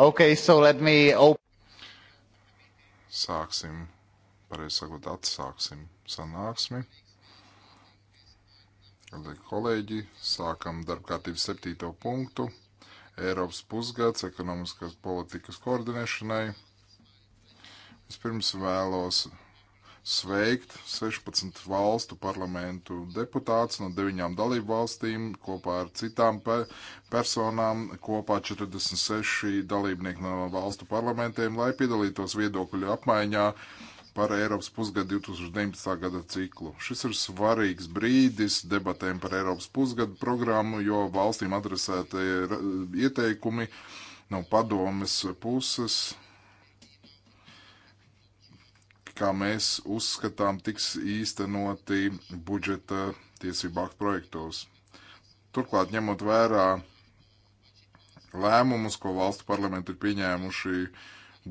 Okay, so let me open. Sāksim, pareizi sakot, atsāksim sanāksmi. Kolēģi, sākam darbkārtības septīto punktu. Eiropas pusgads ekonomiskās politikas koordinēšanai. Vispirms vēlos sveikt 16 valstu parlamentu deputātus no 9 dalību valstīm kopā ar citām pe personām, kopā 46 dalībnieki no valstu parlamentiem, lai piedalītos viedokļu apmaiņā par Eiropas pusgadu 2019. gada ciklu. Šis ir svarīgs brīdis debatēm par Eiropas pusgadu programmu, jo valstīm adresēta ieteikumi no padomes puses kā mēs uzskatām, tiks īstenoti budžeta tiesību aktu projektos. Turklāt, ņemot vērā lēmumus, ko valstu parlamenti ir pieņēmuši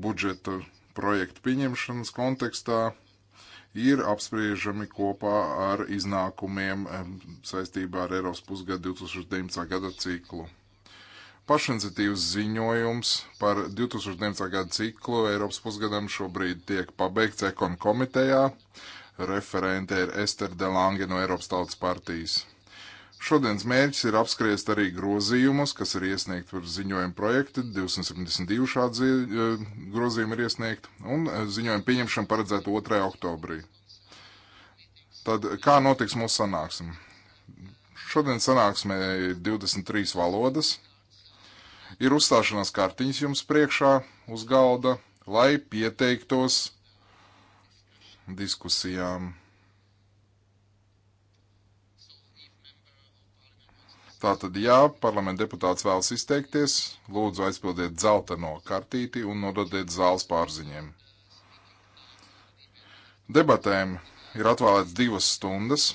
budžeta projektu pieņemšanas kontekstā, ir apspriežami kopā ar iznākumiem saistībā ar Eiropas pusgadu 2019. gada ciklu. Pašiniciatīvas ziņojums par 2019. gada ciklu Eiropas pusgadam šobrīd tiek pabeigts Ekon komitejā. Referente ir Ester Delange no Eiropas Tautas partijas. Šodienas mērķis ir apskriest arī grozījumus, kas ir iesniegti par ziņojumu projektu. 272 šādi e, grozījumi ir iesniegti, un e, ziņojumu pieņemšana paredzēta 2. oktobrī. Tad kā notiks mūsu sanāksme? Šodien sanāksmē ir 23 valodas. Ir uzstāšanās kartiņas jums priekšā uz galda, lai pieteiktos diskusijām. Tātad, ja parlamenta deputāts vēlas izteikties, lūdzu aizpildiet zeltaino kartīti un nododiet zāles pārziņiem. Debatēm ir atvēlēts divas stundas,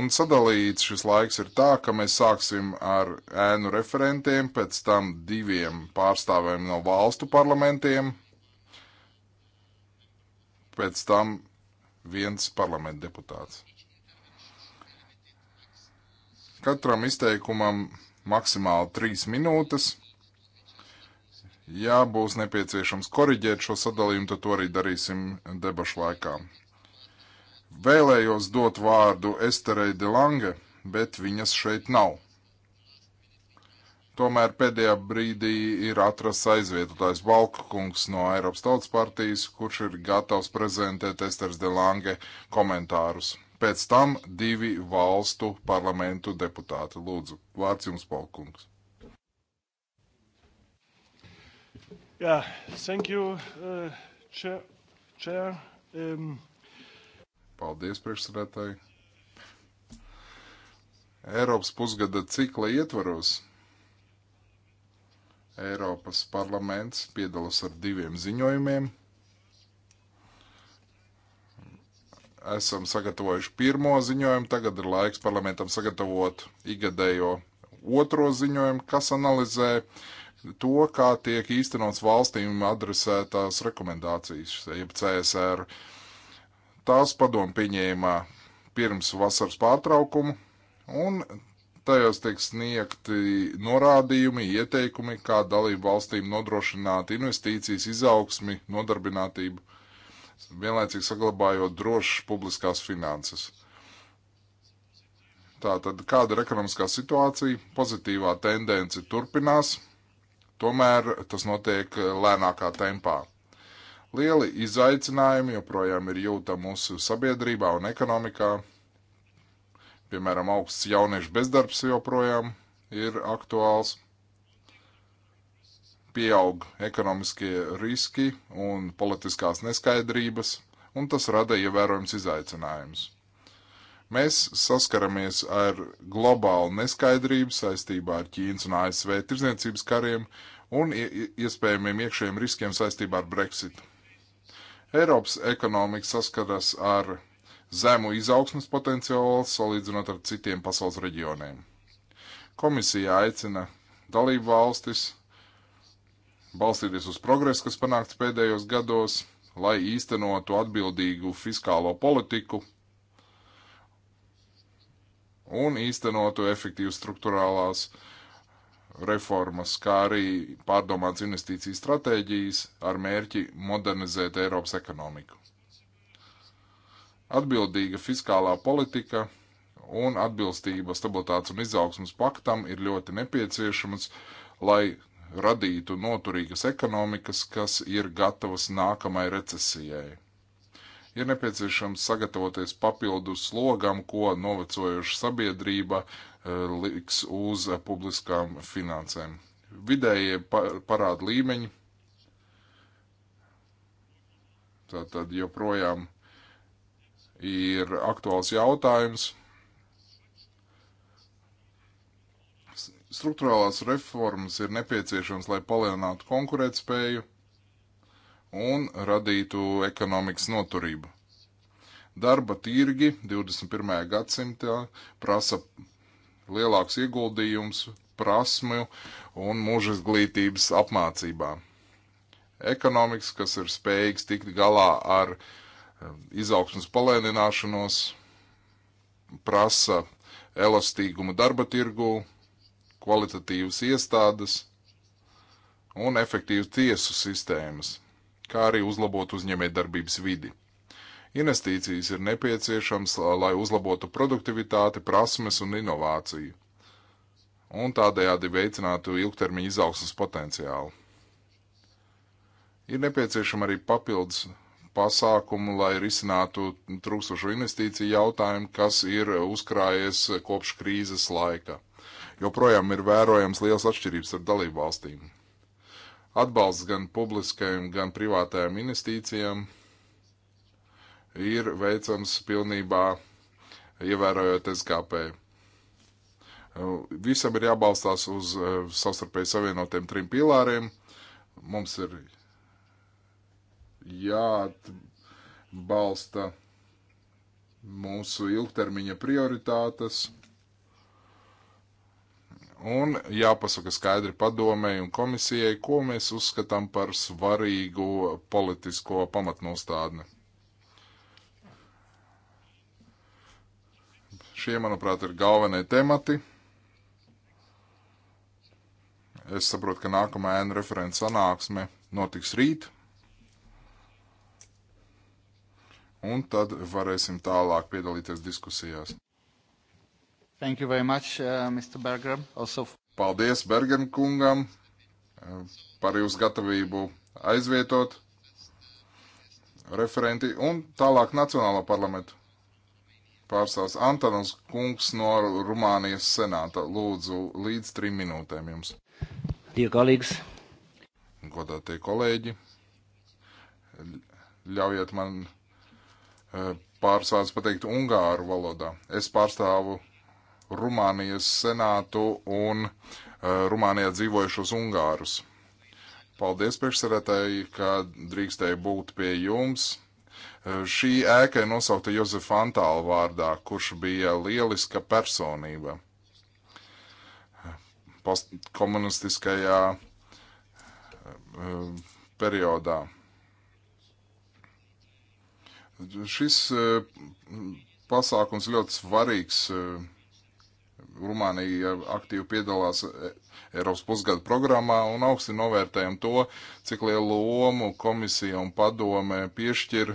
Un sadalīts šis laiks ir tā, ka mēs sāksim ar ēnu referentiem, pēc tam diviem pārstāvēm no valstu parlamentiem, pēc tam viens parlamenta deputāts. Katram izteikumam maksimāli trīs minūtes. Ja būs nepieciešams koriģēt šo sadalījumu, tad to arī darīsim debašu laikā vēlējos dot vārdu Esterei de Lange, bet viņas šeit nav. Tomēr pēdējā brīdī ir atrasts aizvietotājs Balka kungs no Eiropas Tautas partijas, kurš ir gatavs prezentēt Esters de Lange komentārus. Pēc tam divi valstu parlamentu deputāti. Lūdzu, vārds jums, Balka kungs. Jā, yeah, thank you, uh, chair. chair um... Paldies, priekšsēdētāji. Eiropas pusgada cikla ietvaros Eiropas parlaments piedalās ar diviem ziņojumiem. Esam sagatavojuši pirmo ziņojumu, tagad ir laiks parlamentam sagatavot igadējo otro ziņojumu, kas analizē to, kā tiek īstenots valstīm adresētās rekomendācijas, jeb CSR. Uh, Tās padomu pieņēma pirms vasaras pārtraukumu, un tajos tiek sniegti norādījumi, ieteikumi, kā dalību valstīm nodrošināt investīcijas, izaugsmi, nodarbinātību, vienlaicīgi saglabājot drošas publiskās finanses. Tātad, kāda ir ekonomiskā situācija? Pozitīvā tendence turpinās, tomēr tas notiek lēnākā tempā. Lieli izaicinājumi joprojām ir jūta mūsu sabiedrībā un ekonomikā. Piemēram, augsts jauniešu bezdarbs joprojām ir aktuāls. Pieaug ekonomiskie riski un politiskās neskaidrības, un tas rada ievērojams izaicinājumus. Mēs saskaramies ar globālu neskaidrību saistībā ar Ķīnas un ASV tirdzniecības kariem un iespējamiem iekšējiem riskiem saistībā ar Brexitu. Eiropas ekonomika saskaras ar zemu izaugsmas potenciālu salīdzinot ar citiem pasaules reģioniem. Komisija aicina dalību valstis balstīties uz progresu, kas panākts pēdējos gados, lai īstenotu atbildīgu fiskālo politiku un īstenotu efektīvu struktūrālās uh, reformas, kā arī pārdomāts investīciju stratēģijas ar mērķi modernizēt Eiropas ekonomiku. Atbildīga fiskālā politika un atbilstība stabilitātes un izaugsmas paktam ir ļoti nepieciešamas, lai radītu noturīgas ekonomikas, kas ir gatavas nākamai recesijai ir nepieciešams sagatavoties papildus slogam, ko novecojuša sabiedrība eh, liks uz eh, publiskām finansēm. Vidējie parāda līmeņi tātad joprojām ir aktuāls jautājums. Struktūrālās reformas ir nepieciešams, lai palielinātu konkurētspēju un radītu ekonomikas noturību. Darba tirgi 21. gadsimtā prasa lielāks ieguldījums prasmju un mūža izglītības apmācībā. Ekonomikas, kas ir spējīgs tikt galā ar um, izaugsmas palēnināšanos, prasa elastīgumu darba tirgū, kvalitatīvas iestādes un efektīvas tiesu sistēmas kā arī uzlabot uzņēmējdarbības vidi. Investīcijas ir nepieciešams, lai uzlabotu produktivitāti, prasmes un inovāciju, un tādējādi veicinātu ilgtermiņa izaugsmas potenciālu. Ir nepieciešama arī papildus pasākumu, lai risinātu trūkstošo investīciju jautājumu, kas ir uzkrājies kopš krīzes laika. Joprojām ir vērojams liels atšķirības ar dalību valstīm. Atbalsts gan publiskajam, gan privātajām investīcijām ir veicams pilnībā ievērojot SKP. Visam ir jābalstās uz eh, savstarpēji savienotiem trim pilāriem. Mums ir jāatbalsta mūsu ilgtermiņa prioritātes – un jāpasaka skaidri padomēji un komisijai, ko mēs uzskatām par svarīgu politisko pamatnostādni. Šie, manuprāt, ir galvenie temati. Es saprotu, ka nākamā ēna referents sanāksme notiks rīt. Un tad varēsim tālāk piedalīties diskusijās. Thank you very much, uh, Mr. Berger. Also... Paldies Bergen kungam uh, par jūsu gatavību aizvietot referenti un tālāk Nacionālo parlamentu pārstāvs Antanas Kungs no Rumānijas senāta. Lūdzu, līdz trim minūtēm jums. Tie kolēģis. Godātie kolēģi, ļaujiet man uh, pārsvārds pateikt ungāru valodā. Es pārstāvu Rumānijas senātu un uh, Rumānijā dzīvojušos ungārus. Paldies priekšsarētāji, ka drīkstēju būt pie jums. Uh, šī ēka ir nosaukta Jozefa Antāla vārdā, kurš bija lieliska personība eh, postkomunistiskajā uh, periodā. Šis uh, pasākums ļoti svarīgs uh, Rumānija aktīvi piedalās e- Eiropas pusgada programmā un augsti novērtējam to, cik lielu lomu komisija un padome piešķir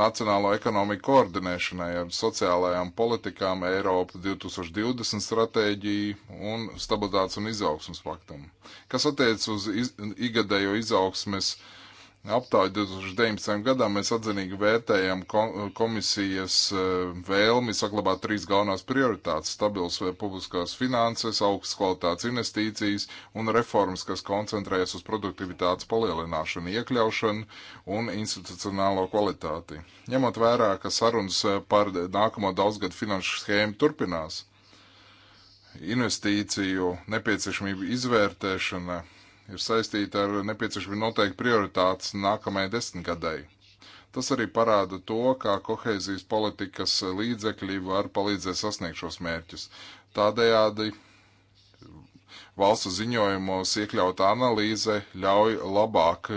Nacionālo ekonomiku koordinēšanai ar sociālajām politikām Eiropa 2020 stratēģiju un stabilitātes un izaugsmas paktam. Kas attiec uz iz, igadējo izaugsmes uh, Aptāju 2019. gadā mēs atzinīgi vērtējam komisijas e, vēlmi saglabāt trīs galvenās prioritātes - stabils publiskās finanses, augstas kvalitātes investīcijas un reformas, kas koncentrējas uz produktivitātes palielināšanu, iekļaušanu un institucionālo kvalitāti. Ņemot vērā, ka sarunas par nākamo daudzgadu finanšu schēmu turpinās, investīciju nepieciešamību izvērtēšana ir saistīta ar nepieciešamību noteikt prioritātes nākamajai desmitgadēji. Tas arī parāda to, kā kohēzijas politikas līdzekļi var palīdzēt sasniegt šos mērķus. Tādējādi valsts ziņojumos iekļauta analīze ļauj labāk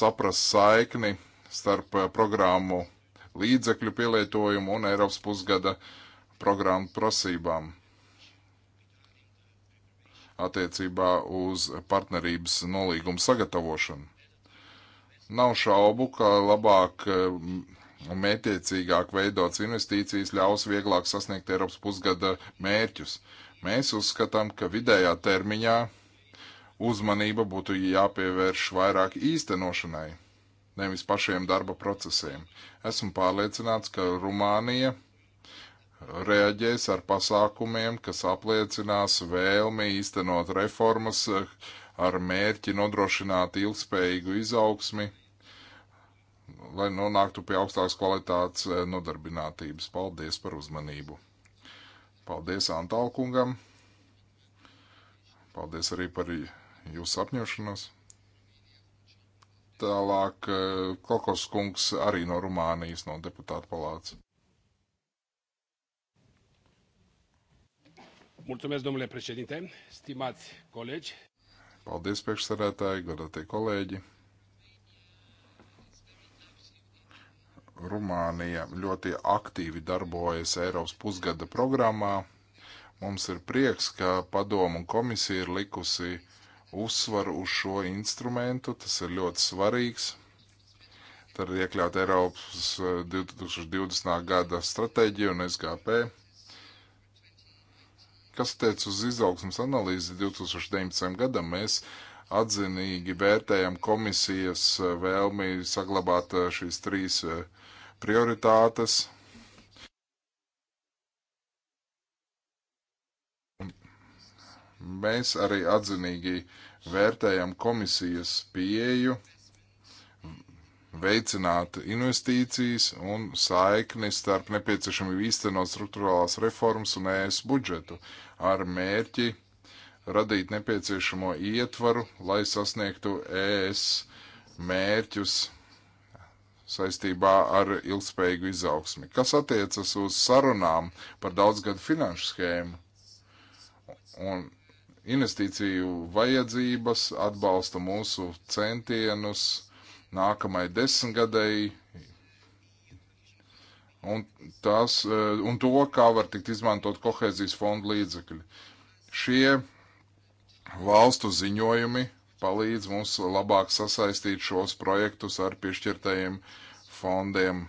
saprast saikni starp programmu līdzekļu pielietojumu un Eiropas pusgada programmu prasībām attiecībā uz partnerības nolīgumu sagatavošanu. Nav šaubu, ka labāk eh, un mētiecīgāk veidots investīcijas ļaus vieglāk sasniegt Eiropas pusgada mērķus. Mēs uzskatām, ka vidējā termiņā uzmanība būtu jāpievērš vairāk īstenošanai, nevis pašiem darba procesiem. Esmu pārliecināts, ka Rumānija reaģēs ar pasākumiem, kas apliecinās vēlmi īstenot reformas ar mērķi nodrošināt ilgspējīgu izaugsmi, lai nonāktu pie augstākas kvalitātes eh, nodarbinātības. Paldies par uzmanību! Paldies Antālkungam! Paldies arī par jūsu apņemšanos! Tālāk eh, Klokos kungs arī no Rumānijas, no deputāta palāca. Mulțumesc, domnule președinte, stimați colegi. Paldies, priekšsēdētāji, godātie kolēģi. Rumānija ļoti aktīvi darbojas Eiropas pusgada programmā. Mums ir prieks, ka padomu un komisija ir likusi uzsvaru uz šo instrumentu. Tas ir ļoti svarīgs. Tad ir iekļaut Eiropas 2020. Eh, gada stratēģija un SKP Kas tiec uz izaugsmas analīzi 2019. gadam, mēs atzinīgi vērtējam komisijas eh, vēlmi saglabāt eh, šīs trīs eh, prioritātes. Mēs arī atzinīgi vērtējam komisijas pieeju veicināt investīcijas un saikni starp nepieciešamību īstenot struktūrālās reformas un ES budžetu. Uh, ar mērķi radīt nepieciešamo ietvaru, lai sasniegtu ES mērķus saistībā ar ilgspējīgu izaugsmi. Kas attiecas uz sarunām par daudzgadu finanšu schēmu un investīciju vajadzības atbalsta mūsu centienus nākamai desmitgadēji un, tās, eh, un to, kā var tikt izmantot kohēzijas fonda līdzekļi. Šie valstu ziņojumi palīdz mums labāk sasaistīt šos projektus ar piešķirtajiem fondiem.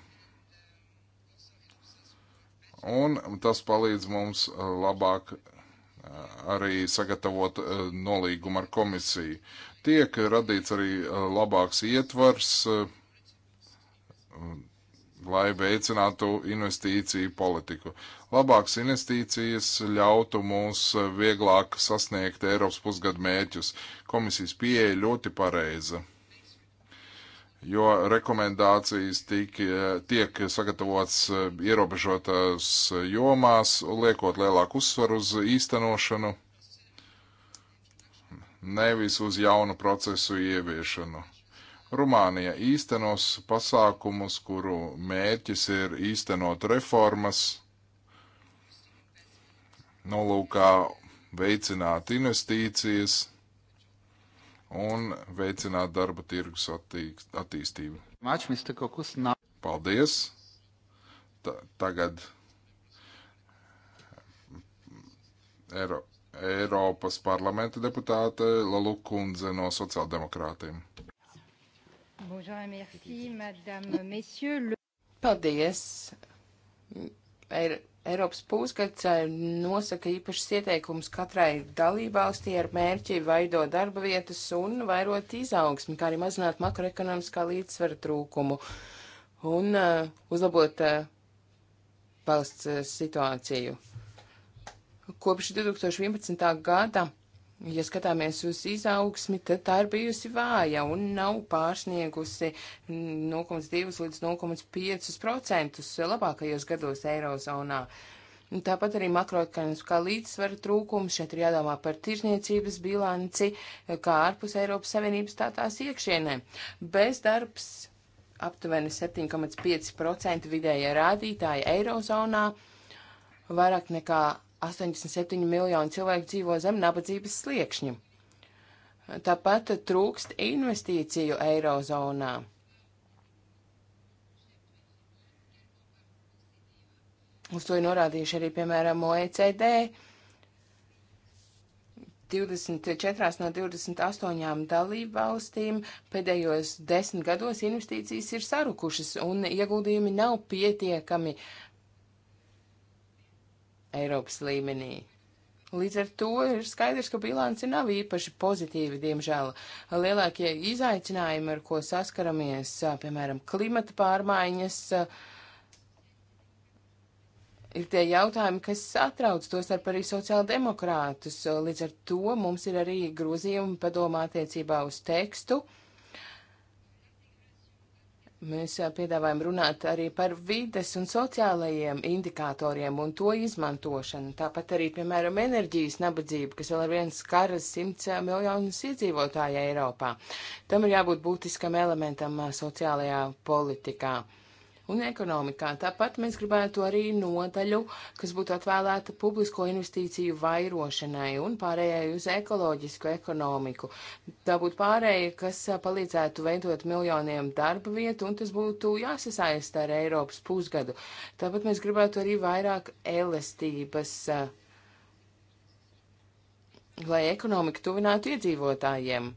Un tas palīdz mums eh, labāk eh, arī sagatavot nolīgumu ar komisiju. Tiek radīts arī labāks ietvars lai veicinātu investīciju politiku. Labākas investīcijas ļautu mums vieglāk sasniegt Eiropas pusgadu mērķus. Komisijas pieeja ļoti pareiza, jo rekomendācijas tik, tiek sagatavotas ierobežotās jomās, liekot lielāku uzsvaru uz īstenošanu, nevis uz jaunu procesu ieviešanu Rumānija īstenos pasākumus, kuru mērķis ir īstenot reformas, nolūkā nu, veicināt investīcijas un veicināt darba tirgus attīstību. Paldies! Ta tagad Eiro Eiropas parlamenta deputāte Lalu Kundze no sociāldemokrātiem. Bonjour et merci, madame, messieurs. Le... Paldies! Ei, er, Eiropas pūzgads eh, nosaka īpašas ieteikumus katrai dalībvalstī ar mērķi vaidot darba vietas un vairot izaugsmi, kā arī mazināt makroekonomiskā līdzsvera trūkumu un uh, uzlabot uh, valsts uh, situāciju. Kopš 2011. gada Ja skatāmies uz izaugsmi, tad tā ir bijusi vāja un nav pārsniegusi 0,2 līdz 0,5% labākajos gados Eirozonā. Tāpat arī makroekonomiskā līdzsvara trūkums, šeit ir jādomā par tirzniecības bilanci, kā ārpus Eiropas Savienības, tā tās iekšienē. Bezdarbs aptuveni 7,5% vidējā rādītāja Eirozonā, vairāk nekā 87 miljoni cilvēku dzīvo zem nabadzības sliekšņa. Tāpat trūkst investīciju eirozonā. Uz to ir norādījuši arī, piemēram, OECD. 24 no 28 dalību valstīm pēdējos desmit gados investīcijas ir sarukušas un ieguldījumi nav pietiekami uh, Eiropas līmenī. Līdz ar to ir skaidrs, ka bilanci nav īpaši pozitīvi, diemžēl. Lielākie izaicinājumi, ar ko saskaramies, piemēram, klimata pārmaiņas, ir tie jautājumi, kas satrauc tos ar arī sociāldemokrātus. Līdz ar to mums ir arī grozījumi padomā attiecībā uz tekstu. Uh, Mēs piedāvājam runāt arī par vides un sociālajiem indikatoriem un to izmantošanu. Tāpat arī, piemēram, enerģijas nabadzība, kas vēl ir viens karas simts miljonus iedzīvotāju Eiropā. Tam ir jābūt būtiskam elementam sociālajā politikā un ekonomikā. Tāpat mēs gribētu arī nodaļu, kas būtu atvēlēta publisko investīciju vairošanai un pārējai uz ekoloģisku ekonomiku. Tā būtu pārēja, kas palīdzētu veidot miljoniem darba vietu, un tas būtu jāsasaista ar Eiropas pusgadu. Tāpat mēs gribētu arī vairāk elastības lai ekonomika tuvinātu iedzīvotājiem.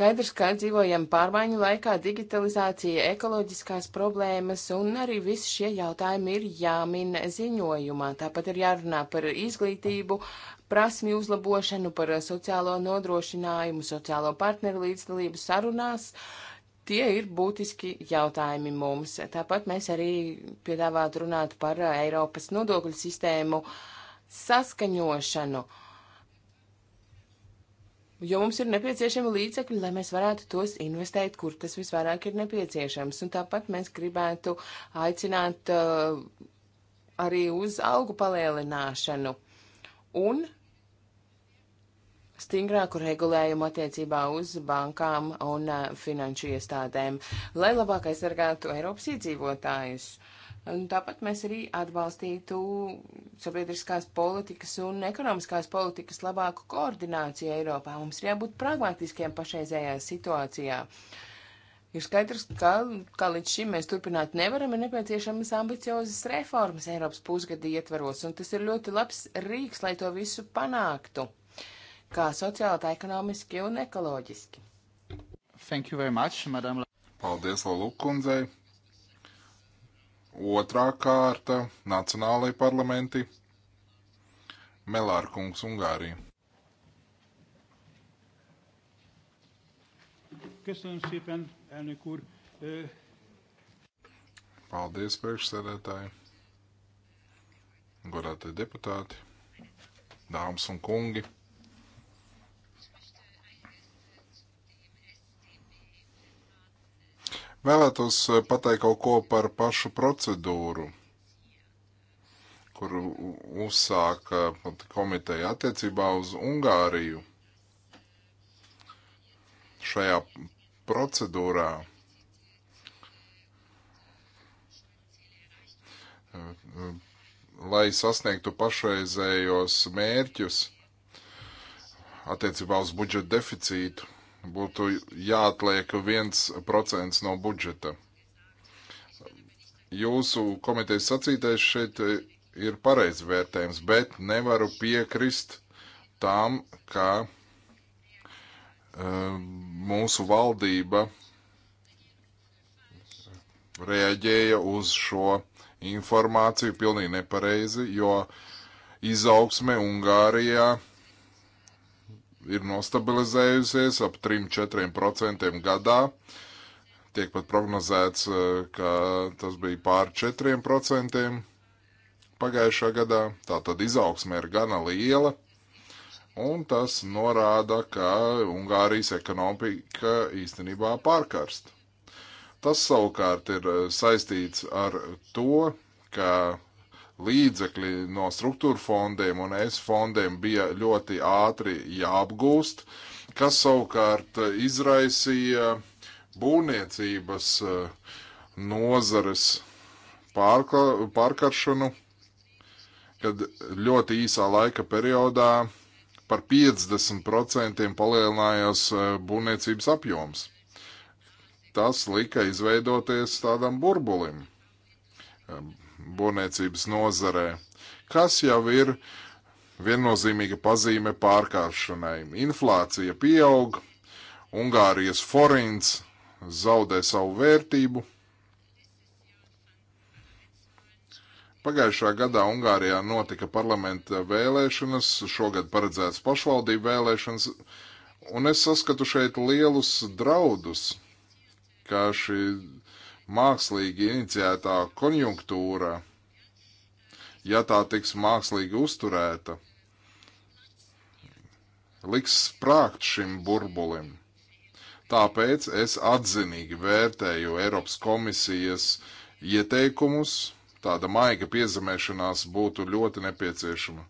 Skaidrs, ka dzīvojam pārmaiņu laikā, digitalizācija, ekoloģiskās problēmas un arī visi šie jautājumi ir jāmin ziņojumā. Tāpat ir jārunā par izglītību, prasmju uzlabošanu, par sociālo nodrošinājumu, sociālo partneru līdzdalību sarunās. Tie ir būtiski jautājumi mums. Tāpat mēs arī piedāvātu runāt par Eiropas nodokļu sistēmu saskaņošanu. Uh, jo mums ir nepieciešami līdzekļi, lai mēs varētu tos investēt, kur tas visvairāk ir nepieciešams. Un tāpat mēs gribētu aicināt uh, arī uz algu palielināšanu un stingrāku regulējumu attiecībā uz bankām un uh, finanšu iestādēm, lai labāk aizsargātu Eiropas iedzīvotājus. Uh, Un tāpat mēs arī atbalstītu sabiedriskās politikas un ekonomiskās politikas labāku koordināciju Eiropā. Mums ir jābūt pragmatiskiem pašreizējā situācijā. Ir skaidrs, ka, ka līdz šim mēs turpināt nevaram, ir nepieciešamas ambiciozas reformas Eiropas pusgada ietvaros, un tas ir ļoti labs rīks, lai to visu panāktu, kā sociāli, tā ekonomiski un ekoloģiski. Thank you very much, madam. Paldies, Lūkundzei. Otrā kārta - nacionālai parlamenti. Melārkungs, Ungārija. Köszönöm szépen, elnök úr. Paldies, priekšsēdētāji, godātie deputāti, dāmas un kungi. Vēlētos eh, pateikt kaut ko par pašu procedūru, kuru uzsāka komiteja attiecībā uz Ungāriju. Šajā procedūrā eh, lai sasniegtu pašreizējos mērķus attiecībā uz budžeta deficītu būtu jāatliek 1% no budžeta. Jūsu komitejas sacītais šeit ir pareizi vērtējums, bet nevaru piekrist tam, ka uh, mūsu valdība reaģēja uz šo informāciju pilnīgi nepareizi, jo izaugsme Ungārijā ir nostabilizējusies ap 3-4% gadā. Tiek pat prognozēts, eh, ka tas bija pār 4% pagājušā gadā. Tā tad izaugsme ir gana liela, un tas norāda, ka Ungārijas ekonomika īstenībā pārkarst. Tas savukārt ir eh, saistīts ar to, ka līdzekļi no struktūra fondiem un es fondiem bija ļoti ātri jāapgūst, kas savukārt izraisīja būvniecības eh, nozares pārka, pārkaršanu, kad ļoti īsā laika periodā par 50% palielinājās eh, būvniecības apjoms. Tas lika izveidoties tādam burbulim eh, būvniecības nozarē, kas jau ir viennozīmīga pazīme pārkāpšanai. Inflācija pieaug, Ungārijas forints zaudē savu vērtību. Pagājušā gadā Ungārijā notika parlamenta vēlēšanas, šogad paredzēts pašvaldību vēlēšanas, un es saskatu šeit lielus draudus, ka šī mākslīgi iniciētā konjunktūra, ja tā tiks mākslīgi uzturēta, liks sprākt šim burbulim. Tāpēc es atzinīgi vērtēju Eiropas komisijas ieteikumus, tāda maiga piezemēšanās būtu ļoti nepieciešama,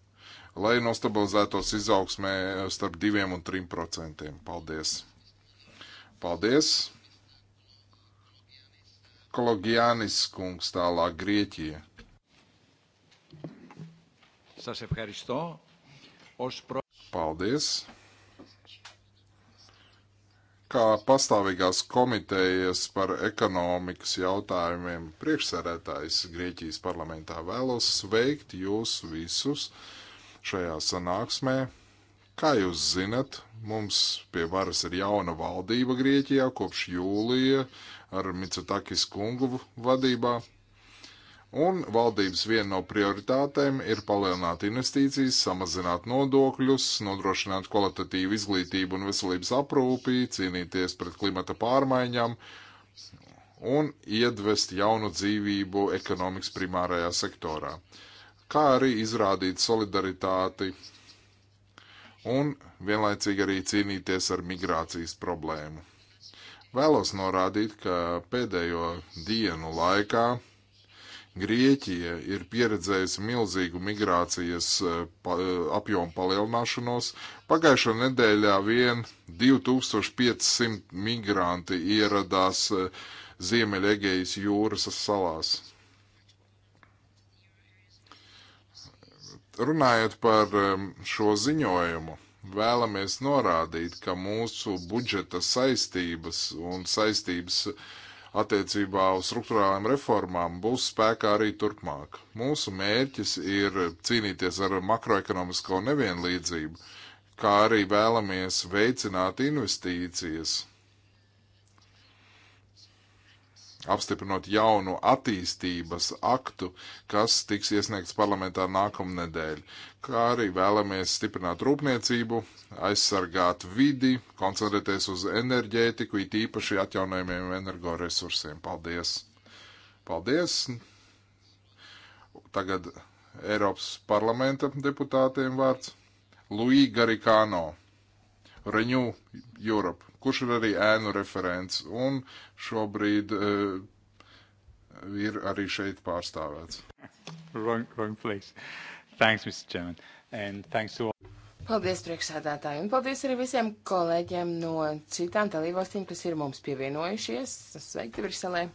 lai nostabilizētos izaugsmē starp 2 un 3 procentiem. Paldies! Paldies! Kologianis kungs tālāk Grieķija. Paldies! Kā pastāvīgās komitejas par ekonomikas jautājumiem priekšsēdētājs Grieķijas parlamentā vēlos sveikt jūs visus šajā sanāksmē. Kā jūs zinat, mums pie varas ir jauna valdība Grieķijā kopš jūlija ar Mitsotakis kungu vadībā. Un valdības viena no prioritātēm ir palielināt investīcijas, samazināt nodokļus, nodrošināt kvalitatīvu izglītību un veselības aprūpī, cīnīties pret klimata pārmaiņām un iedvest jaunu dzīvību ekonomikas primārajā sektorā, kā arī izrādīt solidaritāti un vienlaicīgi arī cīnīties ar migrācijas problēmu. Vēlos norādīt, ka pēdējo dienu laikā Grieķija ir pieredzējusi milzīgu migrācijas eh, pa, eh, apjomu palielināšanos. Pagājušā nedēļā vien 2500 migranti ieradās eh, Ziemeļegejas jūras salās. Runājot par šo ziņojumu, vēlamies norādīt, ka mūsu budžeta saistības un saistības attiecībā uz struktūrālām reformām būs spēkā arī turpmāk. Mūsu mērķis ir cīnīties ar makroekonomisko nevienlīdzību, kā arī vēlamies veicināt investīcijas apstiprinot jaunu attīstības aktu, kas tiks iesniegts parlamentā nākamnedēļ, kā arī vēlamies stiprināt rūpniecību, aizsargāt vidi, koncentrēties uz enerģētiku, it īpaši atjaunojumiem energoresursiem. Paldies! Paldies! Tagad Eiropas parlamenta deputātiem vārds Luī Garikāno, Renew Europe kurš ir arī ēnu referents, un šobrīd uh, ir arī šeit pārstāvēts. Wrong, wrong place. Thanks, Mr. Chairman. And thanks to all. Paldies, priekšsēdētāji, un paldies arī visiem kolēģiem no citām dalībvalstīm, kas ir mums pievienojušies. Sveiki, Briselē!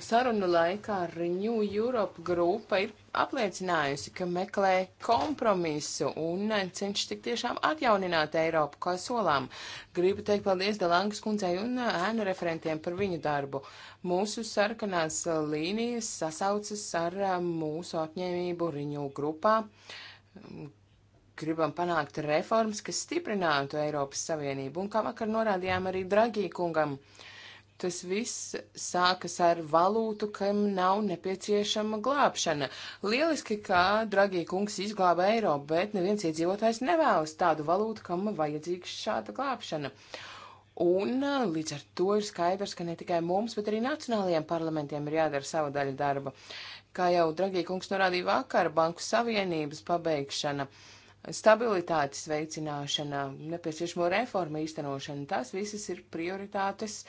sarunu laikā Renew Europe grupa ir apliecinājusi, ka meklē kompromisu un cenšas tik tiešām atjaunināt Eiropu, kā solām. Gribu teikt paldies Delangas kundzei un ēnu referentiem par viņu darbu. Mūsu sarkanās līnijas sasaucas ar mūsu apņēmību Renew grupā gribam panākt reformas, kas stiprinātu Eiropas Savienību, un kā vakar norādījām arī Dragī kungam, uh, Tas viss sākas ar valūtu, kam nav nepieciešama glābšana. Lieliski, ka Dragī kungs izglāba eiro, bet neviens iedzīvotājs nevēlas tādu valūtu, kam vajadzīga šāda glābšana. Un līdz ar to ir skaidrs, ka ne tikai mums, bet arī nacionālajiem parlamentiem ir jādara sava daļa darba. Kā jau Dragī kungs norādīja vakar, Banku Savienības pabeigšana, stabilitātes veicināšana, nepieciešamo reformu īstenošana, tās visas ir prioritātes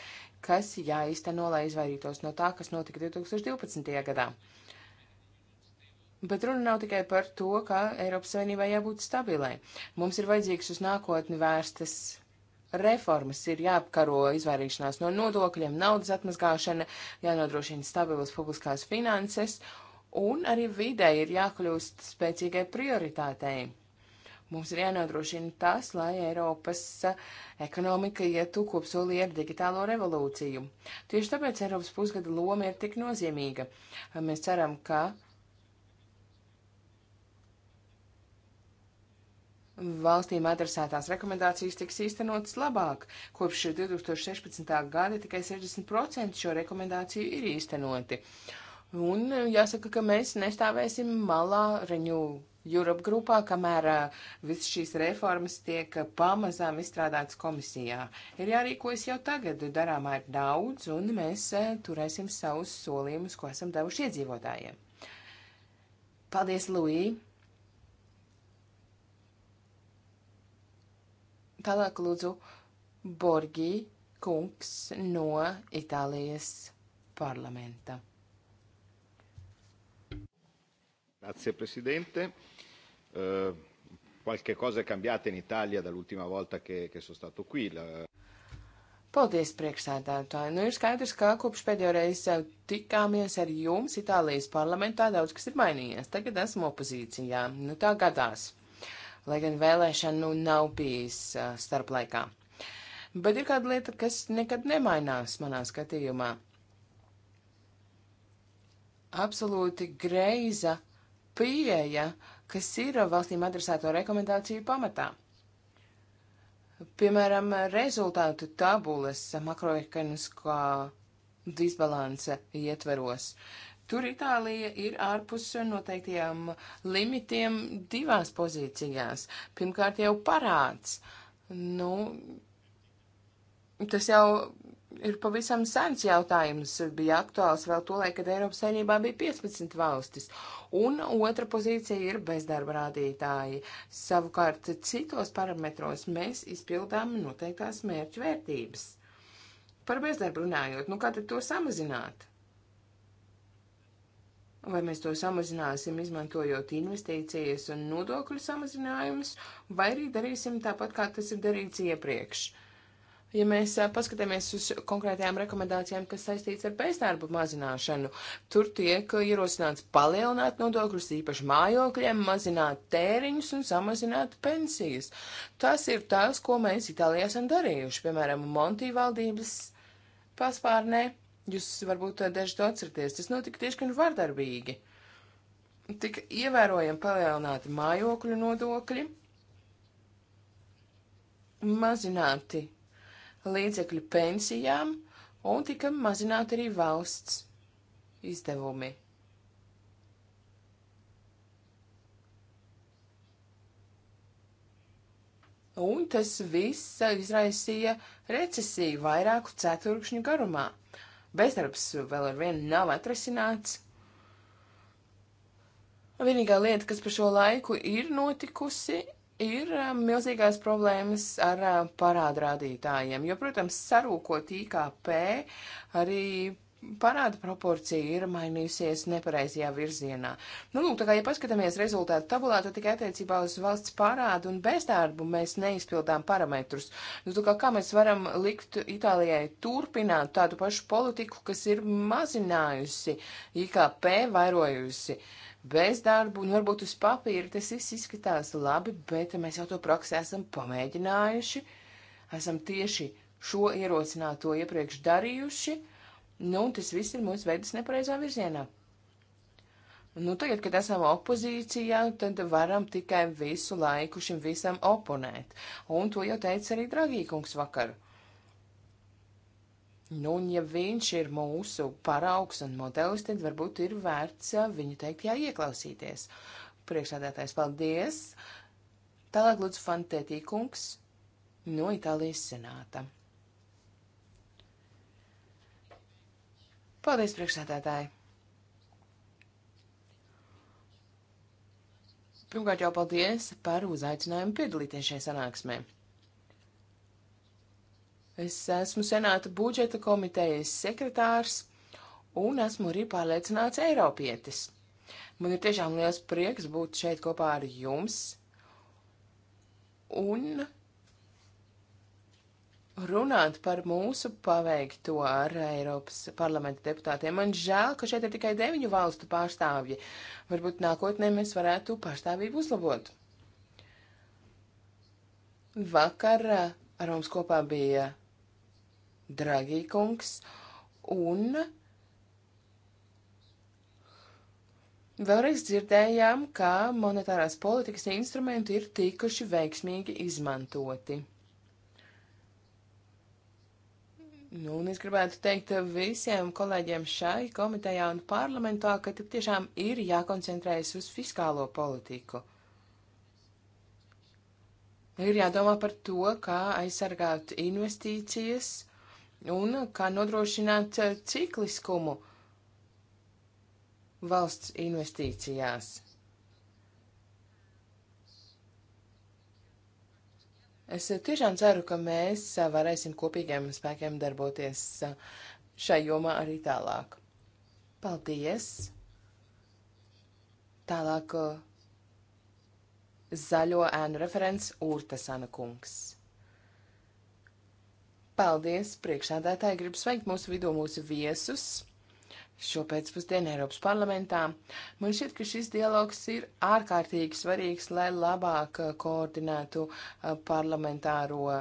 kas jāīsteno, lai izvairītos no tā, kas notika 2012. gadā. Bet runa nav tikai par to, ka Eiropas Savienībai jābūt stabilai. Mums ir vajadzīgs uz nākotni vērstas reformas ir jāapkaro izvairīšanās no nodokļiem, naudas atmazgāšana, jānodrošina stabilas publiskās finanses, un arī vidē ir jākļūst spēcīgai prioritātei. Mums ir jānodrošina tas, lai Eiropas eh, ekonomika ietu kopsolī ar digitālo revolūciju. Tieši tāpēc Eiropas pusgada loma ir tik nozīmīga. Mēs ceram, ka Valstīm adresētās rekomendācijas tiks īstenotas labāk. Kopš 2016. gada tikai 60% šo rekomendāciju ir īstenoti. Un eh, jāsaka, ka mēs nestāvēsim malā reņu Europe grupā, kamēr visas šīs reformas tiek pamazām izstrādātas komisijā. Ir jārīkojas jau tagad, darāmā ir daudz, un mēs turēsim savus solījumus, ko esam devuši iedzīvotājiem. Paldies, Lūija! Tālāk lūdzu Borgi kungs no Itālijas parlamenta. Grazie Presidente eh, qualche cosa è cambiata in Itālijā dall'ultima volta che, che sono stato qui. La... Paldies, priekšsēdētāji. Nu, ir skaidrs, ka kopš pēdējo reizi jau tikāmies ar jums Itālijas parlamentā daudz kas ir mainījies. Tagad esmu opozīcijā. Nu, tā gadās. Lai gan vēlēšana nu nav bijis uh, starplaikā. Bet ir kāda lieta, kas nekad nemainās manā skatījumā. Absolūti greiza pieeja uh, kas ir valstīm adresēto rekomendāciju pamatā. Piemēram, rezultātu tabulas makroekonomiskā disbalansa ietveros. Tur Itālija ir ārpus noteiktajām limitiem divās pozīcijās. Pirmkārt jau parāds. Nu, tas jau ir pavisam sens jautājums, bija aktuāls vēl tolaik, kad Eiropas saimnībā bija 15 valstis. Un otra pozīcija ir bezdarba rādītāji. Savukārt citos parametros mēs izpildām noteiktās mērķu vērtības. Par bezdarbu runājot, nu kā tad to samazināt? Vai mēs to samazināsim, izmantojot investīcijas un nodokļu samazinājumus, vai arī darīsim tāpat, kā tas ir darīts iepriekš? Uh, Ja mēs paskatāmies uz konkrētajām rekomendācijām, kas saistīts ar bezdarba mazināšanu, tur tiek ierosināts palielināt nodokļus īpaši mājokļiem, mazināt tēriņus un samazināt pensijas. Tas ir tas, ko mēs Itālijā esam darījuši, piemēram, Monti valdības paspārnē. Jūs varbūt daži to atceraties, tas notika diezgan vardarbīgi. Tika ievērojami palielināti mājokļu nodokļi, mazināti līdzekļu pensijām un tika mazināti arī valsts izdevumi. Un tas viss izraisīja recesiju vairāku ceturkšņu garumā. Bezdarbs vēl ar vienu nav atrisināts. Vienīgā lieta, kas pa šo laiku ir notikusi, ir milzīgās problēmas ar parādu rādītājiem, jo, protams, sarūkot IKP arī parāda proporcija ir mainījusies nepareizajā virzienā. Nu, lūk, tā kā, ja paskatāmies rezultātu tabulā, tad tikai attiecībā uz valsts parādu un bezdarbu mēs neizpildām parametrus. Nu, tā kā, kā mēs varam likt Itālijai turpināt tādu pašu politiku, kas ir mazinājusi IKP, vairojusi uh, bezdarbu, un varbūt uz papīra tas viss izskatās labi, bet mēs jau to praksē esam pamēģinājuši, esam tieši šo ierosināto iepriekš darījuši, nu, un tas viss ir mūsu veidus nepareizā virzienā. Nu, tagad, kad esam opozīcijā, tad varam tikai visu laiku šim visam oponēt, un to jau teica arī Dragīkungs vakar. Nu, un ja viņš ir mūsu paraugs un modelis, tad varbūt ir vērts viņu teiktajā ieklausīties. Priekšādātājs, paldies! Tālāk lūdzu Fantētī kungs no Itālijas senāta. Paldies, priekšsēdētāji! Pirmkārt jau paldies par uzaicinājumu piedalīties šajā sanāksmē. Es esmu Senāta budžeta komitejas sekretārs un esmu arī pārliecināts Eiropietis. Man ir tiešām liels prieks būt šeit kopā ar jums un runāt par mūsu paveikto ar Eiropas parlamenta deputātiem. Man žēl, ka šeit ir tikai deviņu valstu pārstāvji. Varbūt nākotnē mēs varētu pārstāvību uzlabot. Vakar eh, Romas kopā bija Dragīkungs, un vēlreiz dzirdējām, ka monetārās politikas instrumenti ir tikuši veiksmīgi izmantoti. Nu, un es gribētu teikt visiem kolēģiem šai komitejā un parlamentā, ka tik tiešām ir jākoncentrējas uz fiskālo politiku. Ir jādomā par to, kā aizsargāt investīcijas un kā nodrošināt eh, cikliskumu valsts investīcijās. Es tiešām ceru, ka mēs eh, varēsim kopīgiem spēkiem darboties eh, šai jomā arī tālāk. Paldies! Tālāk zaļo ēnu referents Urtasana kungs. Paldies, priekšādātāji, gribu sveikt mūsu vidū mūsu viesus šo pēcpusdienu Eiropas parlamentā. Man šķiet, ka šis dialogs ir ārkārtīgi svarīgs, lai labāk uh, koordinētu uh, parlamentāro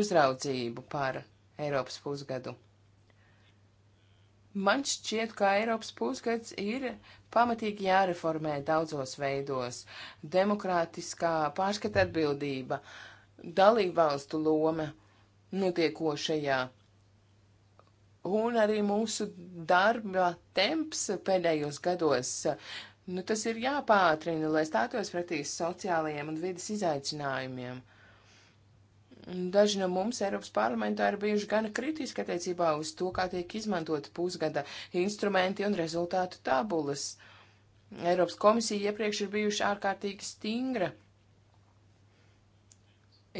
uzraudzību par Eiropas pusgadu. Man šķiet, ka Eiropas pusgads ir pamatīgi jāreformē daudzos veidos - demokrātiskā pārskata atbildība, dalībvalstu loma, notiekošajā. Un arī mūsu darba temps pēdējos gados, nu tas ir jāpātrina, lai stātos pretī sociālajiem un vidas izaicinājumiem. Daži no mums Eiropas parlamentā ir bijuši gana kritiski attiecībā uz to, kā tiek izmantota pusgada instrumenti un rezultātu tabulas. Eiropas komisija iepriekš ir bijuši ārkārtīgi stingra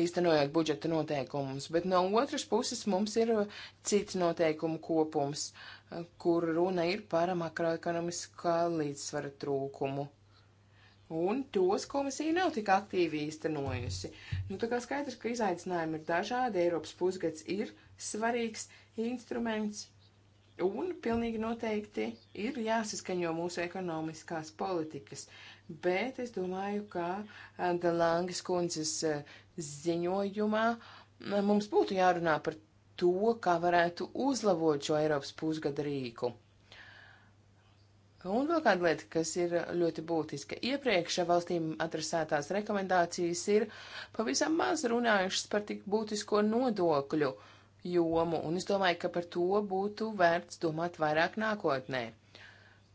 īstenojot budžeta noteikumus, bet no otras puses mums ir uh, cits noteikumu kopums, uh, kur runa ir par makroekonomiskā līdzsvara trūkumu. Un tos komisija nav tik aktīvi īstenojusi. Nu, tā kā skaidrs, ka izaicinājumi ir dažādi, Eiropas pusgads ir svarīgs instruments, un pilnīgi noteikti ir jāsaskaņo mūsu ekonomiskās politikas. Bet es domāju, ka uh, Delangas kundzes ziņojumā mums būtu jārunā par to, kā varētu uzlabot šo Eiropas pusgada rīku. Un vēl kāda lieta, kas ir ļoti būtiska. Iepriekš valstīm atrasētās rekomendācijas ir pavisam maz runājušas par tik būtisko nodokļu jomu, un es domāju, ka par to būtu vērts domāt vairāk nākotnē.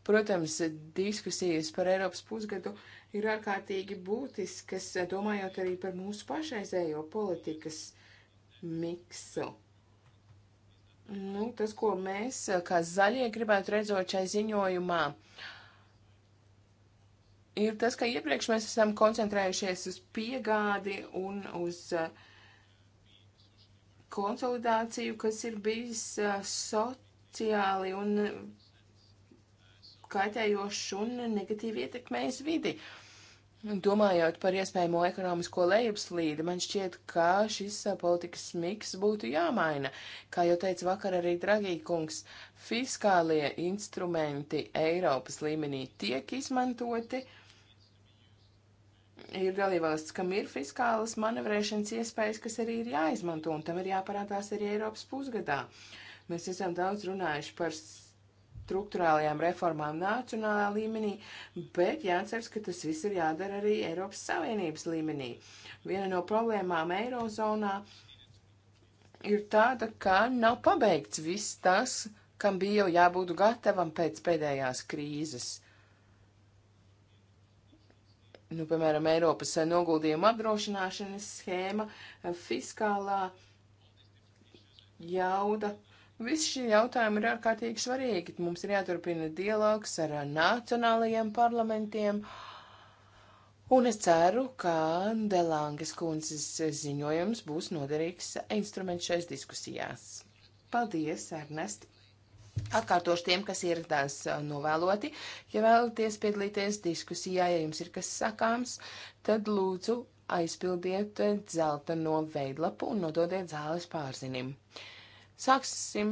Protams, diskusijas par Eiropas pusgadu ir ārkārtīgi būtiskas, domājot arī par mūsu pašreizējo politikas miksu. Nu, tas, ko mēs eh, kā zaļie gribētu redzot šai ziņojumā, ir tas, ka iepriekš mēs esam koncentrējušies uz piegādi un uz eh, konsolidāciju, kas ir bijis eh, sociāli un kaitējoši un negatīvi ietekmējis vidi. Uh, Domājot par iespējamo ekonomisko lejupslīdi, man šķiet, ka šis politikas miks būtu jāmaina. Kā jau teica vakar arī Dragīkungs, fiskālie instrumenti Eiropas līmenī tiek izmantoti. Ir dalībvalsts, kam ir fiskālas manevrēšanas iespējas, kas arī ir jāizmanto, un tam ir jāparādās arī Eiropas pusgadā. Mēs esam daudz runājuši par struktūrālajām reformām nacionālā līmenī, bet jāatceras, ka tas viss ir jādara arī Eiropas Savienības līmenī. Viena no problēmām Eirozonā ir tāda, ka nav pabeigts viss tas, kam bija jau jābūt gatavam pēc pēdējās krīzes. Nu, piemēram, Eiropas noguldījuma apdrošināšanas schēma, fiskālā jauda, Visi šie jautājumi ir ārkārtīgi svarīgi. Mums ir jāturpina dialogs ar nacionālajiem parlamentiem. Un es ceru, ka Delangas kundzes ziņojums būs noderīgs instruments šais diskusijās. Paldies, Ernest! Atkārtošu tiem, kas ir tās uh, novēloti. Ja vēlaties piedalīties diskusijā, ja jums ir kas sakāms, tad lūdzu aizpildiet uh, zelta no veidlapu un nododiet zāles pārzinim. Sāksim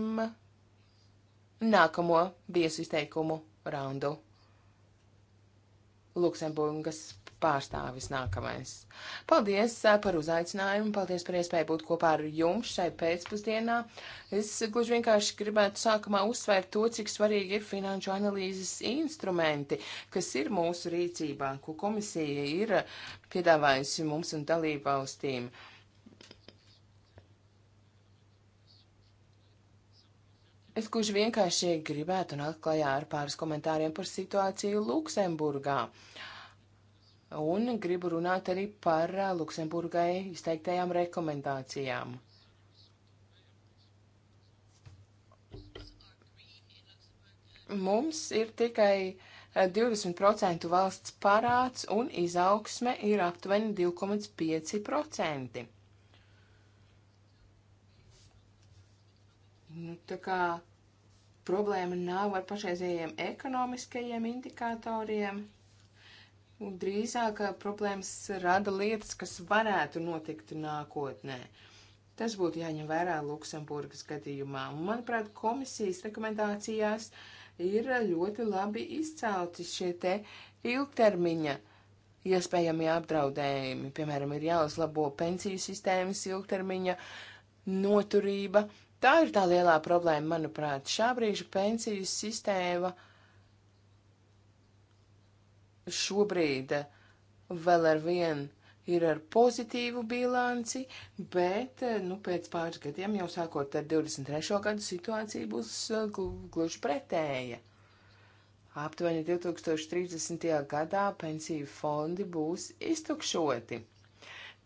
nākamo viesu izteikumu raundu. Luksemburgas pārstāvis nākamais. Paldies par uzaicinājumu, paldies par iespēju būt kopā ar jums šai pēcpusdienā. Es gluži vienkārši gribētu sākumā uzsvērt to, cik svarīgi ir finanšu analīzes instrumenti, kas ir mūsu rīcībā, ko komisija ir piedāvājusi mums un dalībvalstīm. valstīm. Es gluži vienkārši gribētu nākt klajā ar pāris komentāriem par situāciju Luksemburgā. Un gribu runāt arī par Luksemburgai izteiktajām rekomendācijām. Mums ir tikai 20% valsts parāds un izaugsme ir aptuveni 2,5%. Nu, tā kā problēma nav ar pašreizējiem ekonomiskajiem indikatoriem. Drīzāk problēmas rada lietas, kas varētu notikt nākotnē. Tas būtu jāņem vērā Luksemburgas gadījumā. Un, manuprāt, komisijas rekomendācijās ir ļoti labi izcelti šie te ilgtermiņa iespējamie apdraudējumi. Piemēram, ir jāuzlabo pensiju sistēmas ilgtermiņa noturība, Tā ir tā lielā problēma, manuprāt. Šā brīža pensiju sistēma šobrīd vēl ar vienu ir ar pozitīvu bilanci, bet nu, pēc pāris gadiem, jau sākot ar 23. gadu, situācija būs eh, gluži pretēja. Aptuveni 2030. gadā pensiju fondi būs iztukšoti.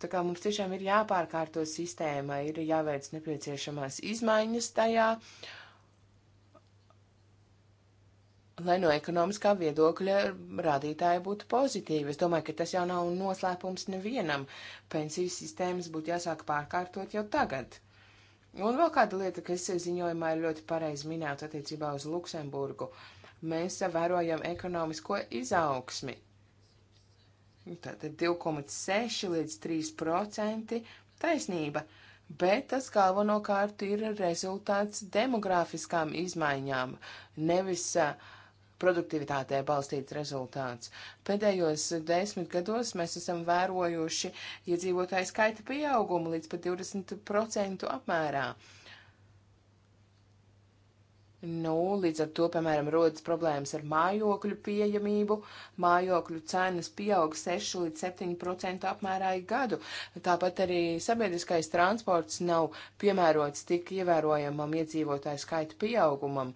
Tā kā mums tiešām ir jāpārkārto sistēma, ir jāveic nepieciešamās izmaiņas tajā, lai no ekonomiskā viedokļa rādītāji būtu pozitīvi. Es domāju, ka tas jau nav noslēpums nevienam. Pensijas sistēmas būtu jāsāk pārkārtot jau tagad. Un vēl kāda lieta, kas ziņojumā ir ļoti pareizi minēta attiecībā uz Luksemburgu. Mēs vērojam ekonomisko izaugsmi, Tātad 2,6 līdz 3% taisnība, bet tas galvenokārt ir rezultāts demografiskām izmaiņām, nevis produktivitātē balstīts rezultāts. Pēdējos desmit gados mēs esam vērojuši iedzīvotāju skaita pieaugumu līdz pat 20% apmērā. Uh, Nu, līdz ar to, piemēram, rodas problēmas ar mājokļu pieejamību. Mājokļu cenas pieaug 6 līdz 7% apmērā ik gadu. Tāpat arī sabiedriskais transports nav piemērots tik ievērojamam iedzīvotāju skaita pieaugumam.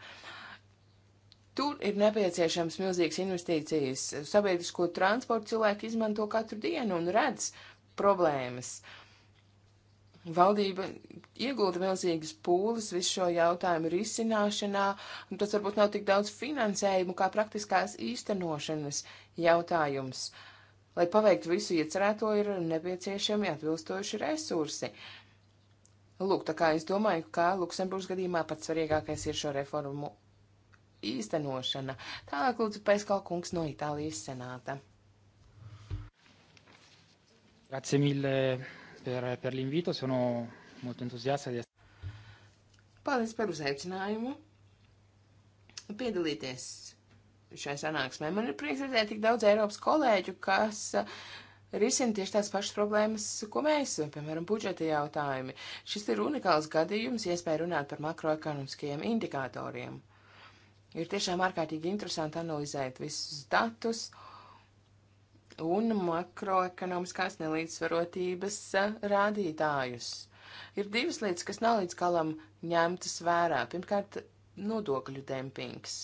Tur ir nepieciešams milzīgas investīcijas. Sabiedrisko transportu cilvēki izmanto katru dienu un redz problēmas. Uh, Valdība iegulda milzīgas pūles visu šo jautājumu risināšanā, un tas varbūt nav tik daudz finansējumu kā praktiskās īstenošanas jautājums. Lai paveiktu visu iecerēto, ir nepieciešami atbilstoši resursi. Lūk, tā kā es domāju, ka Luksemburgas gadījumā pats svarīgākais ir šo reformu īstenošana. Tālāk lūdzu Paiskal kungs no Itālijas senāta. Grazie mille per, per l'invito, sono molto entuziasta. Di... Paldies par uzaicinājumu piedalīties šai sanāksmē. Man ir prieks redzēt tik daudz Eiropas kolēģu, kas uh, risina tieši tās pašas problēmas, ko mēs, piemēram, budžeta jautājumi. Šis ir unikāls gadījums, iespēja runāt par makroekonomiskajiem indikatoriem. Ir tiešām ārkārtīgi interesanti analizēt visus datus. Uh, un makroekonomiskās nelīdzsvarotības eh, rādītājus. Ir divas lietas, kas nav līdz galam ņemtas vērā. Pirmkārt, nodokļu dempings.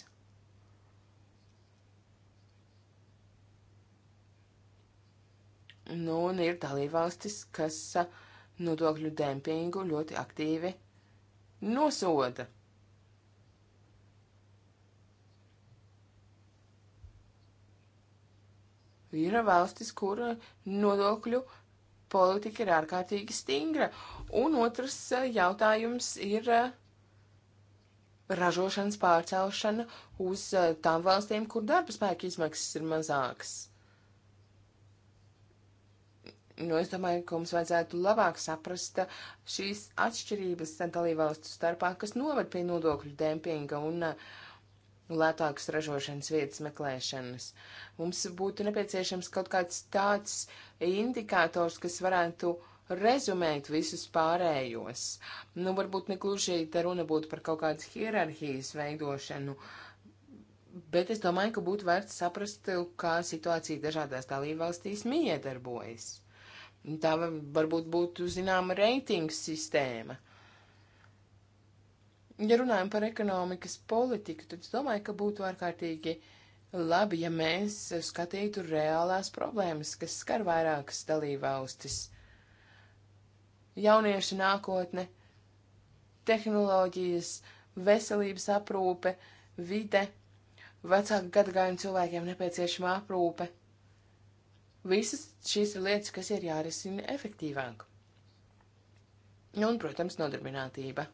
Nu, un ir dalībvalstis, kas eh, nodokļu dempingu ļoti aktīvi nosoda. Ir valstis, kur nodokļu politika ir ārkārtīgi stingra. Un otrs eh, jautājums ir eh, ražošanas pārcelšana uz eh, tām valstīm, kur darba spēka izmaksas ir mazākas. Nu, es domāju, ka mums vajadzētu labāk saprast šīs atšķirības dalībvalstu starpā, kas noved pie nodokļu dempinga un uh, lētākas ražošanas vietas meklēšanas. Mums būtu nepieciešams kaut kāds tāds indikators, kas varētu rezumēt visus pārējos. Nu, varbūt negluži te runa būtu par kaut kādas hierarhijas veidošanu, bet es domāju, ka būtu vērts saprast, kā situācija dažādās dalībvalstīs miedarbojas. Tā varbūt būtu zināma reitingu sistēma. Uh, Ja runājam par ekonomikas politiku, tad es domāju, ka būtu ārkārtīgi labi, ja mēs skatītu reālās problēmas, kas skar vairākas dalībvalstis. Jauniešu nākotne, tehnoloģijas, veselības aprūpe, vide, vecāku gadagājumu cilvēkiem nepieciešama aprūpe. Visas šīs ir lietas, kas ir jārisina efektīvāk. Un, protams, nodarbinātība.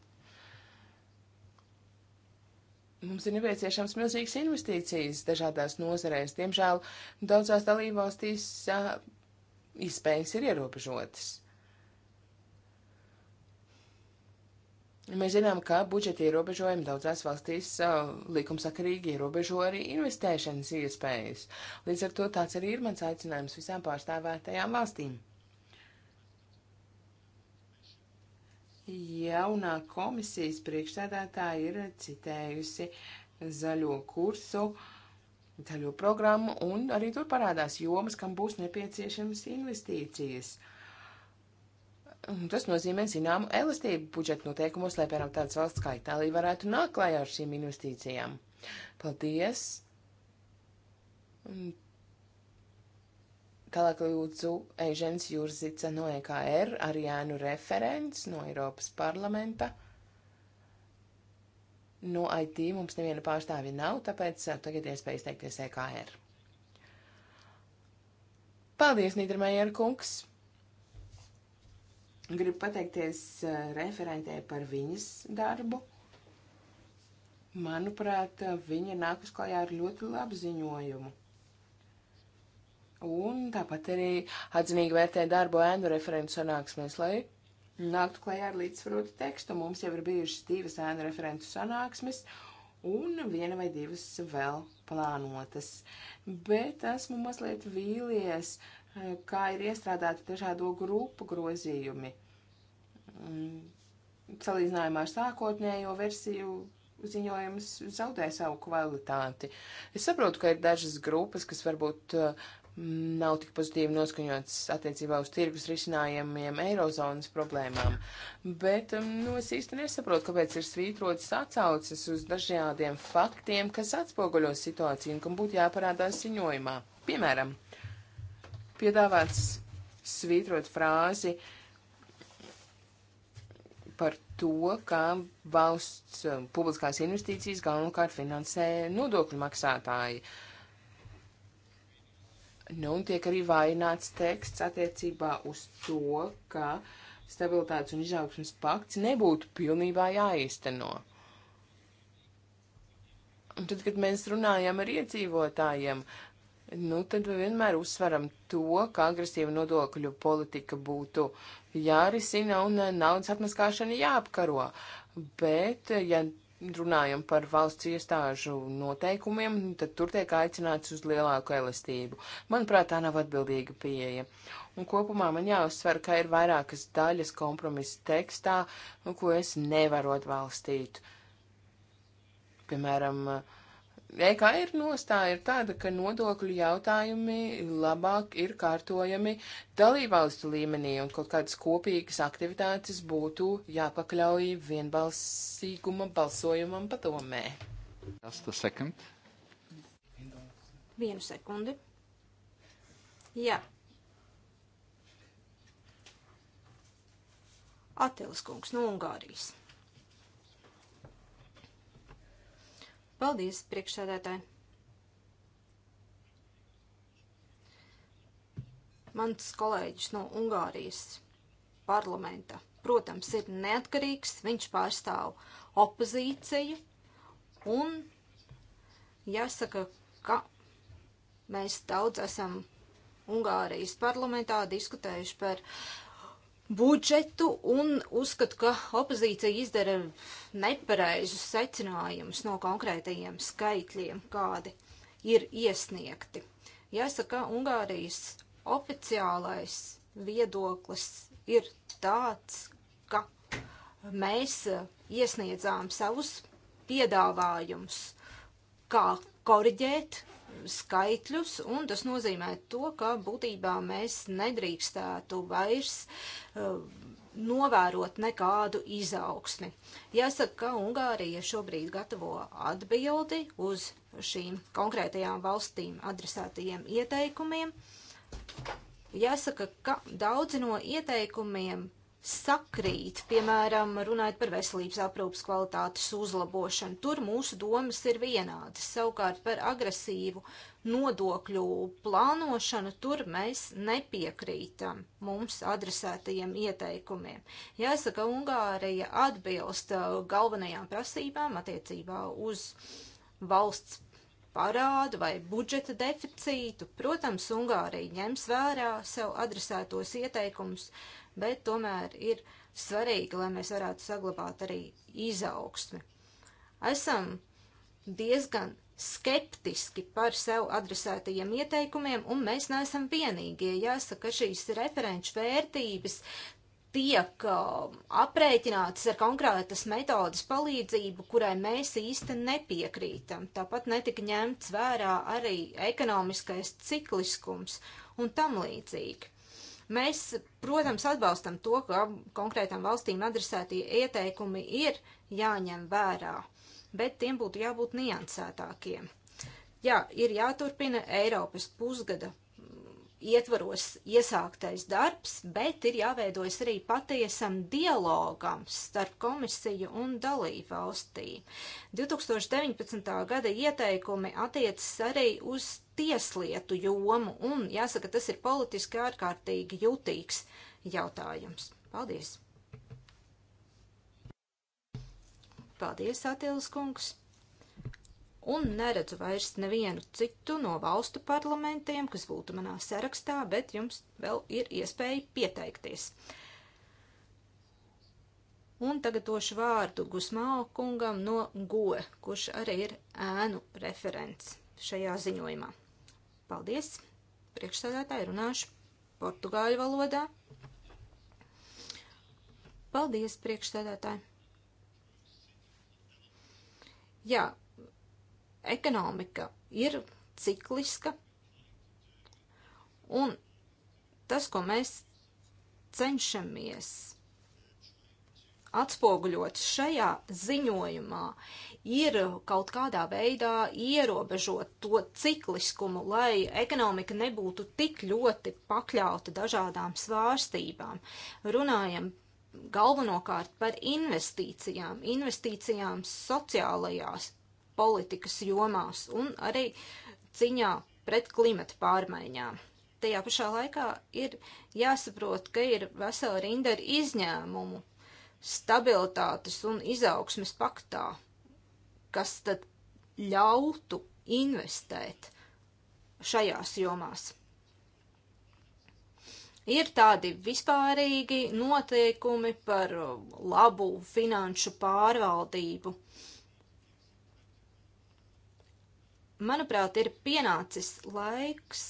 Mums ir nepieciešams milzīgas investīcijas dažādās nozarēs. Diemžēl daudzās dalībvalstīs izspējas ir ierobežotas. Mēs zinām, ka budžeta ierobežojumi daudzās valstīs likumsakarīgi ierobežo arī investēšanas iespējas. Līdz ar to tāds arī ir mans aicinājums visām pārstāvētajām valstīm. jaunā komisijas priekšsēdētāja ir citējusi zaļo kursu, zaļo programmu, un arī tur parādās jomas, kam būs nepieciešamas investīcijas. Tas nozīmē zināmu elastību budžeta noteikumos, lai, piemēram, tādas valsts kā Itālija varētu nākt klājā ar šīm investīcijām. Paldies! Tālāk lūdzu Eižens Jurzica no EKR, arī ēnu referents no Eiropas parlamenta. No IT mums neviena pārstāvja nav, tāpēc tagad iespēja izteikties EKR. Paldies, Nīdermējer kungs! Gribu pateikties referentē par viņas darbu. Manuprāt, viņa nāk uz klājā ar ļoti labu ziņojumu. Un tāpat arī atzinīgi vērtē darbu ēnu referentu sanāksmēs, lai nāktu klajā ar līdzsvarotu tekstu. Mums jau ir bijušas divas ēnu referentu sanāksmes un viena vai divas vēl plānotas. Bet esmu mazliet vīlies, kā ir iestrādāti dažādo grupu grozījumi. Salīdzinājumā ar sākotnējo versiju ziņojums zaudē savu kvalitāti. Es saprotu, ka ir dažas grupas, kas varbūt uh, nav tik pozitīvi noskaņots attiecībā uz tirgus risinājumiem eirozonas problēmām. Bet um, nu, es īsti nesaprotu, kāpēc ir svītrotas atsauces uz dažādiem faktiem, kas atspoguļo situāciju un kam būtu jāparādās ziņojumā. Piemēram, piedāvāts svītrot frāzi par to, ka valsts um, publiskās investīcijas galvenokārt finansē nodokļu maksātāji. Uh, Nu, un tiek arī vaināts teksts attiecībā uz to, ka stabilitātes un izaugsmas pakts nebūtu pilnībā jāīsteno. Un tad, kad mēs runājam ar iedzīvotājiem, nu, tad vienmēr uzsveram to, ka agresīva nodokļu politika būtu jārisina un naudas atmaskāšana jāapkaro. Bet, ja runājam par valsts iestāžu noteikumiem, tad tur tiek aicināts uz lielāku elastību. Manuprāt, tā nav atbildīga pieeja. Un kopumā man jāuzsver, ka ir vairākas daļas kompromisa tekstā, ko es nevaru atbalstīt. Piemēram, uh, EKR nostāja ir tāda, ka nodokļu jautājumi labāk ir kārtojami dalībvalstu līmenī un kaut kādas kopīgas aktivitātes būtu jāpakļauj vienbalsīguma balsojumam padomē. Vienu sekundi. Jā. Atelas kungs no Ungārijas. Paldies, priekšsēdētāji! Mans kolēģis no Ungārijas parlamenta, protams, ir neatkarīgs, viņš pārstāv opozīciju un jāsaka, ka mēs daudz esam Ungārijas parlamentā diskutējuši par uh, budžetu un uzskatu, ka opozīcija izdara nepareizus secinājumus no konkrētajiem skaitļiem, kādi ir iesniegti. Jāsaka, Ungārijas oficiālais viedoklis ir tāds, ka mēs uh, iesniedzām savus piedāvājumus, kā koriģēt skaitļus, un tas nozīmē to, ka būtībā mēs nedrīkstētu vairs uh, novērot nekādu izaugsmi. Jāsaka, ka Ungārija šobrīd gatavo atbildi uz šīm konkrētajām valstīm adresētajiem ieteikumiem. Jāsaka, ka daudzi no ieteikumiem sakrīt, piemēram, runājot par veselības aprūpas kvalitātes uzlabošanu. Tur mūsu domas ir vienādas. Savukārt par agresīvu nodokļu plānošanu tur mēs nepiekrītam mums adresētajiem ieteikumiem. Jāsaka, Ungārija atbilst uh, galvenajām prasībām attiecībā uz valsts parādu vai budžeta deficītu. Protams, Ungārija ņems vērā sev adresētos ieteikumus bet tomēr ir svarīgi, lai mēs varētu saglabāt arī izaugsmi. Esam diezgan skeptiski par sev adresētajiem ieteikumiem, un mēs neesam vienīgie. Jāsaka, šīs referenču vērtības tiek um, aprēķinātas ar konkrētas metodas palīdzību, kurai mēs īsti nepiekrītam. Tāpat netika ņemts vērā arī ekonomiskais cikliskums un tam līdzīgi. Mēs, protams, atbalstam to, ka konkrētām valstīm adresētie ieteikumi ir jāņem vērā, bet tiem būtu jābūt niansētākiem. Jā, ir jāturpina Eiropas pusgada ietvaros iesāktais darbs, bet ir jāveidojas arī patiesam dialogam starp komisiju un dalību valstī. 2019. gada ieteikumi attiecas arī uz tieslietu jomu, un jāsaka, tas ir politiski ārkārtīgi jūtīgs jautājums. Paldies! Paldies, Atils kungs! un neredzu vairs nevienu citu no valstu parlamentiem, kas būtu manā sarakstā, bet jums vēl ir iespēja pieteikties. Un tagad došu vārdu Gusmāo kungam no GOE, kurš arī ir ēnu referents šajā ziņojumā. Paldies! Priekšsēdētāji runāšu portugāļu valodā. Paldies, priekšsēdētāji! Jā, ekonomika ir cikliska, un tas, ko mēs cenšamies atspoguļot šajā ziņojumā, ir kaut kādā veidā ierobežot to cikliskumu, lai ekonomika nebūtu tik ļoti pakļauta dažādām svārstībām. Runājam galvenokārt par investīcijām, investīcijām sociālajās politikas jomās un arī ciņā pret klimata pārmaiņām. Tajā pašā laikā ir jāsaprot, ka ir vesela rinda ar izņēmumu stabilitātes un izaugsmes paktā, kas tad ļautu investēt šajās jomās. Ir tādi vispārīgi noteikumi par labu finanšu pārvaldību. Uh, Manuprāt, ir pienācis laiks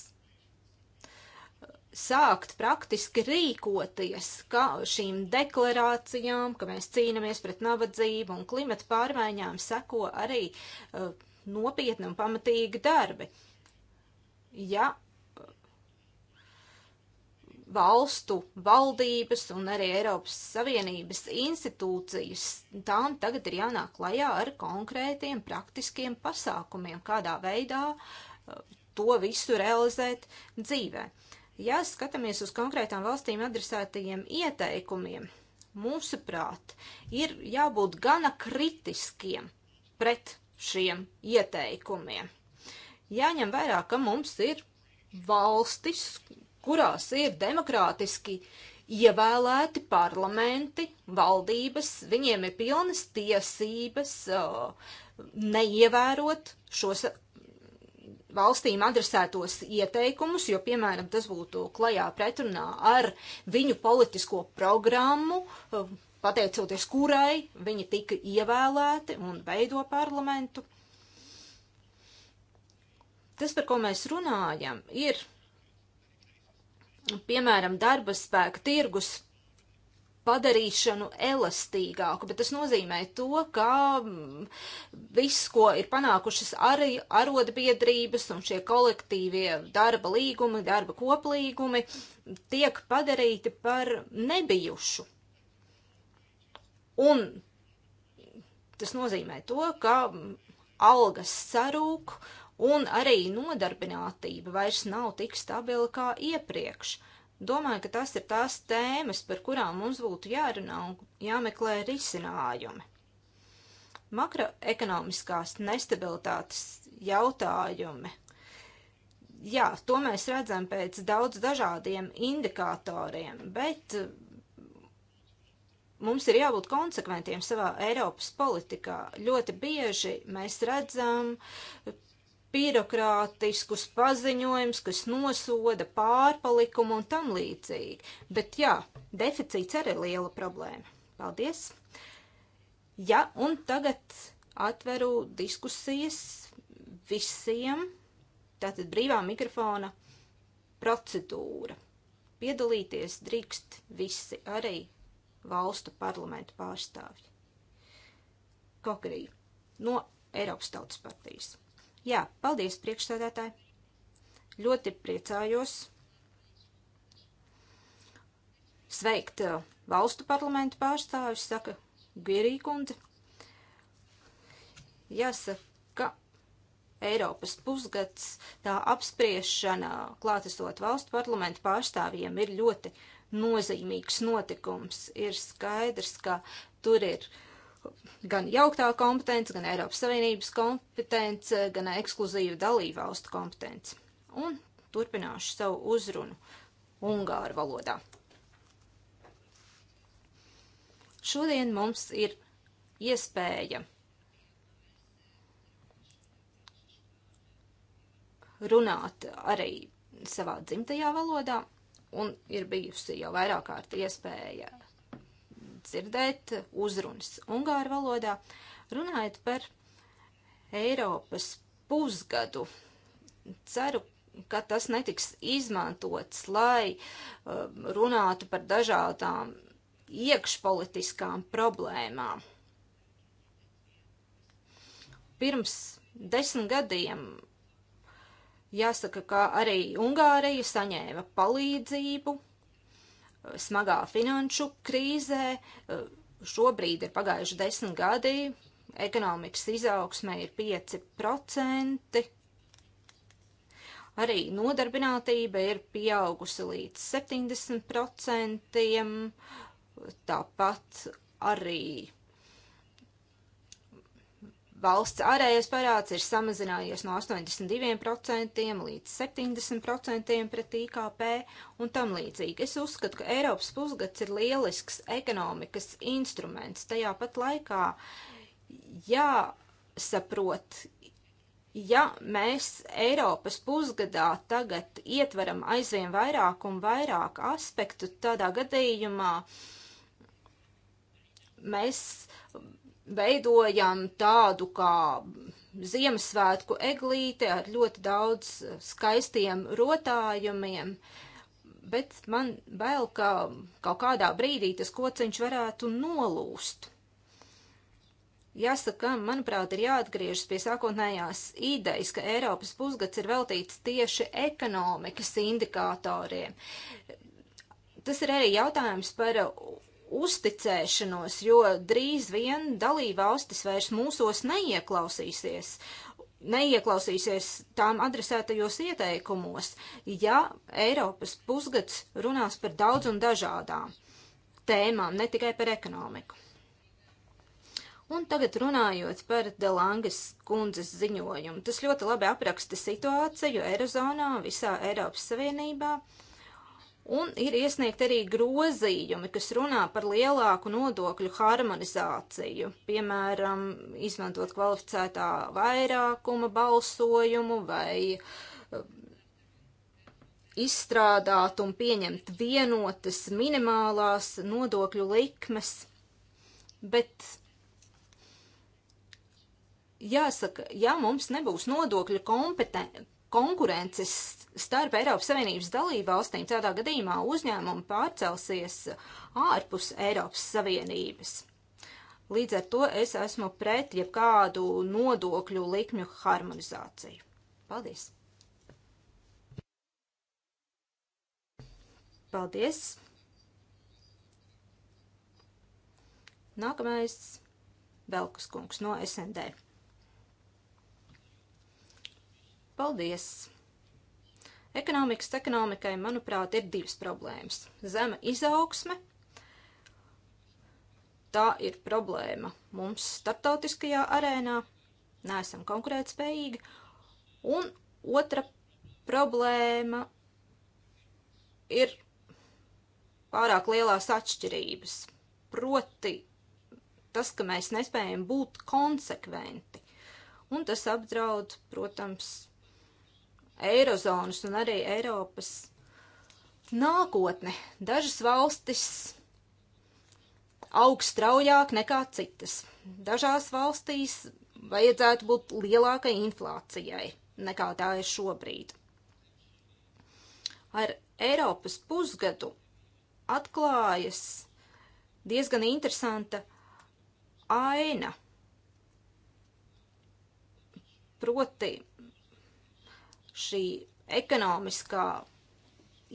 sākt praktiski rīkoties, kā šīm deklarācijām, ka mēs cīnāmies pret nabadzību un klimata pārmaiņām seko arī uh, nopietni un pamatīgi darbi. Ja valstu valdības un arī Eiropas Savienības institūcijas, tām tagad ir jānāk klajā ar konkrētiem praktiskiem pasākumiem, kādā veidā uh, to visu realizēt dzīvē. Ja skatāmies uz konkrētām valstīm adresētajiem ieteikumiem, mūsuprāt, ir jābūt gana kritiskiem pret šiem ieteikumiem. Jāņem vērā, ka mums ir valstis, kurās ir demokrātiski ievēlēti parlamenti, valdības, viņiem ir pilnas tiesības uh, neievērot šos valstīm adresētos ieteikumus, jo, piemēram, tas būtu klajā pretrunā ar viņu politisko programmu, uh, pateicoties kurai viņi tika ievēlēti un veido parlamentu. Tas, par ko mēs runājam, ir piemēram, darba spēka tirgus padarīšanu elastīgāku, bet tas nozīmē to, ka mm, viss, ko ir panākušas arī arotbiedrības un šie kolektīvie darba līgumi, darba koplīgumi, tiek padarīti par nebijušu. Un tas nozīmē to, ka algas sarūk, uh, un arī nodarbinātība vairs nav tik stabila kā iepriekš. Domāju, ka tas ir tās tēmas, par kurām mums būtu jārunā un jāmeklē risinājumi. Makroekonomiskās nestabilitātes jautājumi jā, to mēs redzam pēc daudz dažādiem indikatoriem, bet uh, mums ir jābūt konsekventiem savā Eiropas politikā. Ļoti bieži mēs redzam birokrātiskus paziņojumus, kas nosoda pārpalikumu un tam līdzīgi. Bet jā, deficīts arī ir liela problēma. Paldies! Ja, un tagad atveru diskusijas visiem. Tātad brīvā mikrofona procedūra. Piedalīties drīkst visi, arī valstu parlamentu pārstāvji. Kokrī no Eiropas Tautas partijas. Jā, paldies priekšsēdētāji. Ļoti priecājos sveikt uh, valstu parlamentu pārstāvis, saka Gerīkundze. Jāsaka, Eiropas pusgads tā apspriešana klātesot valstu parlamentu pārstāvjiem ir ļoti nozīmīgs notikums. Ir skaidrs, ka tur ir uh, gan jauktā kompetence, gan Eiropas Savienības kompetence, gan ekskluzīva dalībvalstu kompetence. Un turpināšu savu uzrunu ungāru valodā. Šodien mums ir iespēja runāt arī savā dzimtajā valodā, un ir bijusi jau vairāk kārt iespēja dzirdēt uzrunas Ungāru valodā, runājot par Eiropas pusgadu. Ceru, ka tas netiks izmantots, lai um, runātu par dažādām iekšpolitiskām problēmām. Pirms desmit gadiem jāsaka, ka arī Ungārija saņēma palīdzību smagā finanšu krīzē. Eh, šobrīd ir pagājuši desmit gadi, ekonomikas izaugsme ir 5%, arī nodarbinātība ir pieaugusi līdz 70%, tāpat arī valsts ārējais parāds ir samazinājies no 82% līdz 70% pret IKP un tam līdzīgi. Es uzskatu, ka Eiropas pusgads ir lielisks ekonomikas instruments. Tajā pat laikā jāsaprot, ja mēs Eiropas pusgadā tagad ietveram aizvien vairāk un vairāk aspektu, tādā gadījumā mēs veidojam tādu kā Ziemassvētku eglīti ar ļoti daudz skaistiem rotājumiem, bet man bail, ka kaut kādā brīdī tas kociņš varētu nolūst. Jāsaka, manuprāt, ir jāatgriežas pie sākotnējās idejas, ka Eiropas pusgads ir veltīts tieši ekonomikas indikātoriem. Tas ir arī jautājums par uzticēšanos, jo drīz vien dalībvalstis vairs mūsos neieklausīsies. Neieklausīsies tām adresētajos ieteikumos, ja Eiropas pusgads runās par daudz un dažādām tēmām, ne tikai par ekonomiku. Un tagad runājot par Delangas kundzes ziņojumu, tas ļoti labi apraksta situāciju Eirozonā, visā Eiropas Savienībā. Uh, Un ir iesniegt arī grozījumi, kas runā par lielāku nodokļu harmonizāciju, piemēram, izmantot kvalificētā vairākuma balsojumu vai um, izstrādāt un pieņemt vienotas minimālās nodokļu likmes. Bet jāsaka, ja mums nebūs nodokļu kompeten konkurences starp Eiropas Savienības dalību valstīm. Tādā gadījumā uzņēmumi pārcelsies ārpus Eiropas Savienības. Līdz ar to es esmu pret jebkādu nodokļu likmju harmonizāciju. Paldies! Paldies! Nākamais Belkas kungs no SND. Paldies! Ekonomikas ekonomikai, manuprāt, ir divas problēmas. Zema izaugsme, tā ir problēma mums starptautiskajā arēnā, neesam konkurētspējīgi, un otra problēma ir pārāk lielās atšķirības. Proti, tas, ka mēs nespējam būt konsekventi. Un tas apdraud, protams, Eirozonas un arī Eiropas nākotne. Dažas valstis aug straujāk nekā citas. Dažās valstīs vajadzētu būt lielākai inflācijai nekā tā ir šobrīd. Ar Eiropas pusgadu atklājas diezgan interesanta aina. Proti, šī ekonomiskā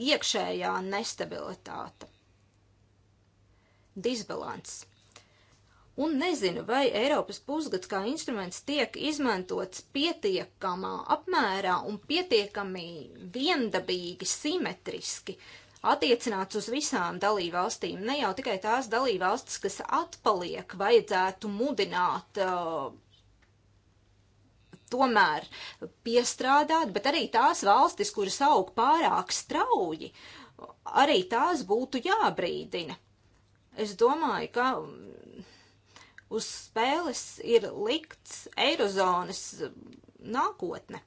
iekšējā nestabilitāte, disbalans. Un nezinu, vai Eiropas pusgads kā instruments tiek izmantots pietiekamā apmērā un pietiekami viendabīgi, simetriski, attiecināts uz visām dalībvalstīm. Ne jau tikai tās dalībvalstis, kas atpaliek, vajadzētu mudināt uh, tomēr piestrādāt, bet arī tās valstis, kuras aug pārāk strauji, arī tās būtu jābrīdina. Es domāju, ka uz spēles ir likts Eirozonas nākotne.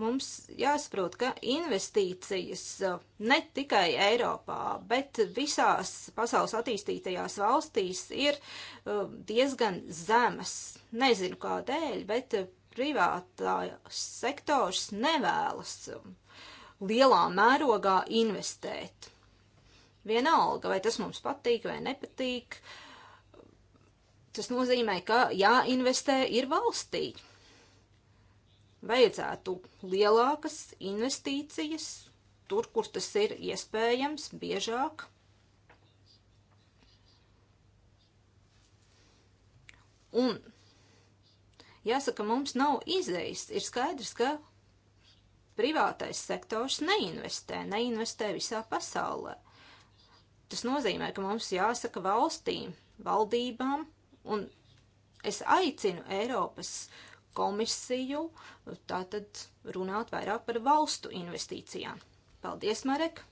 Mums jāsaprot, ka investīcijas uh, ne tikai Eiropā, bet visās pasaules attīstītajās valstīs ir uh, diezgan zemas. Nezinu kādēļ, bet uh, privātā sektors nevēlas um, lielā mērogā investēt. Vienalga, vai tas mums patīk vai nepatīk, tas nozīmē, ka jāinvestē ir valstī vajadzētu lielākas investīcijas tur, kur tas ir iespējams, biežāk. Un jāsaka, mums nav izejas. Ir skaidrs, ka privātais sektors neinvestē, neinvestē visā pasaulē. Tas nozīmē, ka mums jāsaka valstīm, valdībām, un es aicinu Eiropas uh, komisiju, tātad runāt vairāk par valstu investīcijām. Paldies, Marek!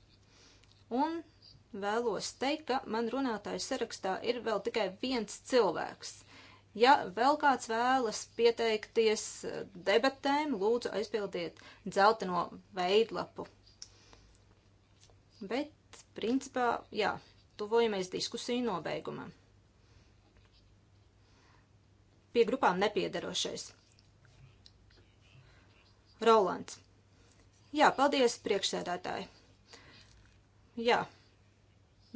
Un vēlos teikt, ka man runātāju sarakstā ir vēl tikai viens cilvēks. Ja vēl kāds vēlas pieteikties debatēm, lūdzu aizpildiet dzelteno veidlapu. Bet, principā, jā, tuvojamies diskusiju nobeigumam. Pie grupām nepiedarošais. Rolands. Jā, paldies, priekšsēdētāji. Jā,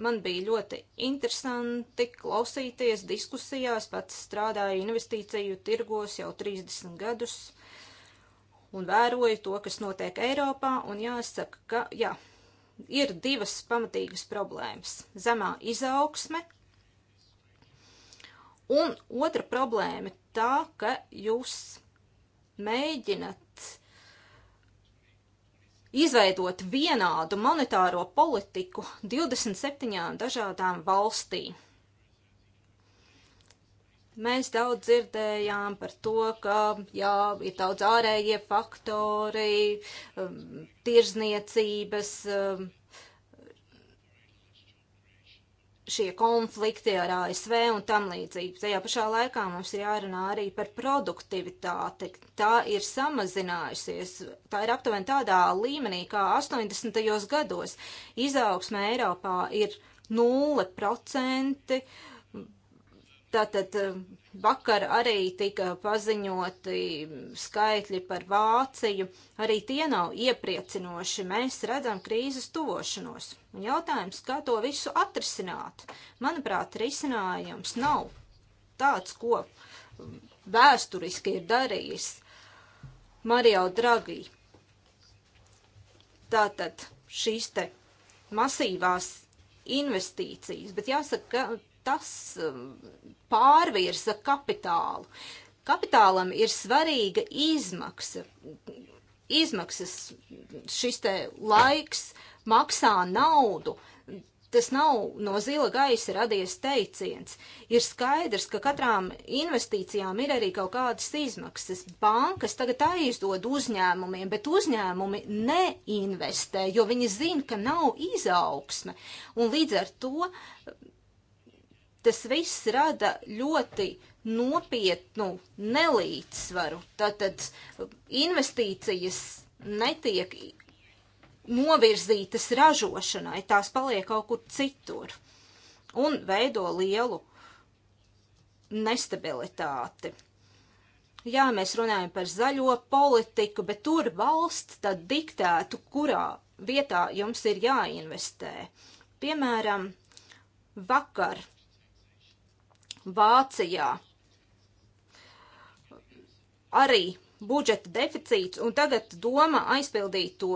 man bija ļoti interesanti klausīties diskusijās, pats strādāju investīciju tirgos jau 30 gadus un vēroju to, kas notiek Eiropā, un jāsaka, ka, jā, ir divas pamatīgas problēmas - zemā izaugsme, un otra problēma tā, ka jūs mēģināt izveidot vienādu monetāro politiku 27 dažādām valstīm. Mēs daudz dzirdējām par to, ka jā, ir daudz ārējie faktori, um, tirzniecības, um, šie konflikti ar ASV un tam līdzīgi. Tajā pašā laikā mums ir jārunā arī par produktivitāti. Tā ir samazinājusies, tā ir aptuveni tādā līmenī kā 80. gados. Izaugsme Eiropā ir 0%, Tātad um, vakar arī tika paziņoti skaitļi par Vāciju. Arī tie nav iepriecinoši. Mēs redzam krīzes tuvošanos. Un jautājums, kā to visu atrisināt? Manuprāt, risinājums nav tāds, ko um, vēsturiski ir darījis Mario Draghi. Tātad šīs te masīvās investīcijas, bet jāsaka, ka tas um, pārvirza kapitālu. Kapitālam ir svarīga izmaksa. Izmaksas šis te laiks maksā naudu. Tas nav no zila gaisa radies teiciens. Ir skaidrs, ka katrām investīcijām ir arī kaut kādas izmaksas. Bankas tagad aizdod uzņēmumiem, bet uzņēmumi neinvestē, jo viņi zina, ka nav izaugsme. Un līdz ar to tas viss rada ļoti nopietnu nelīdzsvaru. Tātad investīcijas netiek novirzītas ražošanai, tās paliek kaut kur citur un veido lielu nestabilitāti. Jā, mēs runājam par zaļo politiku, bet tur valsts tad diktētu, kurā vietā jums ir jāinvestē. Piemēram, vakar Vācijā arī budžeta deficīts, un tagad doma aizpildīt to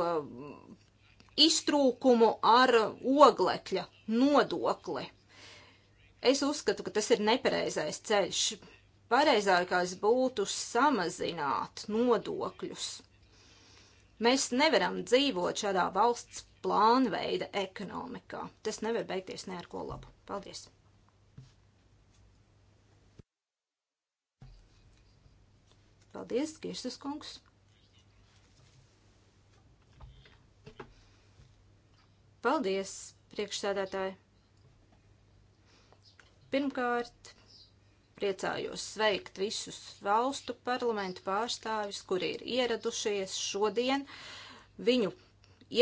iztrūkumu ar oglekļa nodokli. Es uzskatu, ka tas ir nepareizais ceļš. Pareizākais būtu samazināt nodokļus. Mēs nevaram dzīvot šādā valsts plānveida ekonomikā. Tas nevar beigties ne ar ko labu. Paldies! Paldies, Kirsas kungs. Paldies, priekšsēdētāji. Pirmkārt, priecājos sveikt visus valstu parlamentu pārstāvis, kuri ir ieradušies šodien. Viņu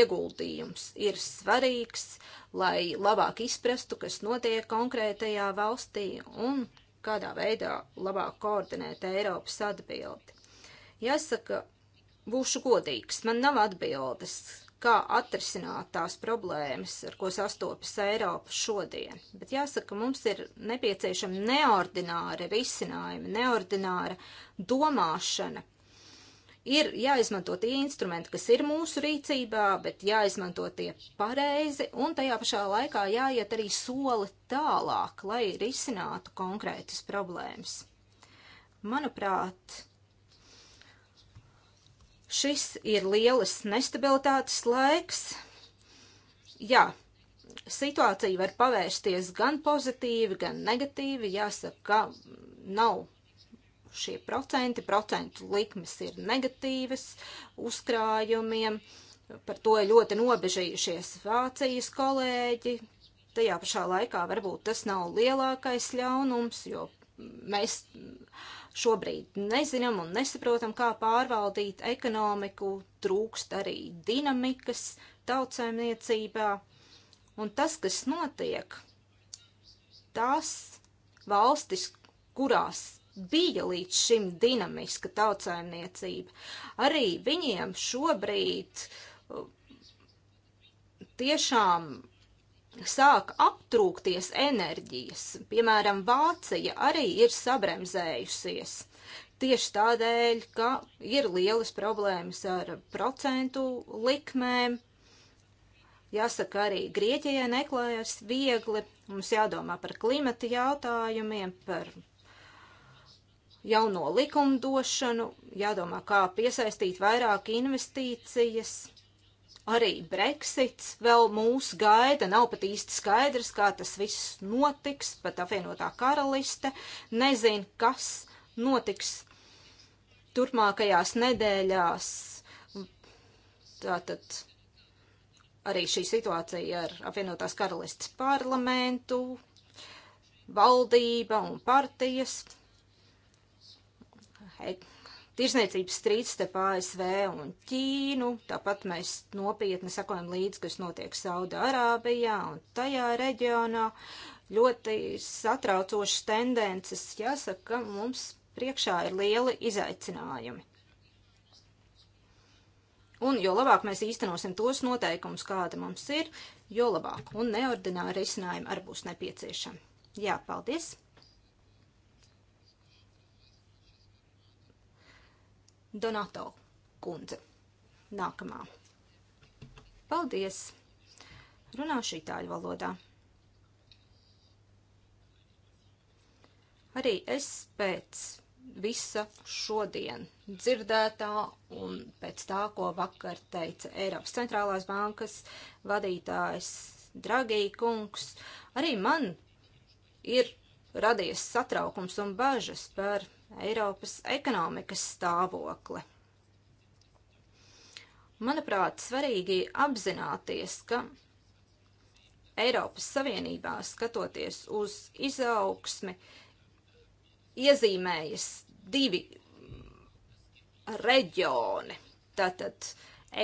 ieguldījums ir svarīgs, lai labāk izprastu, kas notiek konkrētajā valstī, un kādā veidā labāk koordinēt Eiropas atbildi. Jāsaka, būšu godīgs, man nav atbildes, kā atrisināt tās problēmas, ar ko sastopas Eiropa šodien. Bet jāsaka, mums ir nepieciešama neordināra risinājuma, neordināra domāšana ir jāizmanto tie instrumenti, kas ir mūsu rīcībā, bet jāizmanto tie pareizi un tajā pašā laikā jāiet arī soli tālāk, lai risinātu konkrētas problēmas. Manuprāt, šis ir lielas nestabilitātes laiks. Jā, situācija var pavērsties gan pozitīvi, gan negatīvi. Jāsaka, ka nav šie procenti, procentu likmes ir negatīvas uzkrājumiem. Par to ļoti nobežījušies Vācijas kolēģi. Tajā pašā laikā varbūt tas nav lielākais ļaunums, jo mēs šobrīd nezinām un nesaprotam, kā pārvaldīt ekonomiku, trūkst arī dinamikas tautsēmniecībā. Un tas, kas notiek, tās valstis, kurās bija līdz šim dinamiska tautsājumniecība. Arī viņiem šobrīd uh, tiešām sāk aptrūkties enerģijas. Piemēram, Vācija arī ir sabremzējusies. Tieši tādēļ, ka ir lielas problēmas ar procentu likmēm. Jāsaka, arī Grieķijai neklājas viegli. Mums jādomā par klimata jautājumiem, par jauno likumdošanu, jādomā, kā piesaistīt vairāk investīcijas. Arī Brexits vēl mūs gaida, nav pat īsti skaidrs, kā tas viss notiks, pat apvienotā karaliste nezin, kas notiks turpmākajās nedēļās. Tātad arī šī situācija ar apvienotās karalistes parlamentu, valdība un partijas tirsniecības strīds starp ASV un Ķīnu. Tāpat mēs nopietni sakojam līdzi, kas notiek Saudārābijā un tajā reģionā. Ļoti satraucošas tendences. Jāsaka, ka mums priekšā ir lieli izaicinājumi. Un jo labāk mēs īstenosim tos noteikumus, kāda mums ir, jo labāk un neordināri risinājumi arī būs nepieciešami. Jā, paldies! Donato kundze. Nākamā. Paldies! Runāšu itāļu valodā. Arī es pēc visa šodien dzirdētā un pēc tā, ko vakar teica Eiropas centrālās bankas vadītājs Dragī kungs, arī man ir radies satraukums un bažas par Eiropas ekonomikas stāvokli. Manuprāt, svarīgi apzināties, ka Eiropas Savienībā, skatoties uz izaugsmi, iezīmējas divi reģioni. Tātad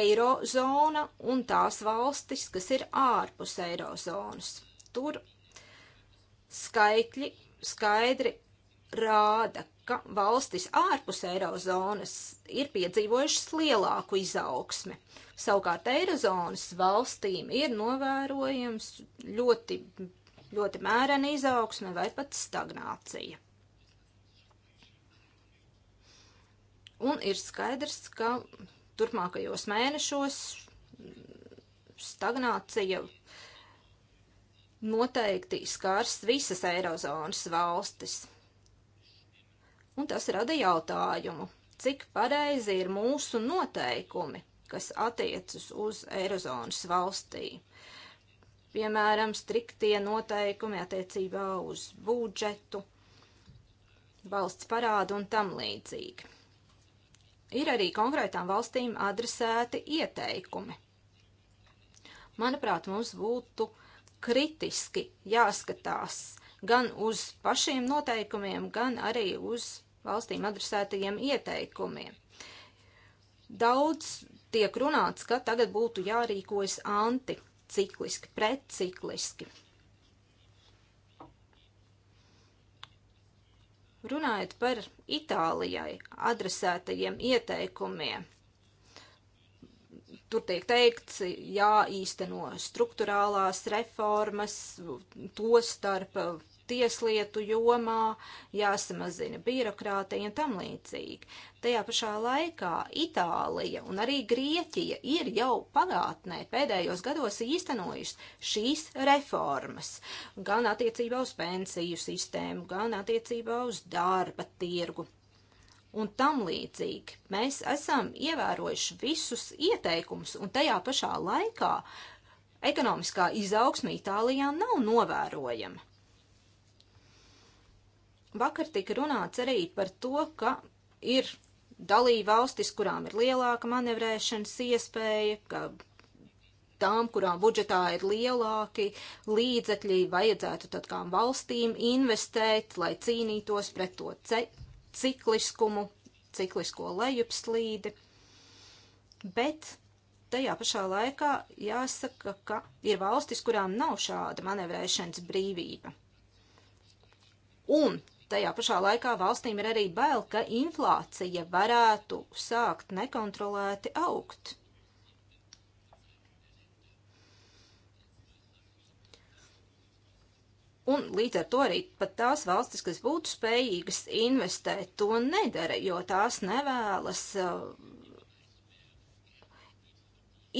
Eirozona un tās valstis, kas ir ārpus Eirozonas. Tur skaitļi skaidri rāda, ka valstis ārpus eirozonas ir piedzīvojušas lielāku izaugsmi. Savukārt eirozonas valstīm ir novērojams ļoti, ļoti mērena izaugsme vai pat stagnācija. Un ir skaidrs, ka turpmākajos mēnešos stagnācija noteikti skars visas eirozonas valstis un tas rada jautājumu, cik pareizi ir mūsu noteikumi, kas attiecas uz Eirozonas valstī. Piemēram, striktie noteikumi attiecībā uz budžetu, valsts parādu un tam līdzīgi. Ir arī konkrētām valstīm adresēti ieteikumi. Manuprāt, mums būtu kritiski jāskatās gan uz pašiem noteikumiem, gan arī uz valstīm adresētajiem ieteikumiem. Daudz tiek runāts, ka tagad būtu jārīkojas anticikliski, pretcikliski. Runājot par Itālijai adresētajiem ieteikumiem, tur tiek teikts jāīsteno struktūrālās reformas, to starp tieslietu jomā, jāsamazina birokrātija un tam līdzīgi. Tajā pašā laikā Itālija un arī Grieķija ir jau pagātnē pēdējos gados īstenojuši šīs reformas, gan attiecībā uz pensiju sistēmu, gan attiecībā uz darba tirgu un tam līdzīgi. Mēs esam ievērojuši visus ieteikumus, un tajā pašā laikā ekonomiskā izaugsme Itālijā nav novērojama. Vakar tika runāts arī par to, ka ir dalība valstis, kurām ir lielāka manevrēšanas iespēja, ka tām, kurām budžetā ir lielāki līdzekļi, vajadzētu tad kādām valstīm investēt, lai cīnītos pret to cikliskumu, ciklisko lejupslīdi. Bet tajā pašā laikā jāsaka, ka ir valstis, kurām nav šāda manevrēšanas brīvība. Un tajā pašā laikā valstīm ir arī bail, ka inflācija varētu sākt nekontrolēti augt. Un līdz ar to arī pat tās valstis, kas būtu spējīgas investēt, to nedara, jo tās nevēlas uh,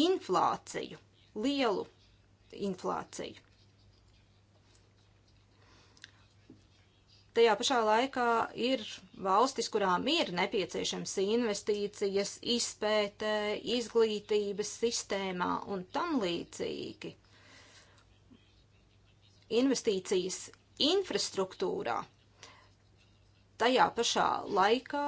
inflāciju, lielu inflāciju. tajā pašā laikā ir valstis, kurām ir nepieciešams investīcijas izpētē, izglītības sistēmā un tam līdzīgi. Investīcijas infrastruktūrā tajā pašā laikā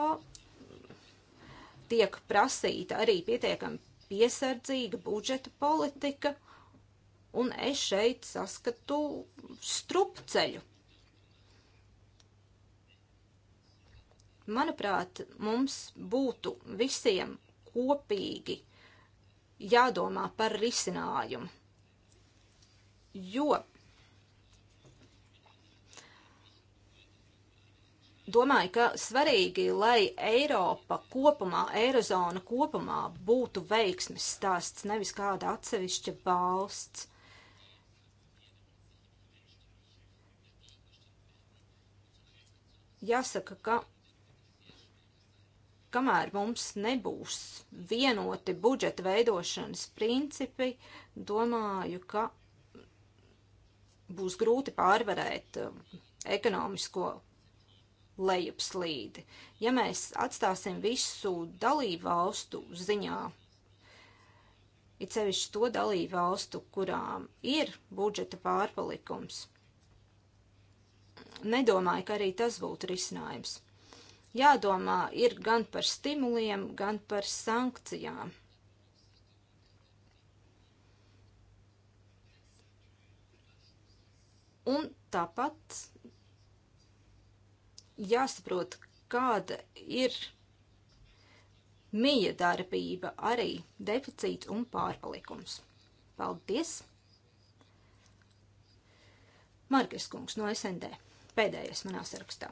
tiek prasīta arī pietiekami piesardzīga budžeta politika, un es šeit saskatu strupceļu Manuprāt, mums būtu visiem kopīgi jādomā par risinājumu. Jo domāju, ka svarīgi, lai Eiropa kopumā, Eirozona kopumā būtu veiksmes stāsts, nevis kāda atsevišķa valsts. Jāsaka, ka kamēr mums nebūs vienoti budžeta veidošanas principi, domāju, ka būs grūti pārvarēt um, ekonomisko lejupslīdi. Ja mēs atstāsim visu dalību valstu ziņā, it sevišķi to dalību valstu, kurām ir budžeta pārpalikums, nedomāju, ka arī tas būtu risinājums jādomā ir gan par stimuliem, gan par sankcijām. Un tāpat jāsaprot, kāda ir mīja darbība, arī deficīts un pārpalikums. Paldies! Markers kungs no SND, pēdējais manā sarakstā.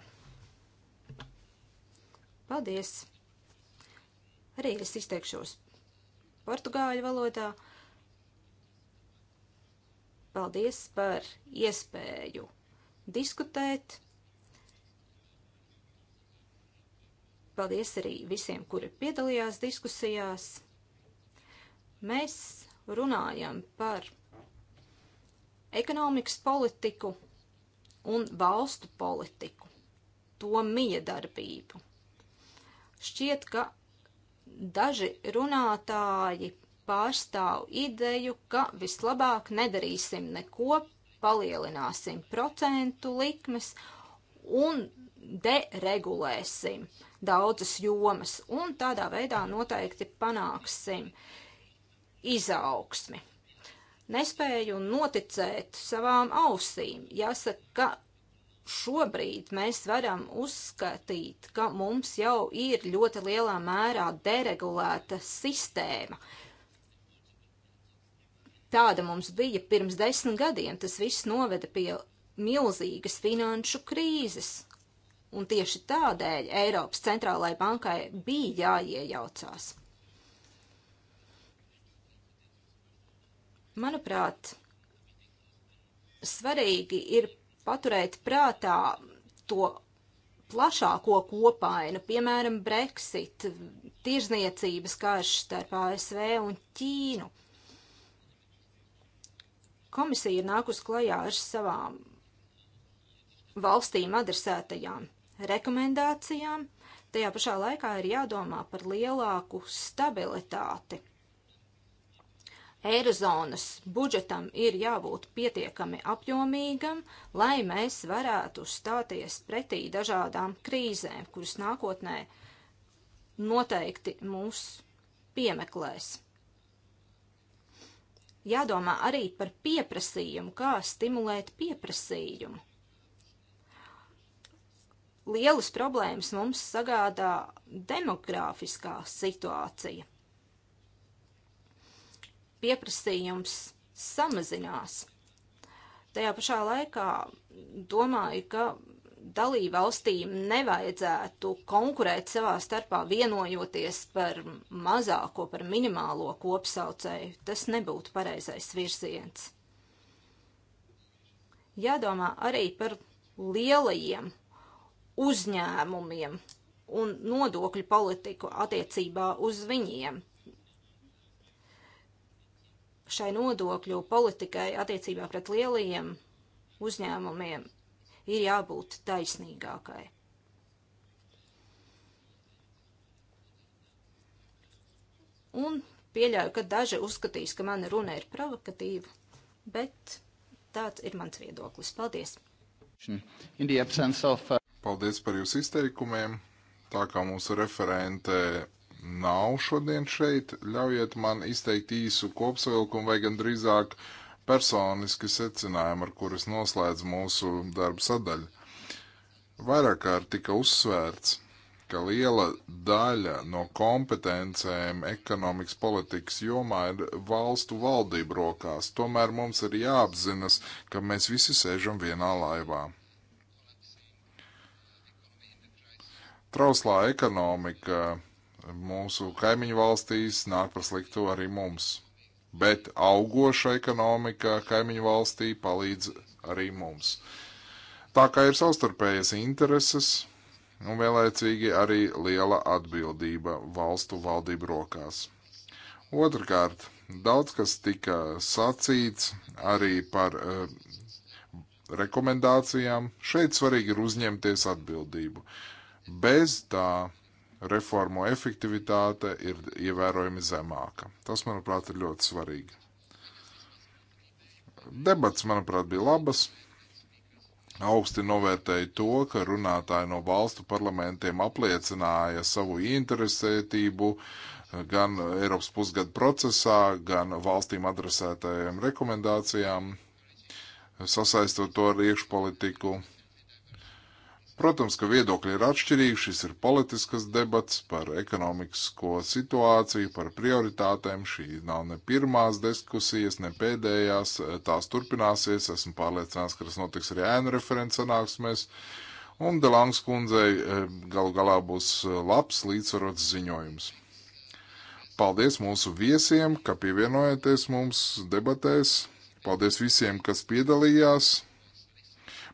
Paldies! Arī es izteikšos portugāļu valodā. Paldies par iespēju diskutēt. Paldies arī visiem, kuri piedalījās diskusijās. Mēs runājam par ekonomikas politiku un valstu politiku, to miedarbību. Šķiet, ka daži runātāji pārstāv ideju, ka vislabāk nedarīsim neko, palielināsim procentu likmes un deregulēsim daudzas jomas, un tādā veidā noteikti panāksim izaugsmi. Nespēju noticēt savām ausīm. Jāsaka, ka šobrīd mēs varam uzskatīt, ka mums jau ir ļoti lielā mērā deregulēta sistēma. Tāda mums bija pirms desmit gadiem. Tas viss noveda pie milzīgas finanšu krīzes. Un tieši tādēļ Eiropas centrālajai bankai bija jāiejaucās. Manuprāt, svarīgi ir paturēt prātā to plašāko kopainu, piemēram, Brexit, tirzniecības karš starp ASV un Ķīnu. Komisija ir nākus klajā ar savām valstīm adresētajām rekomendācijām, tajā pašā laikā ir jādomā par lielāku stabilitāti Eirozonas budžetam ir jābūt pietiekami apjomīgam, lai mēs varētu stāties pretī dažādām krīzēm, kuras nākotnē noteikti mūs piemeklēs. Jādomā arī par pieprasījumu, kā stimulēt pieprasījumu. Lielas problēmas mums sagādā demografiskā situācija pieprasījums samazinās. Tajā pašā laikā domāju, ka dalībvalstīm nevajadzētu konkurēt savā starpā vienojoties par mazāko, par minimālo kopsaucēju. Tas nebūtu pareizais virziens. Jādomā arī par lielajiem uzņēmumiem un nodokļu politiku attiecībā uz viņiem šai nodokļu politikai attiecībā pret lielajiem uzņēmumiem ir jābūt taisnīgākai. Un pieļauju, ka daži uzskatīs, ka mana runa ir provokatīva, bet tāds ir mans viedoklis. Paldies! Of... Uh, Paldies par jūsu izteikumiem! Tā kā mūsu referente nav šodien šeit. Ļaujiet man izteikt īsu kopsavilkumu vai gan drīzāk personiski secinājumu, ar kuras noslēdz mūsu darba sadaļu. Vairāk kārt tika uzsvērts, ka liela daļa no kompetencēm ekonomikas politikas jomā ir valstu valdību rokās. Tomēr mums ir jāapzinas, ka mēs visi sēžam vienā laivā. Trauslā ekonomika mūsu kaimiņu valstīs nāk par sliktu arī mums. Bet augoša ekonomika kaimiņu valstī palīdz arī mums. Tā kā ir savstarpējas intereses un nu, vienlaicīgi arī liela atbildība valstu valdību rokās. Otrakārt, daudz kas tika sacīts arī par uh, rekomendācijām. Šeit svarīgi ir uzņemties atbildību. Bez tā reformu efektivitāte ir ievērojami zemāka. Tas, manuprāt, ir ļoti svarīgi. Debats, manuprāt, bija labas. Augsti novērtēja to, ka runātāji no valstu parlamentiem apliecināja savu interesētību gan Eiropas pusgada procesā, gan valstīm adresētajām rekomendācijām, sasaistot to ar iekšpolitiku Protams, ka viedokļi ir atšķirīgi, šis ir politiskas debats par ekonomisko situāciju, par prioritātēm, šī nav ne pirmās diskusijas, ne pēdējās, tās turpināsies, esmu pārliecināts, ka tas notiks arī ēnu referents sanāksmēs, un Delangs kundzei e, galu galā būs e, labs līdzsvarots ziņojums. Paldies mūsu viesiem, ka pievienojaties mums debatēs, paldies visiem, kas piedalījās.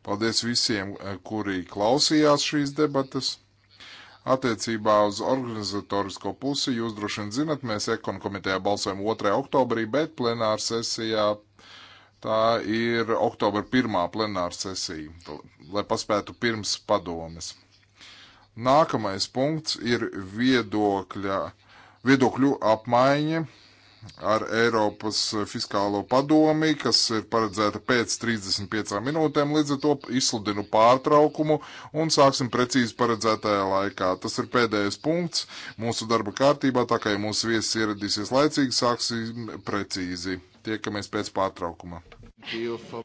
Paldies visiem, eh, kuri klausījās šīs debatas. Attiecībā uz organizatorisko pusi jūs droši vien zinat, mēs ekonu komitejā balsojam 2. oktobrī, bet plenāra sesijā tā ir oktobra pirmā plenāra sesija, lai paspētu pirms padomes. Nākamais punkts ir viedokļa, viedokļu apmaiņa ar Eiropas fiskālo padomi, kas ir paredzēta pēc 35 minūtēm, līdz ar to izsludinu pārtraukumu un sāksim precīzi paredzētajā laikā. Tas ir pēdējais punkts mūsu darba kārtībā, tā kā ja mūsu viesis ieradīsies laicīgi, sāksim precīzi. Tiekamies pēc pārtraukuma. Beautiful.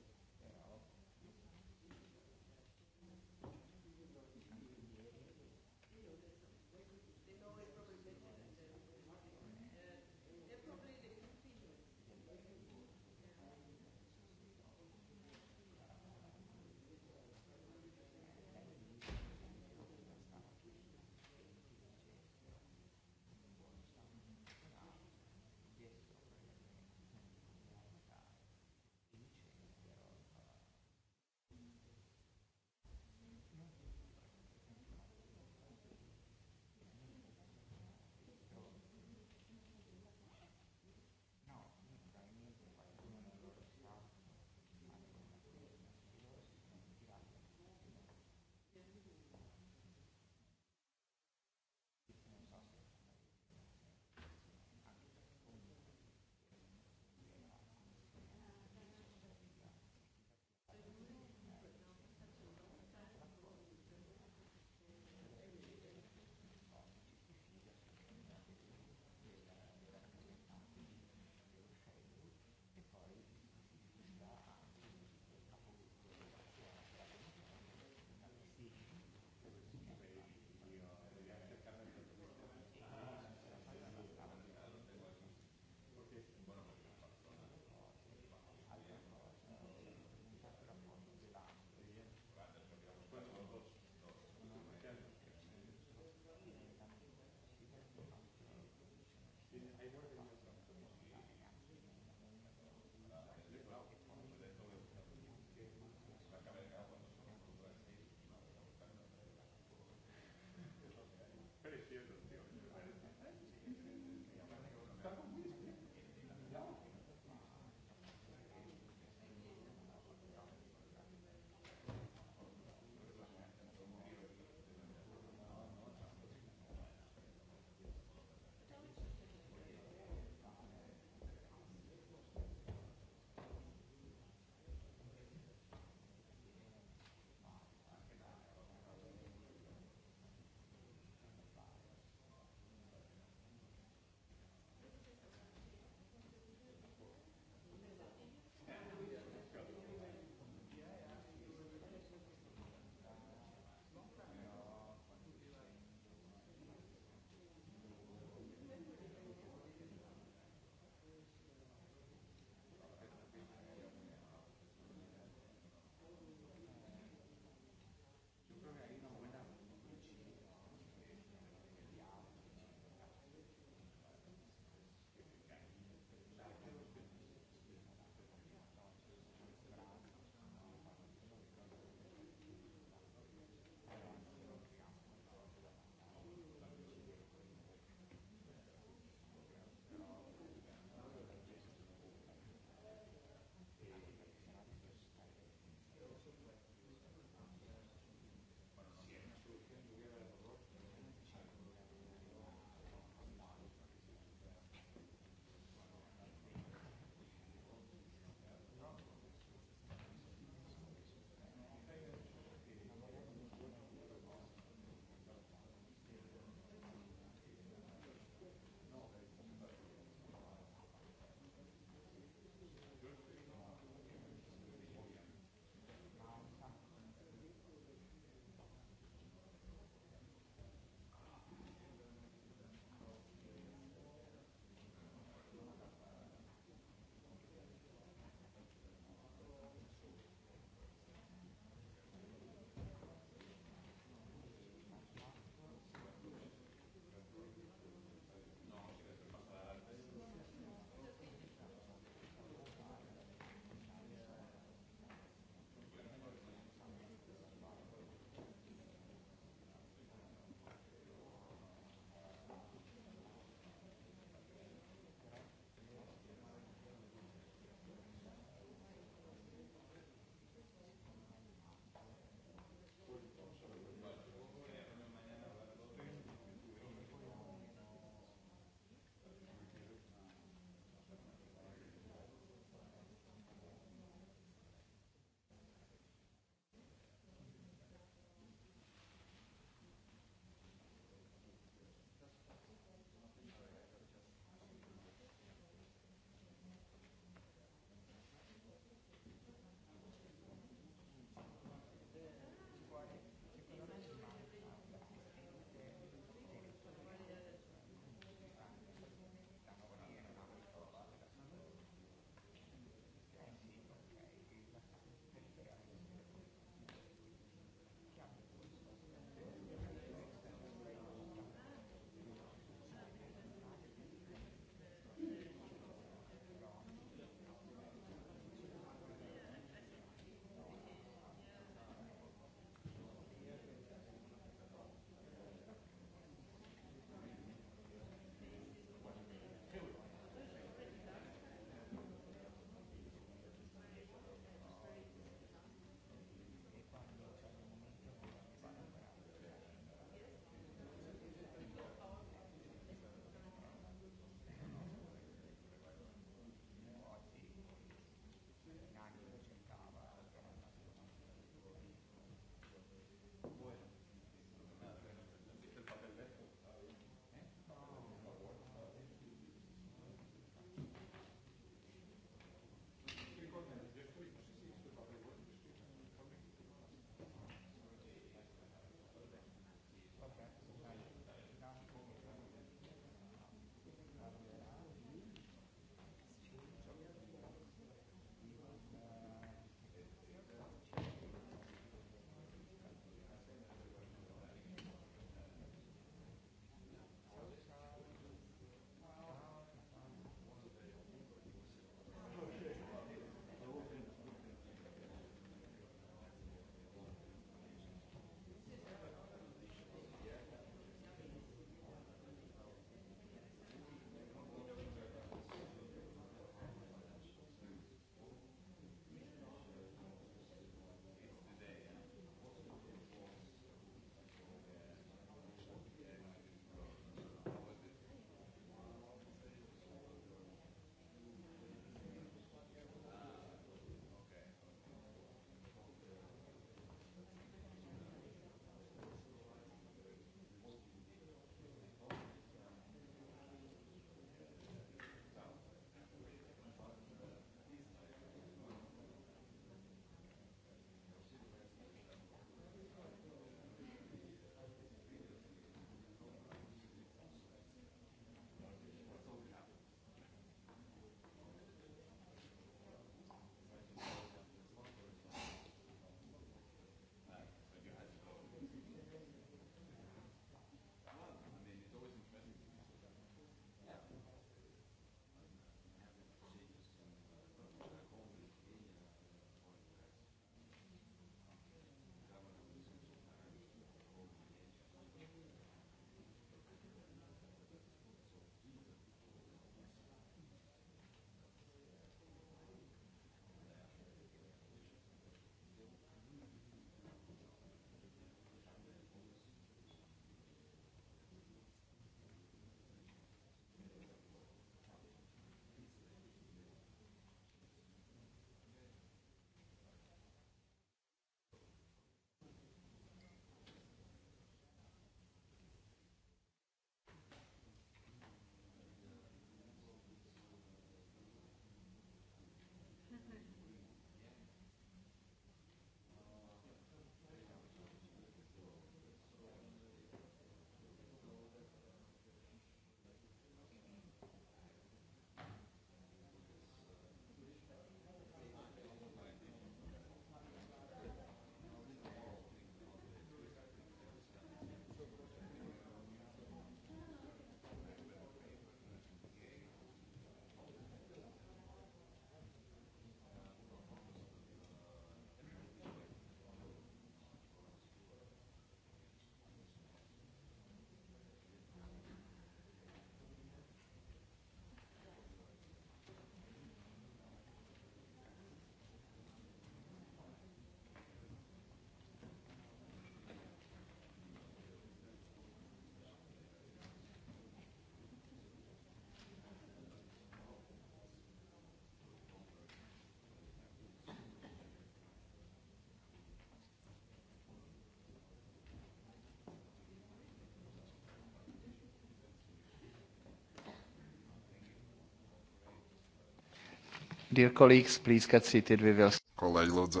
Dear colleagues, please get seated. We will. Kolēģi, lūdzu,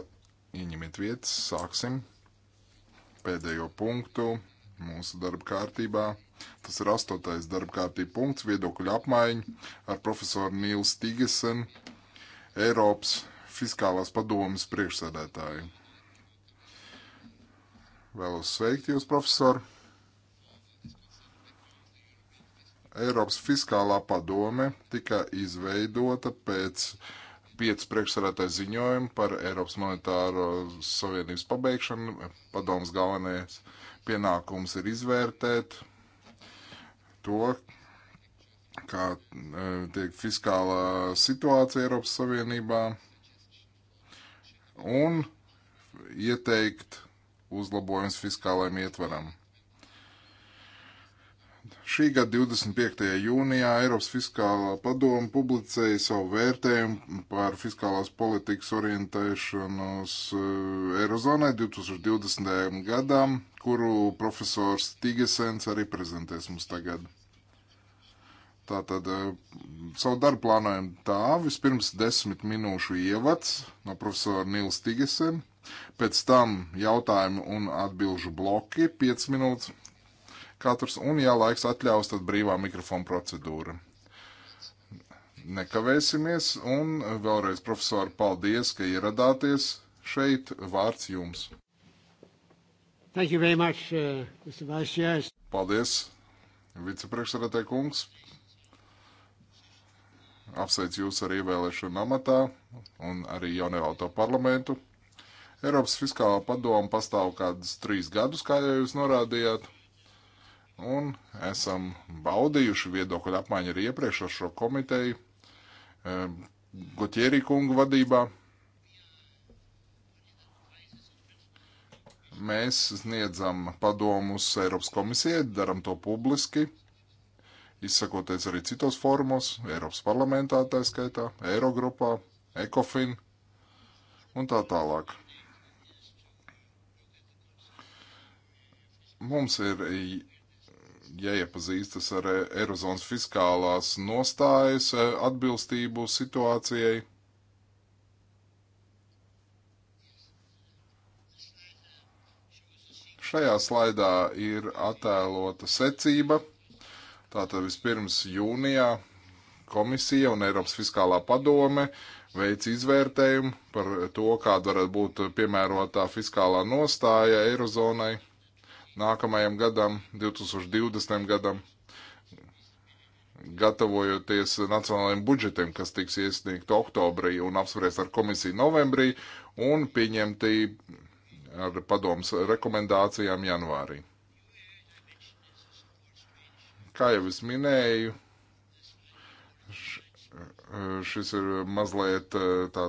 ieņemiet vietas, sāksim pēdējo punktu mūsu darba kārtībā. Tas ir astotais darba kārtība punkts viedokļu apmaiņa ar profesoru Nīlu Stigesen, Eiropas fiskālās padomas priekšsēdētāju. Vēlos sveikt jūs, profesori! Eiropas fiskālā padome tika izveidota pēc pieci priekšsarētāji ziņojumi par Eiropas monetāro savienības pabeigšanu. Padoms galvenais pienākums ir izvērtēt to, kā e, tiek fiskālā situācija Eiropas Savienībā un ieteikt uzlabojums fiskālajiem ietvaram. Šī gada 25. jūnijā Eiropas fiskālā padoma publicēja savu vērtējumu par fiskālās politikas orientēšanos eh, Eirozonai 2020. gadam, kuru profesors Tigesens arī prezentēs mums tagad. Tātad eh, savu darbu plānojam tā, vispirms desmit minūšu ievads no profesora Nils Tigesena, pēc tam jautājumu un atbilžu bloki 5 minūtes, katrs, un, ja laiks atļaus, tad brīvā mikrofona procedūra. Nekavēsimies, un vēlreiz, profesori, paldies, ka ieradāties šeit. Vārds jums. Thank you very much, uh, Mr. Vice Chair. Paldies, vicepriekšsēdētāj kungs. Apsveicu jūs ar ievēlēšanu amatā un arī jaunievēlto parlamentu. Eiropas fiskālā padoma pastāv kādus trīs gadus, kā jau jūs norādījāt un esam baudījuši viedokļu apmaiņu arī iepriekš ar šo komiteju e, Gutierī kungu vadībā. Mēs sniedzam padomus Eiropas komisijai, daram to publiski, izsakoties arī citos formos, Eiropas parlamentā tā skaitā, Eirogrupā, Ekofin un tā tālāk. Mums ir jāiepazīstas ar e, Eirozonas fiskālās nostājas e, atbilstību situācijai. Šajā slaidā ir attēlota secība. Tātad vispirms jūnijā komisija un Eiropas fiskālā padome veic izvērtējumu par to, kāda varētu būt piemērotā fiskālā nostāja Eirozonai nākamajam gadam, 2020. gadam, gatavojoties nacionālajiem budžetiem, kas tiks iesniegt oktobrī un apspriest ar komisiju novembrī un pieņemti ar padomus rekomendācijām janvārī. Kā jau es minēju, šis ir mazliet tā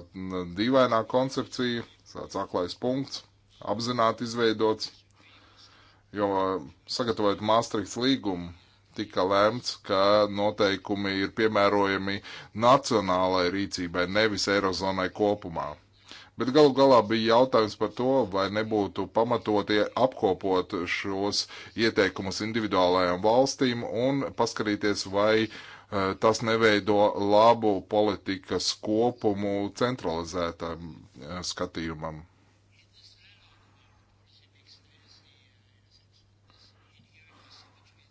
dīvainā koncepcija, tāds aklais punkts, apzināti izveidots Jo sagatavojot Maastrichts līgumu, tika lēmts, ka noteikumi ir piemērojami nacionālai rīcībai, nevis Eirozonai kopumā. Bet galu galā bija jautājums par to, vai nebūtu pamatoti apkopot šos ieteikumus individuālajām valstīm un paskatīties, vai uh, tas neveido labu politikas kopumu centralizētam uh, skatījumam.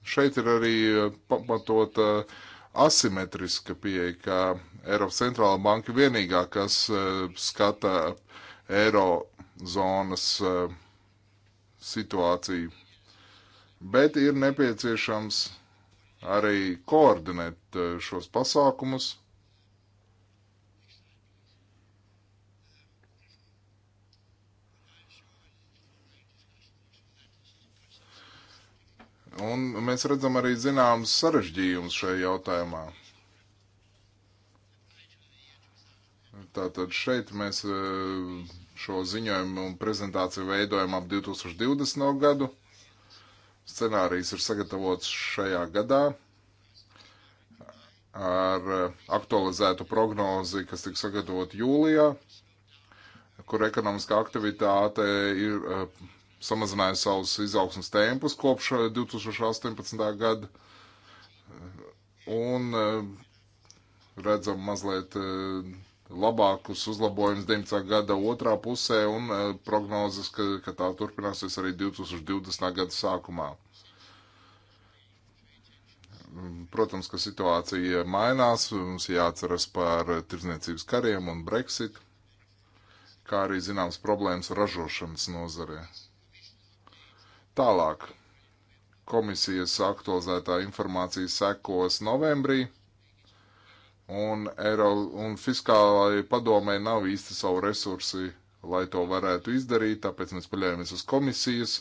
Šeit ir arī eh, pamatota asimetriska pieeja, ka Eiropas centrāla banka vienīgā, kas eh, skata eirozonas eh, situāciju, bet ir nepieciešams arī koordinēt šos pasākumus Un mēs redzam arī zināmas sarežģījumus šajā jautājumā. Tātad šeit mēs e, šo ziņojumu un prezentāciju veidojam ap 2020. gadu. Scenārijs ir sagatavots šajā gadā ar e, aktualizētu prognozi, kas tiks sagatavot jūlijā, kur ekonomiskā aktivitāte ir e, samazinājusi savus izaugsmas tempus kopš 2018. Eh, gada. Un eh, redzam mazliet eh, labākus uzlabojumus 19. gada otrā pusē un prognozes, ka, ka tā turpināsies arī 2020. gada sākumā. Mm, protams, ka situācija mainās, mums jāatceras par tirdzniecības kariem un Brexit, kā arī zināms problēmas ražošanas nozarē. Tālāk komisijas aktualizētā informācija sekos novembrī, un, Eiro, un fiskālai padomē nav īsti savu resursi, lai to varētu izdarīt, tāpēc mēs paļaujamies uz komisijas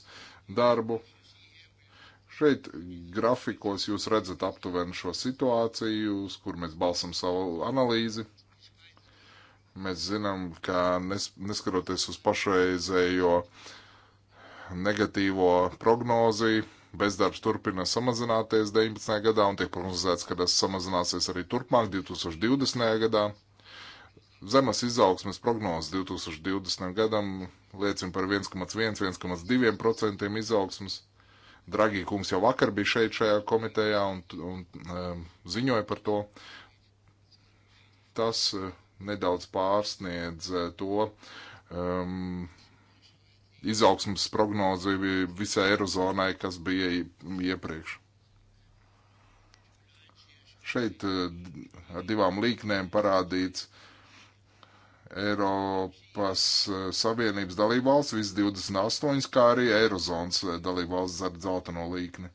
darbu. Šeit grafikos jūs redzat aptuveni šo situāciju, uz kur mēs balsam savu analīzi. Mēs zinām, ka nes, neskaroties uz pašreizējo uh, negatīvo prognozi. Bezdarbs turpina samazināties 19. gadā un tiek prognozēts, ka tas samazināsies arī turpmāk 2020. gadā. Zemes izaugsmes prognozes 2020. gadam liecina par 1,1-1,2% izaugsmes. Dragī kungs jau vakar bija šeit šajā komitejā un, un um, ziņoja par to. Tas uh, nedaudz pārsniedz uh, to um, izaugsmas prognozi visai Eirozonai, kas bija iepriekš. Šeit eh, ar divām līknēm parādīts Eiropas eh, Savienības dalībvalsts, visas 28, kā arī Eirozonas eh, dalībvalsts ar dzelteno līkni.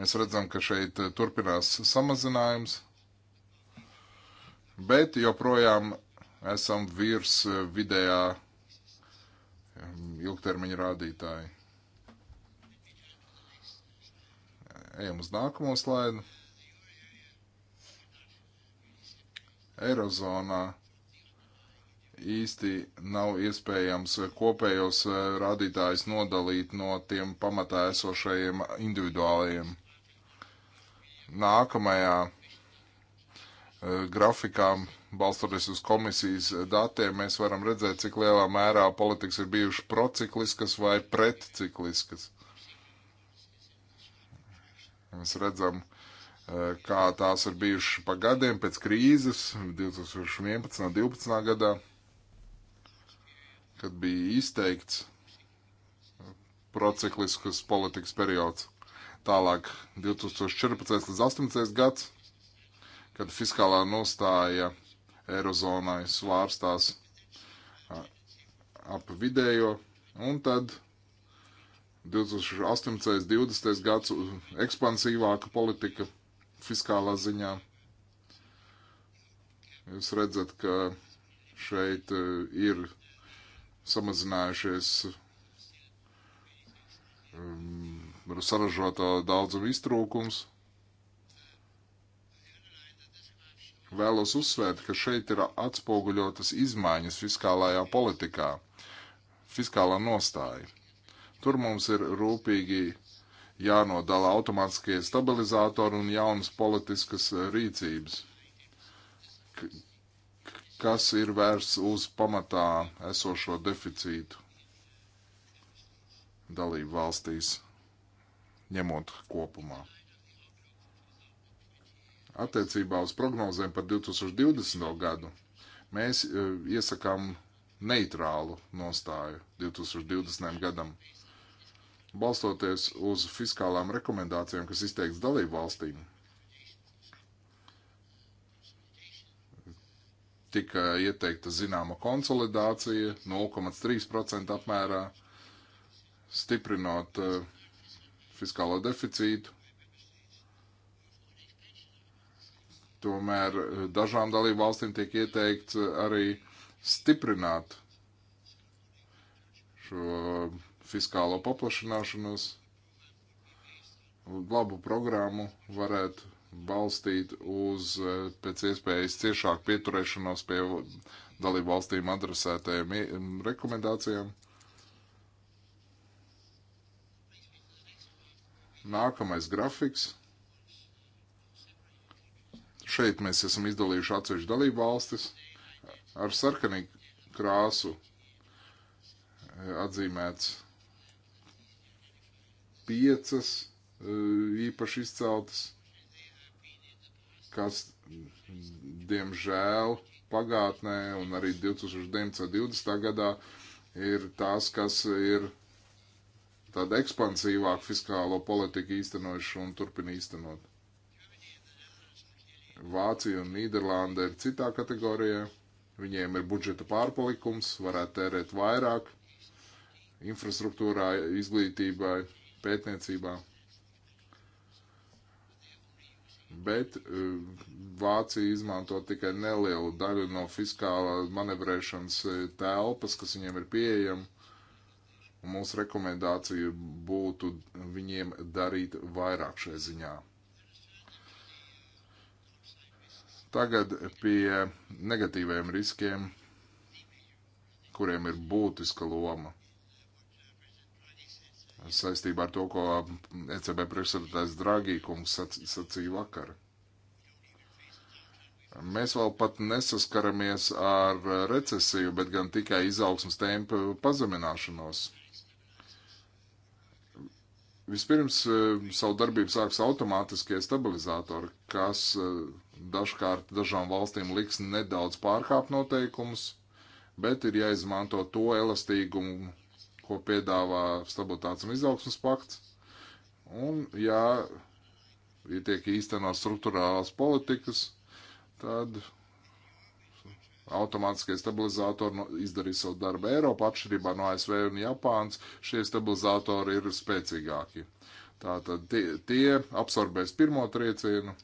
Mēs redzam, ka šeit turpinās samazinājums, bet joprojām esam virs eh, vidējā ilgtermiņa rādītāja. Ejam uz nākamo slaidu. Eirozonā īsti nav iespējams kopējos eh, rādītājus nodalīt no tiem pamatā esošajiem individuālajiem. Nākamajā eh, grafikā balstoties uz komisijas eh, datiem, mēs varam redzēt, cik lielā mērā politikas ir bijušas procikliskas vai pretcikliskas. Mēs redzam, eh, kā tās ir bijušas pa gadiem pēc krīzes 2011. un 2012. gadā, kad bija izteikts procikliskas politikas periods. Tālāk 2014. līdz 2018. gads, kad fiskālā nostāja Eirozonai svārstās ap vidējo, un tad 2018. un 2020. gads ekspansīvāka politika fiskālā ziņā. Jūs redzat, ka šeit e, ir samazinājušies um, saražoto daudzumu iztrūkums, Vēlos uzsvērt, ka šeit ir atspoguļotas izmaiņas fiskālajā politikā, fiskālā nostāja. Tur mums ir rūpīgi jānodala automātiskie stabilizatori un jaunas politiskas rīcības, kas ir vērsts uz pamatā esošo deficītu dalību valstīs, ņemot kopumā attiecībā uz prognozēm par 2020. gadu mēs e, iesakām neitrālu nostāju 2020. gadam, balstoties uz fiskālām rekomendācijām, kas izteikts dalību valstīm. Tika ieteikta zināma konsolidācija 0,3% apmērā, stiprinot e, fiskālo deficītu, Tomēr eh, dažām dalību valstīm tiek ieteikts eh, arī stiprināt šo fiskālo paplašināšanos. Labu programmu varētu balstīt uz eh, pēc iespējas ciešāku pieturēšanos pie dalību valstīm adresētajiem rekomendācijām. Nākamais grafiks. Šeit mēs esam izdalījuši atsevišķu dalību valstis ar sarkanīgu krāsu eh, atzīmēts piecas eh, īpaši izceltas, kas, diemžēl, pagātnē un arī 2020. gadā ir tās, kas ir tāda ekspansīvāka fiskālo politiku īstenojuši un turpina īstenot. Vācija un Nīderlanda ir citā kategorijā. Viņiem ir budžeta pārpalikums, varētu tērēt vairāk infrastruktūrā, izglītībai, pētniecībā. Bet eh, Vācija izmanto tikai nelielu daļu no fiskālā manevrēšanas eh, telpas, kas viņiem ir pieejama. Mūsu rekomendācija būtu viņiem darīt vairāk šai ziņā. Tagad pie negatīviem riskiem, kuriem ir būtiska loma. Saistībā ar to, ko ECB priekšsēdētājs Dragī kungs sacīja vakar. Mēs vēl pat nesaskaramies ar recesiju, bet gan tikai izaugsmas tempu pazemināšanos. Vispirms eh, savu darbību sāks automātiskie stabilizatori, kas eh, dažkārt dažām valstīm liks nedaudz pārkāpt noteikumus, bet ir jāizmanto to elastīgumu, ko piedāvā stabilitātes un izaugsmas pakts, un jā, ja tiek īstenot struktūrālās politikas, tad automātiskie stabilizatori izdarīs savu darbu Eiropā, atšķirībā no ASV un Japāns, šie stabilizatori ir spēcīgāki. Tātad tie, tie absorbēs pirmo triecienu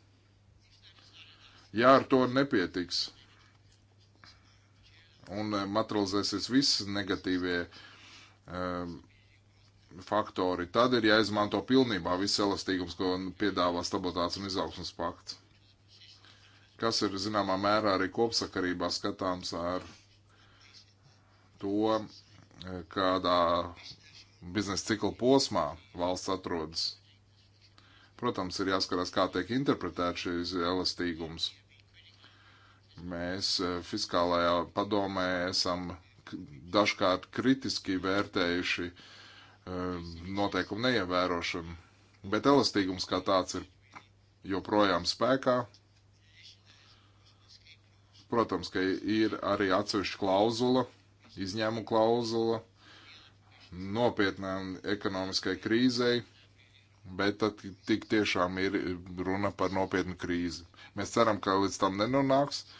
Ja ar to nepietiks un eh, materializēsies visi negatīvie um, faktori, tad ir jāizmanto pilnībā viss elastīgums, ko piedāvā stabilitātes un izaugsmas pakts. Kas ir zināmā mērā arī kopsakarībā skatāms ar to, eh, kādā biznesa cikla posmā valsts atrodas. Protams, ir jāskatās, kā tiek interpretēts šis elastīgums. Mēs eh, fiskālajā padomē esam dažkārt kritiski vērtējuši eh, noteikumu neievērošanu, bet elastīgums kā tāds ir joprojām spēkā. Protams, ka ir arī atsevišķa klauzula, izņēmuma klauzula nopietnām ekonomiskai krīzei, bet tad tik tiešām ir runa par nopietnu krīzi. Mēs ceram, ka līdz tam nenonāks. Uh,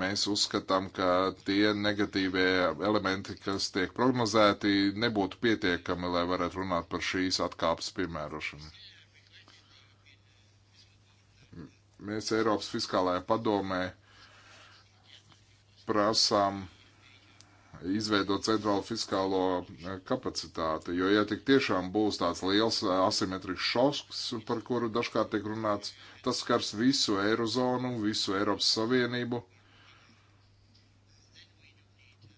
Mēs uzskatām, ka tie negatīvie elementi, kas tiek prognozēti, nebūtu pietiekami, lai varētu runāt par šīs atkāpes piemērošanu. Mēs Eiropas fiskālajā padomē prasām izveidot centrālu fiskālo kapacitāti, jo, ja tik tiešām būs tāds liels asimetrisks šoks, par kuru dažkārt tiek runāts, tas skars visu Eirozonu, visu Eiropas Savienību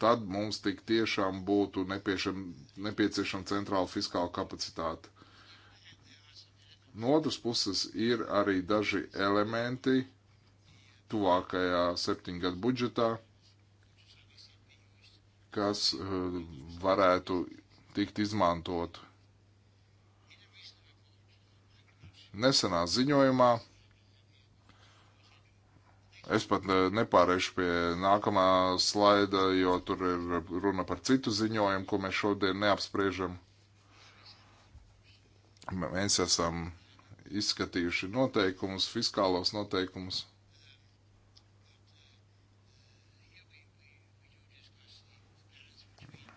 tad mums tik tiešām būtu nepieciešama centrāla fiskāla kapacitāte. No otras puses ir arī daži elementi tuvākajā septiņgadu budžetā, kas eh, varētu tikt izmantot. Nesenā ziņojumā Es pat nepārēšu pie nākamā slaida, jo tur ir runa par citu ziņojumu, ko mēs šodien neapspriežam. Mēs esam izskatījuši noteikumus, fiskālos noteikumus.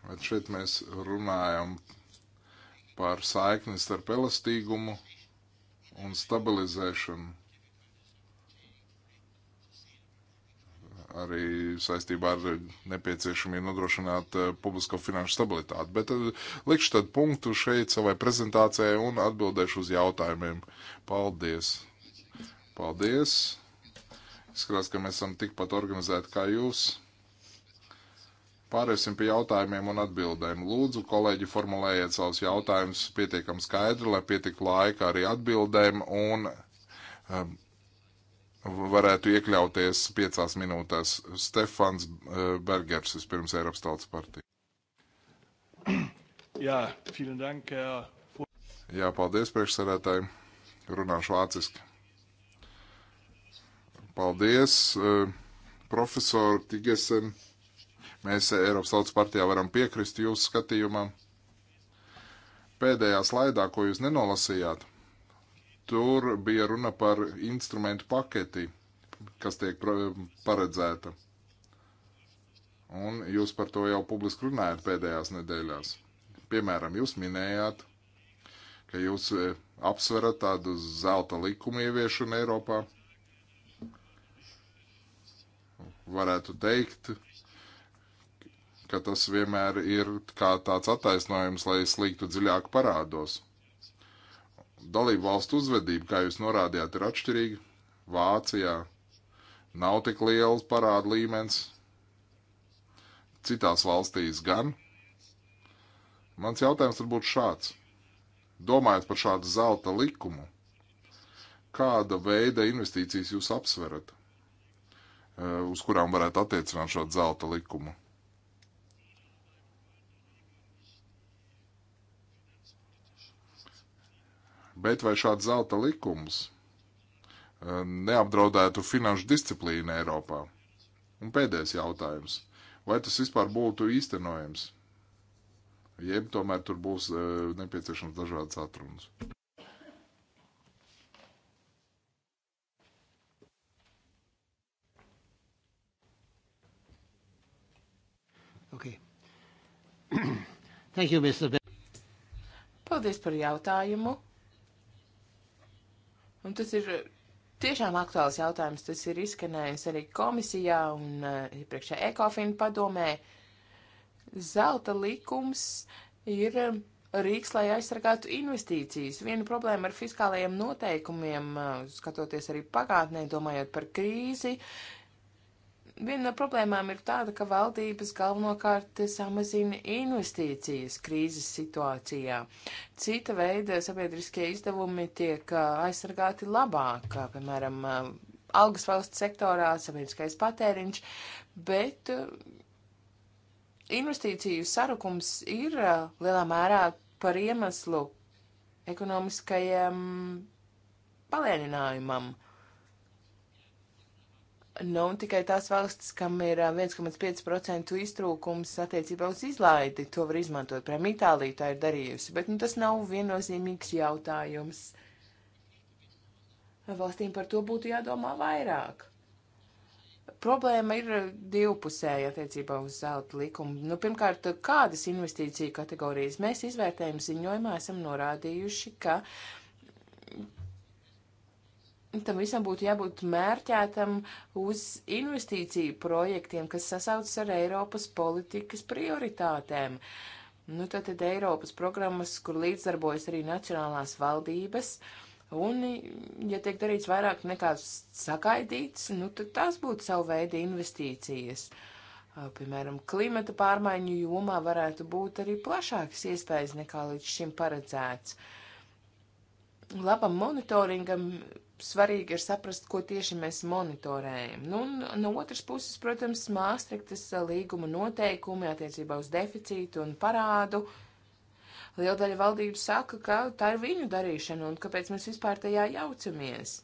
Bet šeit mēs runājam par saikni starp elastīgumu un stabilizēšanu arī saistībā ar nepieciešamību nodrošināt eh, publisko finanšu stabilitāti. Bet eh, likšu tad punktu šeit savai prezentācijai un atbildēšu uz jautājumiem. Paldies! Paldies! Izskatās, ka mēs esam tikpat organizēti kā jūs. Pāriesim pie jautājumiem un atbildēm. Lūdzu, kolēģi, formulējiet savus jautājumus pietiekami skaidri, lai pietiktu laika arī atbildēm un um, varētu iekļauties piecās minūtēs. Stefans eh, Bergers, vispirms Eiropas Tautas partija. Jā, vielen dank. Jā, paldies priekšsarētāji. Runāšu vāciski. Paldies, eh, profesor Tigesen. Mēs Eiropas Tautas partijā varam piekrist jūsu skatījumam. Pēdējā slaidā, ko jūs nenolasījāt, Tur bija runa par instrumentu paketi, kas tiek paredzēta. Un jūs par to jau publiski runājat pēdējās nedēļās. Piemēram, jūs minējāt, ka jūs e, apsverat tādu zelta likumu ieviešanu Eiropā. Varētu teikt, ka tas vienmēr ir kā tāds attaisnojums, lai sliktu dziļāk parādos. Dalību valstu uzvedība, kā jūs norādījāt, ir atšķirīga. Vācijā nav tik liels parāda līmenis, citās valstīs gan. Mans jautājums var būt šāds. Domājot par šādu zelta likumu, kāda veida investīcijas jūs apsverat, eh, uz kurām varētu attiecināt šo zelta likumu? Bet vai šāds zelta likums eh, neapdraudētu finanšu disciplīnu Eiropā? Un pēdējais jautājums. Vai tas vispār būtu īstenojams? Jeb tomēr tur būs eh, nepieciešams dažādas atrunas. Okay. Thank you, Mr. Paldies par jautājumu. Un tas ir tiešām aktuāls jautājums. Tas ir izskanējis arī komisijā un eh, iepriekšē uh, ekofina padomē. Zelta likums ir eh, rīks, lai aizsargātu investīcijas. Viena problēma ar fiskālajiem noteikumiem, eh, skatoties arī pagātnē, domājot par krīzi, uh, Viena no problēmām ir tāda, ka valdības galvenokārt samazina investīcijas krīzes situācijā. Cita veida sabiedriskie izdevumi tiek aizsargāti labāk, kā, piemēram, algas valsts sektorā, sabiedriskais patēriņš, bet investīciju sarukums ir lielā mērā par iemeslu ekonomiskajam palēninājumam. Nu, un tikai tās valstis, kam ir 1,5% iztrūkums attiecībā uz izlaidi, to var izmantot. Piemēram, Itālija tā ir darījusi, bet nu, tas nav viennozīmīgs jautājums. Valstīm par to būtu jādomā vairāk. Problēma ir divpusēja attiecībā uz zelta likumu. Nu, pirmkārt, kādas investīciju kategorijas mēs izvērtējumu ziņojumā esam norādījuši, ka tam visam būtu jābūt mērķētam uz investīciju projektiem, kas sasaucas ar Eiropas politikas prioritātēm. Nu, tad ir Eiropas programmas, kur līdzdarbojas arī nacionālās valdības, un, ja tiek darīts vairāk nekā sagaidīts, nu, tad tās būtu savu veidu investīcijas. Piemēram, klimata pārmaiņu jomā varētu būt arī plašākas iespējas nekā līdz šim paredzēts. Labam monitoringam svarīgi ir saprast, ko tieši mēs monitorējam. Nu, no otras puses, protams, māstriktas eh, līguma noteikumi attiecībā uz deficītu un parādu. Liela daļa valdības saka, ka tā ir viņu darīšana un kāpēc mēs vispār tajā jaucamies.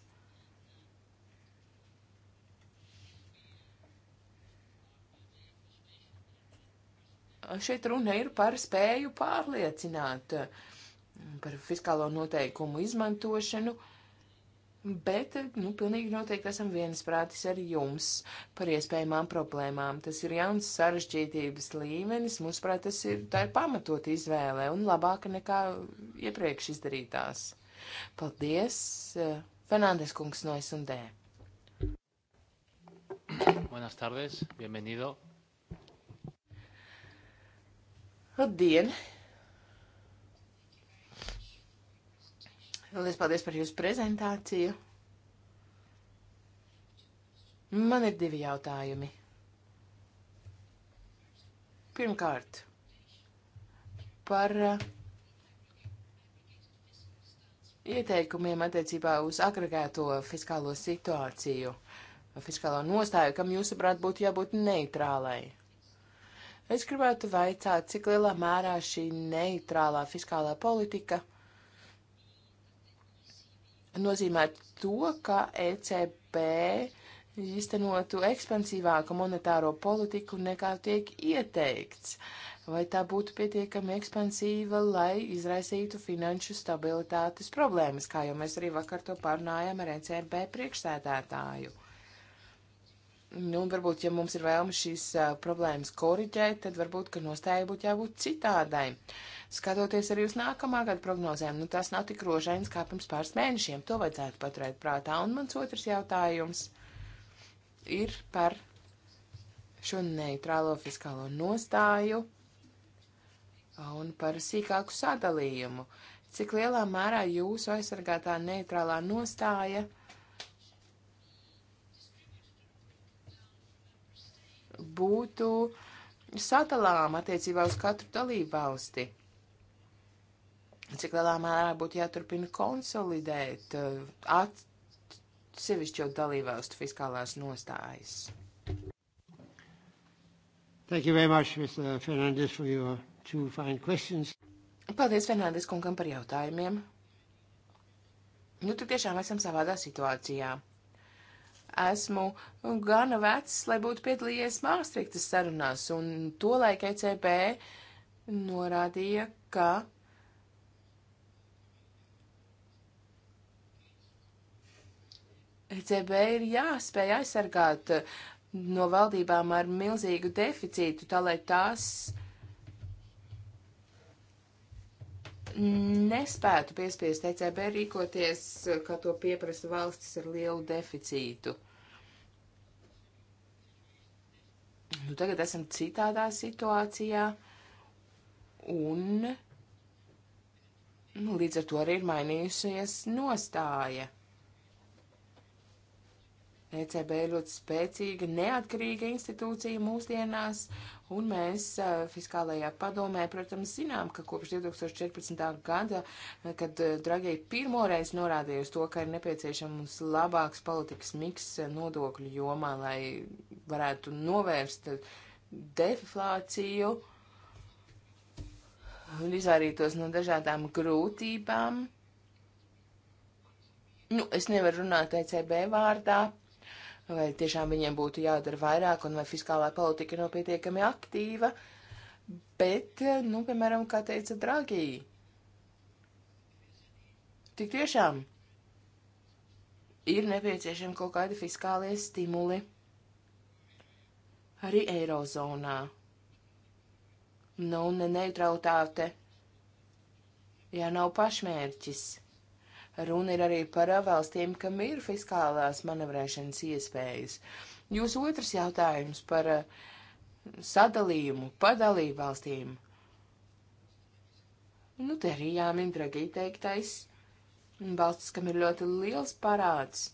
Šeit runa ir par spēju pārliecināt, eh, par fiskālo noteikumu izmantošanu. Uh, Bet, nu, pilnīgi noteikti esam viensprātis ar jums par iespējamām problēmām. Tas ir jauns sarežģītības līmenis, mūsuprāt, tas ir tā ir pamatot izvēle un labāka nekā iepriekš izdarītās. Paldies, eh, Fernandes kungs no S&D. Buenas tardes, bienvenido. Labdien! Lielas paldies par jūsu prezentāciju. Man ir divi jautājumi. Pirmkārt, par uh, ieteikumiem attiecībā uz agregēto fiskālo situāciju, fiskālo nostāju, kam jūsuprāt būtu jābūt neitrālai. Es gribētu vaicāt, cik lielā mērā šī neitrālā fiskālā politika – nozīmē to, ka ECB īstenotu ekspansīvāku monetāro politiku nekā tiek ieteikts, vai tā būtu pietiekami ekspansīva, lai izraisītu finanšu stabilitātes problēmas, kā jau mēs arī vakar to pārnājām ar ECB priekšsēdētāju. Nu, varbūt, ja mums ir vēlme šīs uh, problēmas koriģēt, tad varbūt, ka nostāja būtu jābūt citādai. Uh, Skatoties arī uz nākamā gada prognozēm, nu tas nav tik rožains kā pirms pāris mēnešiem. To vajadzētu paturēt prātā. Un mans otrs jautājums ir par šo neitrālo fiskālo nostāju un par sīkāku sadalījumu. Cik lielā mērā jūsu aizsargātā neitrālā nostāja būtu sadalām attiecībā uz katru dalību valsti? cik lielā mērā būtu jāturpina konsolidēt uh, atsevišķot dalībvalstu fiskālās nostājas. Thank you very much, Mr. Fernandez, for your two fine questions. Paldies, Fernandes kungam, par jautājumiem. Nu, tu tiešām esam savādā situācijā. Esmu gana vecs, lai būtu piedalījies Māstriktas sarunās, un tolaik ECB norādīja, ka ECB ir jāspēj aizsargāt uh, no valdībām ar milzīgu deficītu, tā lai tās nespētu piespiest ECB rīkoties, uh, kā to pieprasa valstis ar lielu deficītu. Nu, tagad esam citādā situācijā, un nu, līdz ar to arī ir mainījusies nostāja. ECB ir ļoti spēcīga, neatkarīga institūcija mūsdienās, un mēs fiskālajā padomē, protams, zinām, ka kopš 2014. gada, kad Dragie pirmoreiz norādīja uz to, ka ir nepieciešams labāks politikas miks nodokļu jomā, lai varētu novērst deflāciju un izvairītos no dažādām grūtībām. Nu, es nevaru runāt ECB vārdā, vai tiešām viņiem būtu jādara vairāk un vai fiskālā politika nav pietiekami aktīva. Bet, nu, piemēram, kā teica Dragī, tik tiešām ir nepieciešami kaut kādi fiskālie stimuli arī Eirozonā. Nu, ne neutralitāte, ja nav pašmērķis. Runa ir arī par valstīm, kam ir fiskālās manevrēšanas iespējas. Jūs otrs jautājums par eh, sadalījumu pa dalību valstīm. Nu, te arī jāmin dragī teiktais. Valsts, kam ir ļoti liels parāds,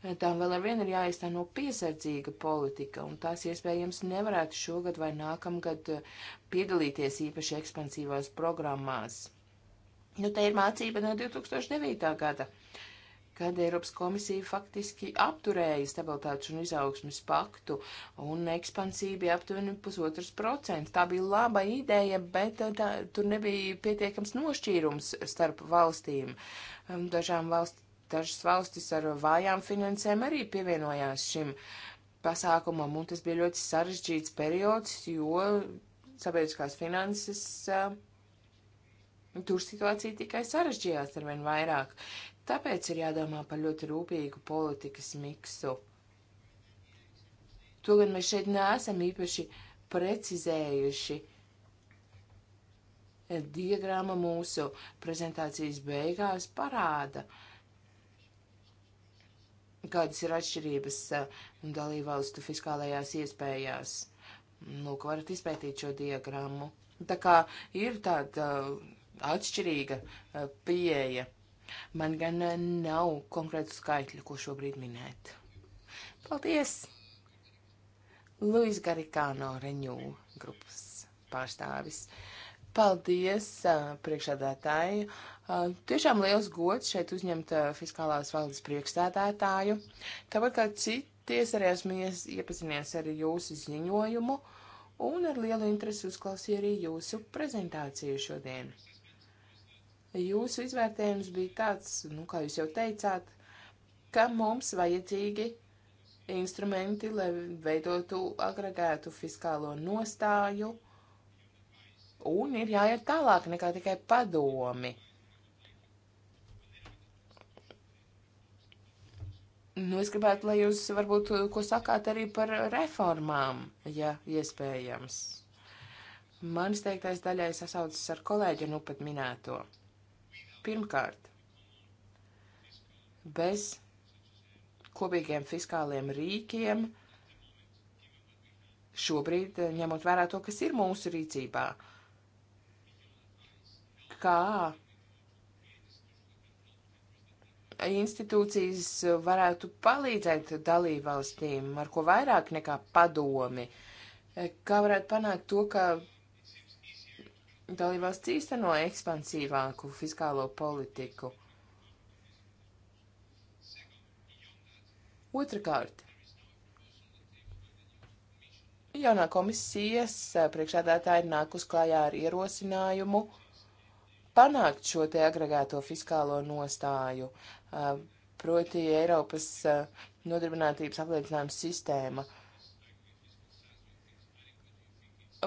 eh, Tām vēl ar vienu ir jāizteno piesardzīga politika, un tās iespējams nevarētu šogad vai nākamgad eh, piedalīties īpaši ekspansīvās programmās. Nu, te ir mācība no 2009. gada, kad Eiropas komisija faktiski apturēja stabilitātes un izaugsmes paktu, un ekspansija bija aptuveni pusotras procents. Tā bija laba ideja, bet uh, tā, tur nebija pietiekams nošķīrums starp valstīm. Um, dažām valsts, dažas valstis ar vājām finansēm arī pievienojās šim pasākumam, un tas bija ļoti sarežģīts periods, jo sabiedriskās finanses. Uh, Tur situācija tikai sarežģījās ar vien vairāk, tāpēc ir jādomā par ļoti rūpīgu politikas miksu. To gan mēs šeit neesam īpaši precizējuši. Diagrāma mūsu prezentācijas beigās parāda, kādas ir atšķirības dalībvalstu fiskālajās iespējās. Lūk, varat izpētīt šo diagrammu. Tā kā ir tāda uh, atšķirīga eh, pieeja. Man gan eh, nav konkrētu skaitļu, ko šobrīd minēt. Paldies! Luis Garikāno Reņū grupas pārstāvis. Paldies, eh, priekšādātāji! Tiešām liels gods šeit uzņemt fiskālās valdes priekšstādātāju. Tāpat kā cities arī esmu iepazinies ar jūsu ziņojumu un ar lielu interesi uzklausīju arī jūsu prezentāciju šodien. Jūsu izvērtējums bija tāds, nu, kā jūs jau teicāt, ka mums vajadzīgi instrumenti, lai veidotu agregētu fiskālo nostāju, un ir jāiet tālāk nekā tikai padomi. Nu, es gribētu, lai jūs varbūt ko sakāt arī par reformām, ja iespējams. Manis teiktais daļai sasaucas ar kolēģi, nu pat minēto. Pirmkārt, bez kopīgiem fiskāliem rīkiem šobrīd, eh, ņemot vērā to, kas ir mūsu rīcībā, kā institūcijas varētu palīdzēt dalībvalstīm ar ko vairāk nekā padomi, eh, kā varētu panākt to, ka dalībvalsts īsteno ekspansīvāku fiskālo politiku. Otrakārt, jaunā komisijas priekšādātāja ir nākus klājā ar ierosinājumu panākt šo te agregēto fiskālo nostāju, proti Eiropas nodarbinātības apliecinājuma sistēma.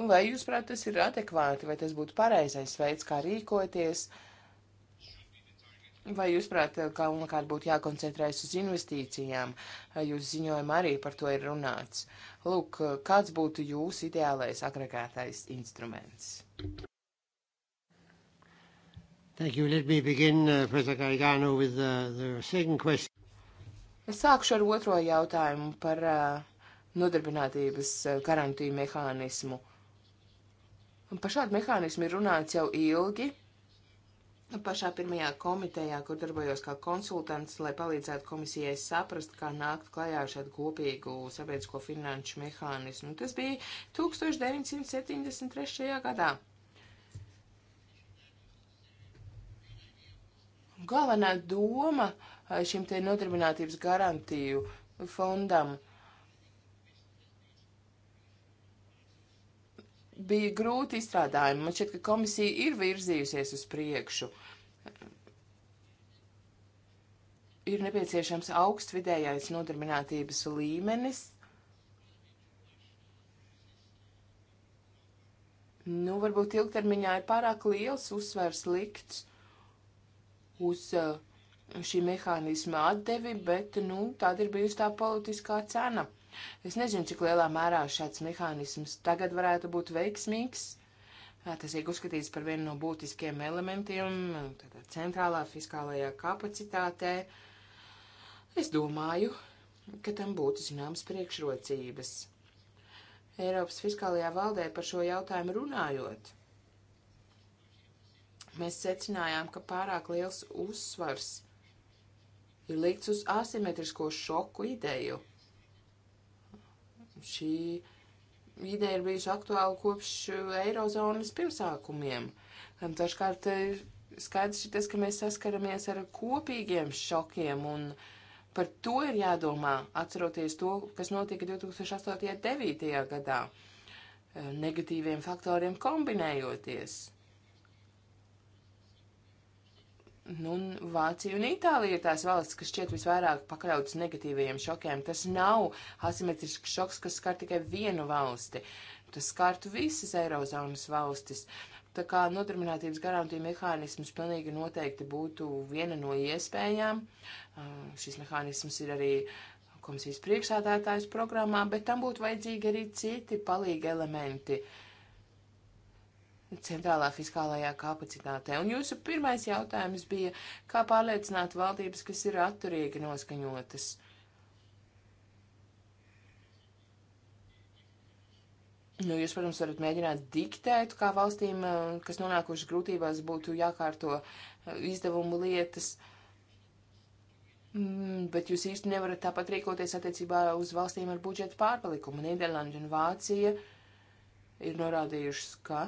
Vai jūs, prāt, tas ir adekvāti, vai tas būtu pareizais veids, kā rīkoties? Vai jūs, prāt, galvenokārt būtu jākoncentrējas uz investīcijām? Jūs ziņojumā arī par to ir runāts. Lūk, kāds būtu jūsu ideālais agregētais instruments? Thank you. Let me begin, uh, President Gargano, with uh, the second question. Es sākšu ar otro jautājumu par uh, nodarbinātības uh, garantiju mehānismu. Uh, Un par šādu mehānismu ir runāts jau ilgi. Pašā pirmajā komitejā, kur darbojos kā konsultants, lai palīdzētu komisijai saprast, kā nākt klajā ar šādu kopīgu sabiedrisko finanšu mehānismu. Tas bija 1973. gadā. Galvenā doma eh, šim te nodarbinātības garantiju fondam bija grūti izstrādājumi. Man šķiet, ka komisija ir virzījusies uz priekšu. Ir nepieciešams augsts vidējais nodarbinātības līmenis. Nu, varbūt ilgtermiņā ir pārāk liels uzsvers likts uz uh, šī mehānisma atdevi, bet, nu, tāda ir bijusi tā politiskā cena. Es nezinu, cik lielā mērā šāds mehānisms tagad varētu būt veiksmīgs. Tas tiek uzskatīts par vienu no būtiskiem elementiem centrālā fiskālajā kapacitātē. Es domāju, ka tam būtu zināmas priekšrocības. Eiropas fiskālajā valdē par šo jautājumu runājot, mēs secinājām, ka pārāk liels uzsvars ir likts uz asimetrisko šoku ideju. Šī ideja ir bijusi aktuāla kopš Eirozonas pirmsākumiem. Dažkārt eh, skaidrs ir tas, ka mēs saskaramies ar kopīgiem šokiem un par to ir jādomā, atceroties to, kas notika 2008. un 2009. gadā, eh, negatīviem faktoriem kombinējoties. Nu, un Vācija un Itālija ir tās valstis, kas šķiet visvairāk pakļautas negatīvajiem šokiem. Tas nav asimetrisks šoks, kas skar tikai vienu valsti. Tas skartu visas Eirozonas valstis. Tā kā nodarbinātības garantija mehānisms pilnīgi noteikti būtu viena no iespējām. Uh, šis mehānisms ir arī komisijas priekšsādātājs programmā, bet tam būtu vajadzīgi arī citi palīgi elementi. Uh, centrālā fiskālajā kapacitātē. Un jūsu pirmais jautājums bija, kā pārliecināt valdības, kas ir atturīgi noskaņotas? Nu, jūs, protams, varat mēģināt diktēt, kā valstīm, eh, kas nonākušas grūtībās, būtu jākārto eh, izdevumu lietas, mm, bet jūs īsti nevarat tāpat rīkoties attiecībā uz valstīm ar budžeta pārpalikumu. Nīderlanda un Vācija ir norādījušas, ka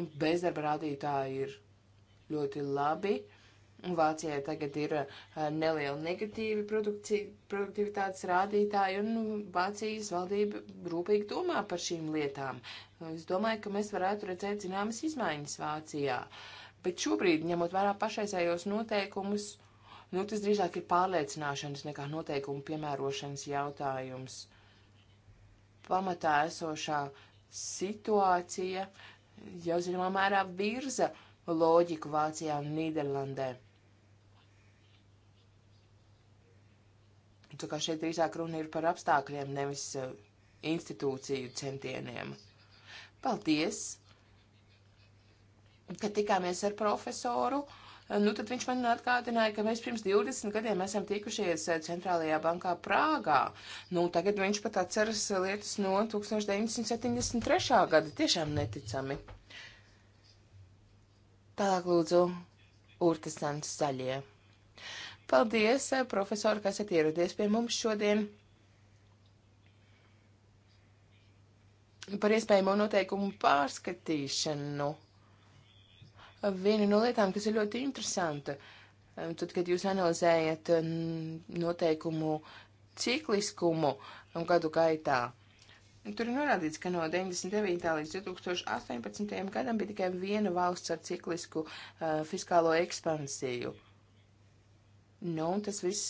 bezdarba rādītāji ir ļoti labi. Vācijai tagad ir eh, neliela negatīva produktivitātes rādītāja, un nu, Vācijas valdība rūpīgi domā par šīm lietām. Es domāju, ka mēs varētu redzēt zināmas izmaiņas Vācijā. Bet šobrīd, ņemot vērā pašreizējos noteikumus, nu, tas drīzāk ir pārliecināšanas nekā noteikumu piemērošanas jautājums. Pamatā esošā situācija uh, jau zināmā mērā virza loģiku Vācijā un Nīderlandē. Tā kā šeit drīzāk runa ir par apstākļiem, nevis eh, institūciju centieniem. Paldies, ka tikāmies ar profesoru. Nu, tad viņš man atgādināja, ka mēs pirms 20 gadiem esam tikušies eh, Centrālajā bankā Prāgā. Nu, tagad viņš pat atceras eh, lietas no 1973. gada. Tiešām neticami. Tālāk lūdzu, Urtasants Zaļie. Paldies, eh, profesori, ka esat ieradies pie mums šodien. Par iespējamo noteikumu pārskatīšanu viena no lietām, kas ir ļoti interesanta. Tad, kad jūs analizējat noteikumu cikliskumu gadu gaitā, tur ir norādīts, ka no 99. līdz 2018. gadam bija tikai viena valsts ar ciklisku uh, fiskālo ekspansiju. Nu, tas viss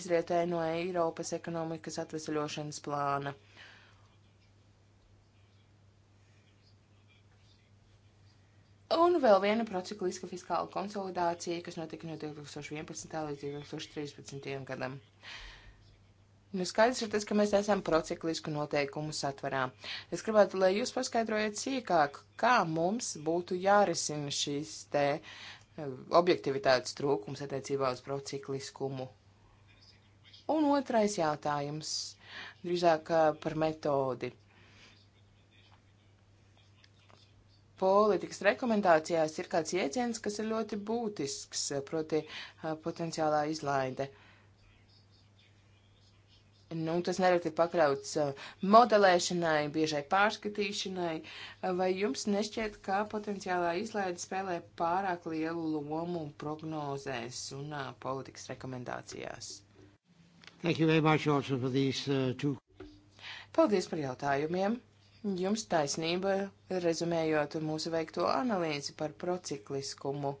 izrietēja no Eiropas ekonomikas atvesaļošanas plāna. Un vēl viena procikliska fiskāla konsolidācija, kas notika no 2011. līdz 2013. gadam. Nu, skaidrs ir tas, ka mēs esam prociklisku noteikumu satvarā. Es gribētu, lai jūs paskaidrojat sīkāk, kā mums būtu jārisina šīs te eh, objektivitātes trūkums attiecībā uz procikliskumu. Un otrais jautājums, drīzāk eh, par metodi. politikas rekomendācijās ir kāds jēdziens, kas ir ļoti būtisks, eh, proti eh, potenciālā izlaide. Nu, tas nereti ir pakļauts eh, modelēšanai, biežai pārskatīšanai. Vai jums nešķiet, ka potenciālā izlaide spēlē pārāk lielu lomu prognozēs un politikas rekomendācijās? Thank you very much also for these uh, two. Paldies par jautājumiem. Jums taisnība, rezumējot mūsu veikto analīzi par procikliskumu.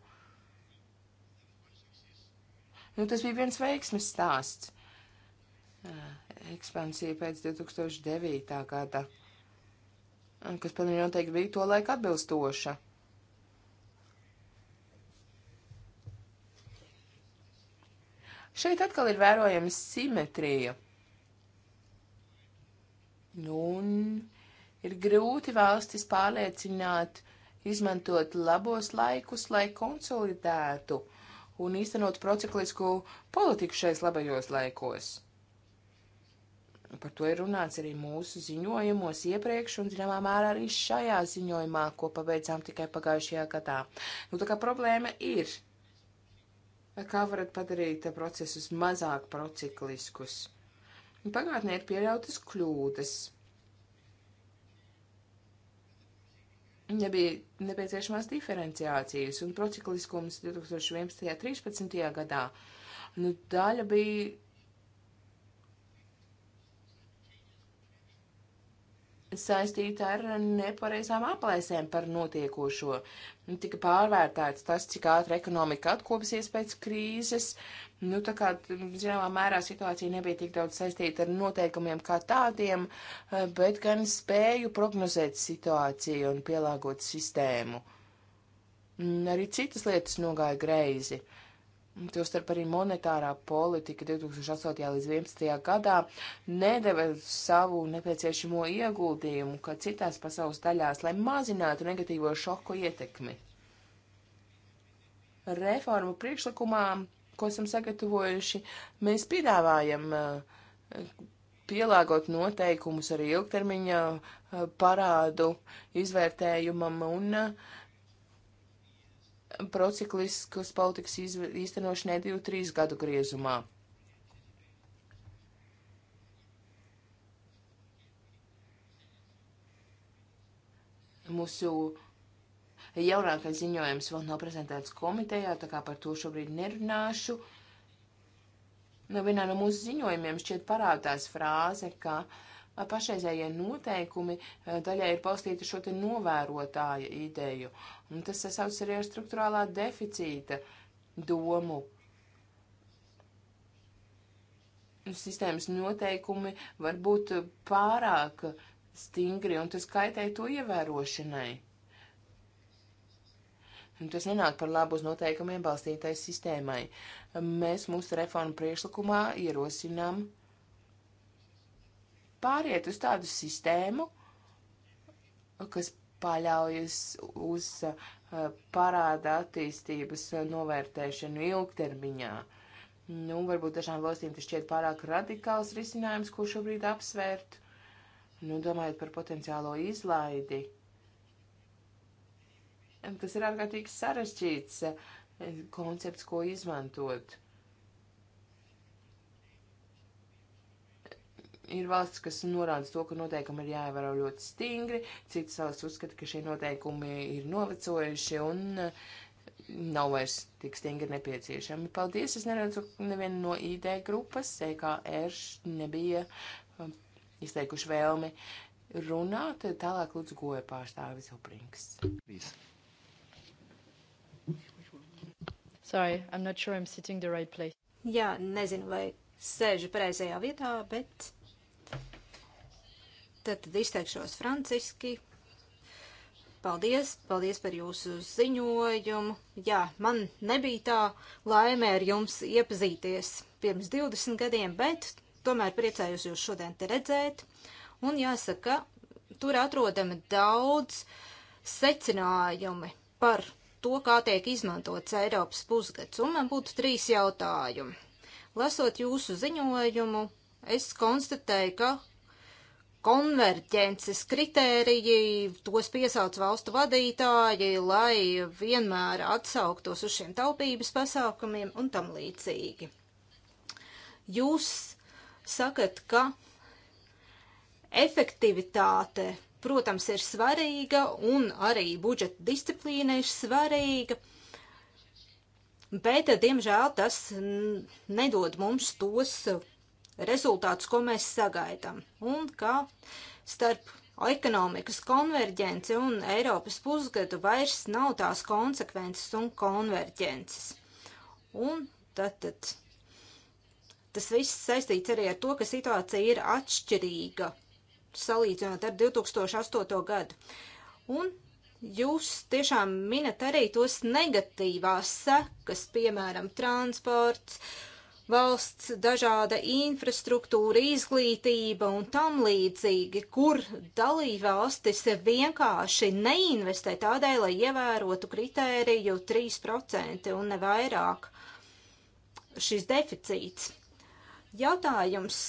Nu, tas bija viens veiksmes stāsts. Ekspansija pēc 2009. gada, kas pilnīgi noteikti bija to laiku atbilstoša. Šeit atkal ir vērojama simetrija. Nu, un Ir grūti valstis pārliecināt, izmantot labos laikus, lai konsolidētu un īstenot prociklisku politiku šais labajos laikos. Par to ir runāts arī mūsu ziņojumos iepriekš un, zināmā mērā, arī šajā ziņojumā, ko pabeidzām tikai pagājušajā gadā. Nu, tā kā problēma ir. Kā varat padarīt procesus mazāk procikliskus? Pagātnē ir pieļautas kļūdas. nebija nepieciešamās diferenciācijas un procikliskums 2011. un 2013. gadā. Nu, daļa bija. saistīta ar nepareizām aplēsēm par notiekošo. Tika pārvērtēts tas, cik ātri ekonomika atkopsies pēc krīzes, uh, Nu, tā kā, zināmā mērā, situācija nebija tik daudz saistīta ar noteikumiem kā tādiem, eh, bet gan spēju prognozēt situāciju un pielāgot sistēmu. Mm, arī citas lietas nogāja greizi. Tostarp arī monetārā politika 2008. līdz 2011. gadā nedeva savu nepieciešamo ieguldījumu, kā citās pasaules daļās, lai mazinātu negatīvo šoku ietekmi. Reformu priekšlikumā ko esam sagatavojuši, mēs piedāvājam eh, pielāgot noteikumus arī ilgtermiņa eh, parādu izvērtējumam un eh, procikliskas politikas īstenošanai 2-3 gadu griezumā. Mūsu Jaunākais ziņojums vēl nav prezentēts komitejā, tā kā par to šobrīd nerunāšu. Nu, vienā no mūsu ziņojumiem šķiet parādās frāze, ka pašreizējie noteikumi daļai ir balstīti šo te novērotāja ideju. Un tas sasauc arī ar struktūrālā deficīta domu nu, sistēmas noteikumi var būt pārāk stingri, un tas kaitē to ievērošanai. Nu, tas nenāk par labu uz noteikumiem balstītai sistēmai. Mēs mūsu reformu priešlikumā ierosinām pāriet uz tādu sistēmu, kas paļaujas uz uh, parāda attīstības novērtēšanu ilgtermiņā. Nu, varbūt dažām valstīm tas šķiet pārāk radikāls risinājums, ko šobrīd apsvērt. Nu, domājot par potenciālo izlaidi. Tas ir ārkārtīgi sarežģīts eh, koncepts, ko izmantot. ir valsts, kas norāda to, ka noteikumi ir jāievēro ļoti stingri, citas valsts uzskata, ka šie noteikumi ir novecojuši un eh, nav vairs tik stingri nepieciešami. Paldies, es neredzu nevienu no ID grupas, EKR nebija eh, izteikuši vēlmi runāt, tālāk lūdzu goja pārstāvis Uprinks. Peace. Sorry, I'm not sure I'm sitting the right place. Jā, nezinu, vai sēžu pareizajā vietā, bet tad, tad izteikšos franciski. Paldies, paldies par jūsu ziņojumu. Jā, man nebija tā laime ar jums iepazīties pirms 20 gadiem, bet tomēr priecājos jūs šodien te redzēt. Un jāsaka, tur atrodami daudz secinājumi par to, kā tiek izmantots Eiropas pusgads, un man būtu trīs jautājumi. Lasot jūsu ziņojumu, es konstatēju, ka konverģences kritēriji, tos piesauc valstu vadītāji, lai vienmēr atsauktos uz šiem taupības pasākumiem un tam līdzīgi. Jūs sakat, ka efektivitāte protams, ir svarīga un arī budžeta disciplīna ir svarīga. Bet, diemžēl, tas nedod mums tos rezultātus, ko mēs sagaidām. Un kā starp ekonomikas konverģenci un Eiropas pusgadu vairs nav tās konsekvences un konverģences. Un tad, tad tas viss saistīts arī ar to, ka situācija ir atšķirīga salīdzinot ar 2008. gadu. Un jūs tiešām minat arī tos negatīvās sekas, piemēram, transports, valsts dažāda infrastruktūra, izglītība un tam līdzīgi, kur dalībvalstis vienkārši neinvestē tādēļ, lai ievērotu kritēriju 3% un ne vairāk šis deficīts. Jautājums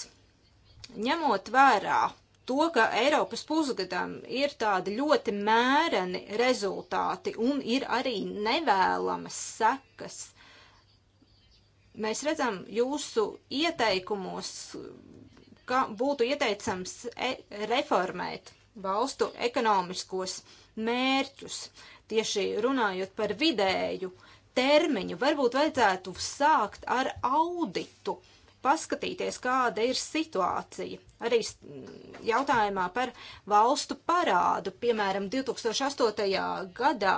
ņemot vērā to, ka Eiropas pusgadam ir tādi ļoti mēreni rezultāti un ir arī nevēlamas sekas. Mēs redzam jūsu ieteikumos, ka būtu ieteicams e reformēt valstu ekonomiskos mērķus. Tieši runājot par vidēju termiņu, varbūt vajadzētu sākt ar auditu. Uh, paskatīties, kāda ir situācija. Arī mm, jautājumā par valstu parādu, piemēram, 2008. gadā,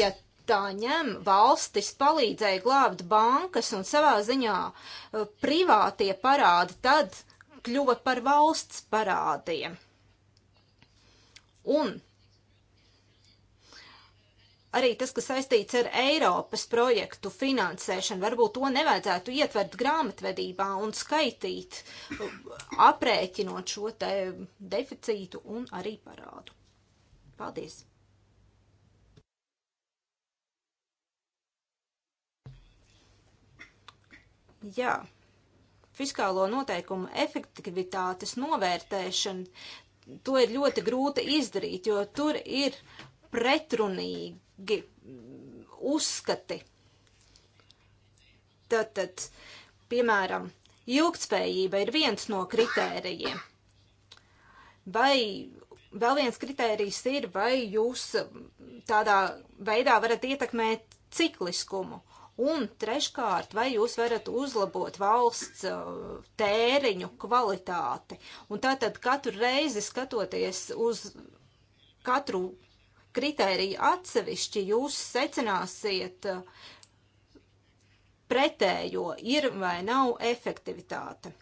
ja tā ņem, valstis palīdzēja glābt bankas un savā ziņā eh, privātie parādi tad kļuva par valsts parādiem. Un arī tas, kas saistīts ar Eiropas projektu finansēšanu. Varbūt to nevajadzētu ietvert grāmatvedībā un skaitīt, aprēķinot šo te deficītu un arī parādu. Paldies! Jā fiskālo noteikumu efektivitātes novērtēšana, to ir ļoti grūti izdarīt, jo tur ir pretrunīgi uzskati. Tātad, piemēram, ilgtspējība ir viens no kritērijiem. Vai vēl viens kritērijs ir, vai jūs tādā veidā varat ietekmēt cikliskumu? Un treškārt, vai jūs varat uzlabot valsts uh, tēriņu kvalitāti? Un tātad katru reizi skatoties uz katru kritēriju atsevišķi jūs secināsiet eh, pretējo ir vai nav efektivitāte.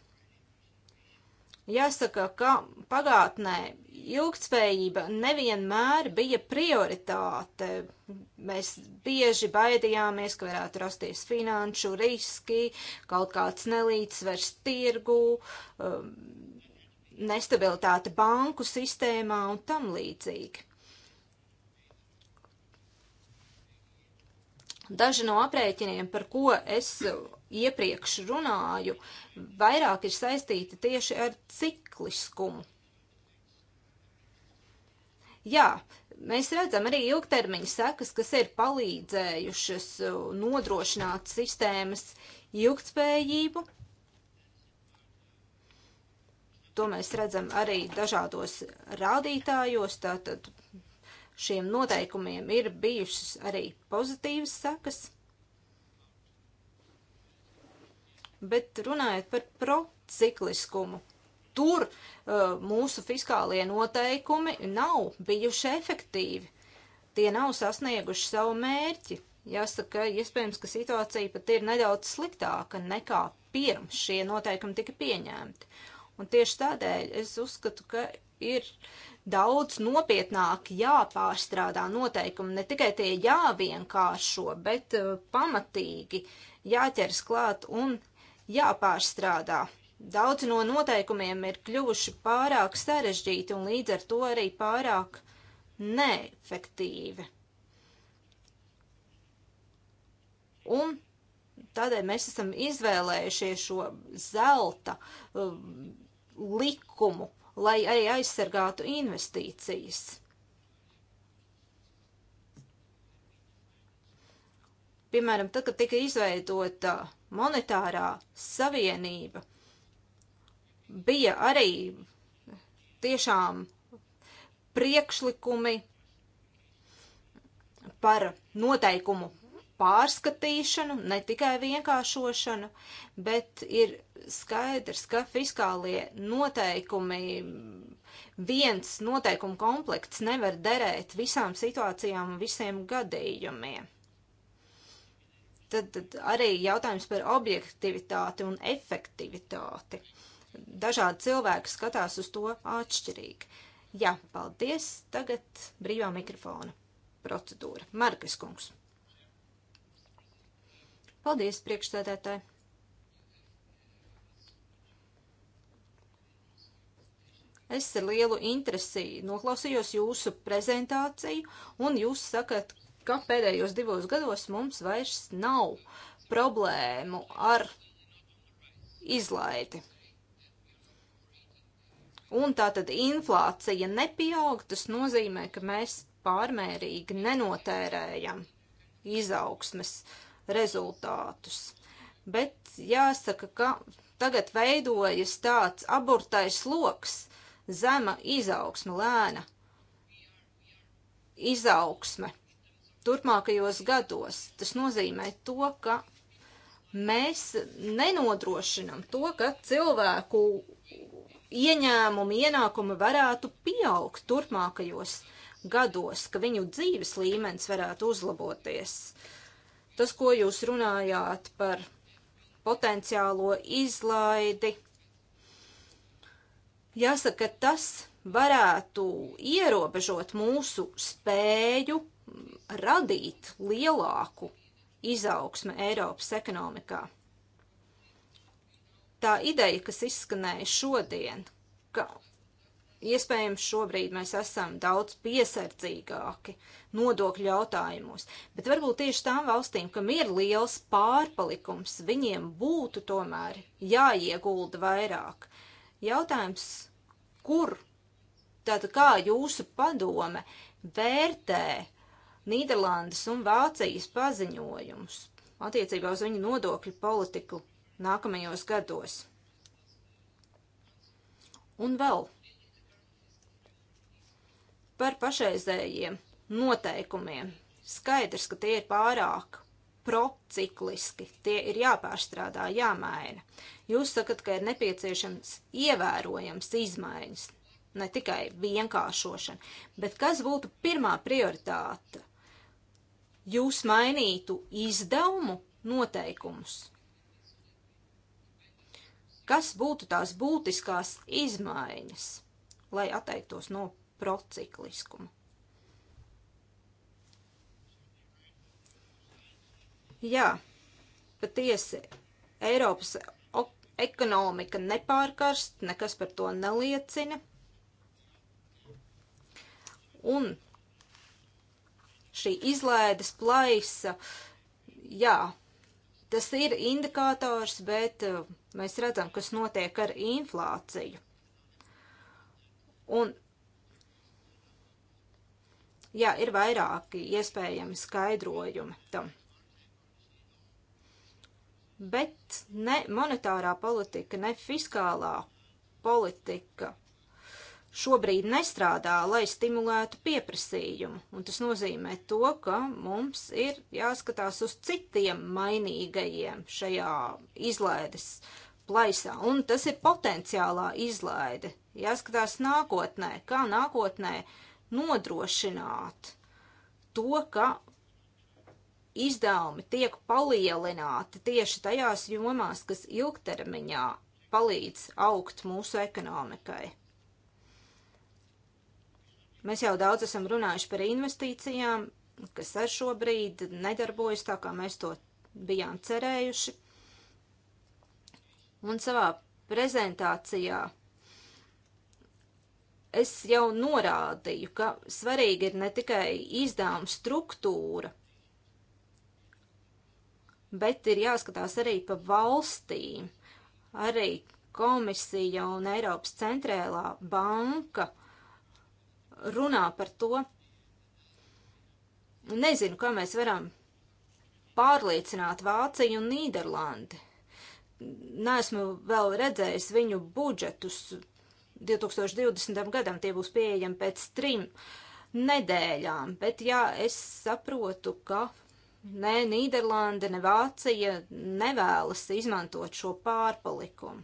Jāsaka, ka pagātnē ilgtspējība nevienmēr bija prioritāte. Mēs bieži baidījāmies, ka varētu rasties finanšu riski, kaut kāds nelīdzsvers tirgu, um, nestabilitāte banku sistēmā un tam līdzīgi. Daži no aprēķiniem, par ko es iepriekš runāju, vairāk ir saistīti tieši ar cikliskumu. Jā, mēs redzam arī ilgtermiņa sekas, kas ir palīdzējušas nodrošināt sistēmas ilgtspējību. To mēs redzam arī dažādos rādītājos, tātad šiem noteikumiem ir bijušas arī pozitīvas sekas. Bet runājot par procikliskumu, tur uh, mūsu fiskālie noteikumi nav bijuši efektīvi. Tie nav sasnieguši savu mērķi. Jāsaka, iespējams, ka situācija pat ir nedaudz sliktāka nekā pirms šie noteikumi tika pieņemti. Un tieši tādēļ es uzskatu, ka ir daudz nopietnāk jāpārstrādā noteikumi, ne tikai tie jāvienkāršo, bet eh, pamatīgi jāķers klāt un jāpārstrādā. Daudzi no noteikumiem ir kļuvuši pārāk sarežģīti un līdz ar to arī pārāk neefektīvi. Un tādēļ mēs esam izvēlējušies šo zelta eh, likumu, lai arī aizsargātu investīcijas. Piemēram, tad, kad tika izveidota monetārā savienība, bija arī tiešām priekšlikumi par noteikumu pārskatīšanu, ne tikai vienkāršošanu, bet ir skaidrs, ka fiskālie noteikumi, viens noteikumu komplekts nevar derēt visām situācijām, visiem gadījumiem. Tad, tad arī jautājums par objektivitāti un efektivitāti. Dažādi cilvēki skatās uz to atšķirīgi. Jā, paldies. Tagad brīvā mikrofona procedūra. Markas kungs. Paldies, priekšstādētāji! Es ar lielu interesi noklausījos jūsu prezentāciju, un jūs sakat, ka pēdējos divos gados mums vairs nav problēmu ar izlaidi. Un tā tad inflācija nepieaug, tas nozīmē, ka mēs pārmērīgi nenotērējam izaugsmes uh, rezultātus. Bet jāsaka, ka tagad veidojas tāds aburtais sloks, zema izaugsme, lēna izaugsme turpmākajos gados. Tas nozīmē to, ka mēs nenodrošinam to, ka cilvēku ieņēmumi, ienākumi varētu pieaugt turpmākajos gados, ka viņu dzīves līmenis varētu uzlaboties. Uh, Tas, ko jūs runājāt par potenciālo izlaidi, jāsaka, tas varētu ierobežot mūsu spēju radīt lielāku izaugsme Eiropas ekonomikā. Tā ideja, kas izskanēja šodien, ka Iespējams, šobrīd mēs esam daudz piesardzīgāki nodokļu jautājumos, bet varbūt tieši tām valstīm, kam ir liels pārpalikums, viņiem būtu tomēr jāiegulda vairāk. Jautājums, kur tātad kā jūsu padome vērtē Nīderlandes un Vācijas paziņojumus attiecībā uz viņu nodokļu politiku nākamajos gados? Un vēl par pašreizējiem noteikumiem. Skaidrs, ka tie ir pārāk procikliski, tie ir jāpārstrādā, jāmaina. Jūs sakat, ka ir nepieciešams ievērojams izmaiņas, ne tikai vienkāršošana, bet kas būtu pirmā prioritāte? Jūs mainītu izdevumu noteikumus. Kas būtu tās būtiskās izmaiņas, lai atteiktos no procikliskumu. Jā, patiesi Eiropas ekonomika nepārkarst, nekas par to neliecina. Un šī izlaides plaisa, jā, tas ir indikators, bet uh, mēs redzam, kas notiek ar inflāciju. Un Jā, ir vairāki iespējami skaidrojumi tam. Bet ne monetārā politika, ne fiskālā politika šobrīd nestrādā, lai stimulētu pieprasījumu. Un tas nozīmē to, ka mums ir jāskatās uz citiem mainīgajiem šajā izlaides plaisā. Un tas ir potenciālā izlaide. Jāskatās nākotnē, kā nākotnē uh, nodrošināt to, ka izdevumi tiek palielināti tieši tajās jomās, kas ilgtermiņā palīdz augt mūsu ekonomikai. Mēs jau daudz esam runājuši par investīcijām, kas ar šo brīdi nedarbojas tā, kā mēs to bijām cerējuši. Un savā prezentācijā es jau norādīju, ka svarīgi ir ne tikai izdevuma struktūra, bet ir jāskatās arī pa valstīm. Arī komisija un Eiropas centrālā banka runā par to. Nezinu, kā mēs varam pārliecināt Vāciju un Nīderlandi. Nesmu vēl redzējis viņu budžetus 2020. gadam tie būs pieejami pēc trim nedēļām, bet jā, es saprotu, ka ne Nīderlanda, ne Vācija nevēlas izmantot šo pārpalikumu.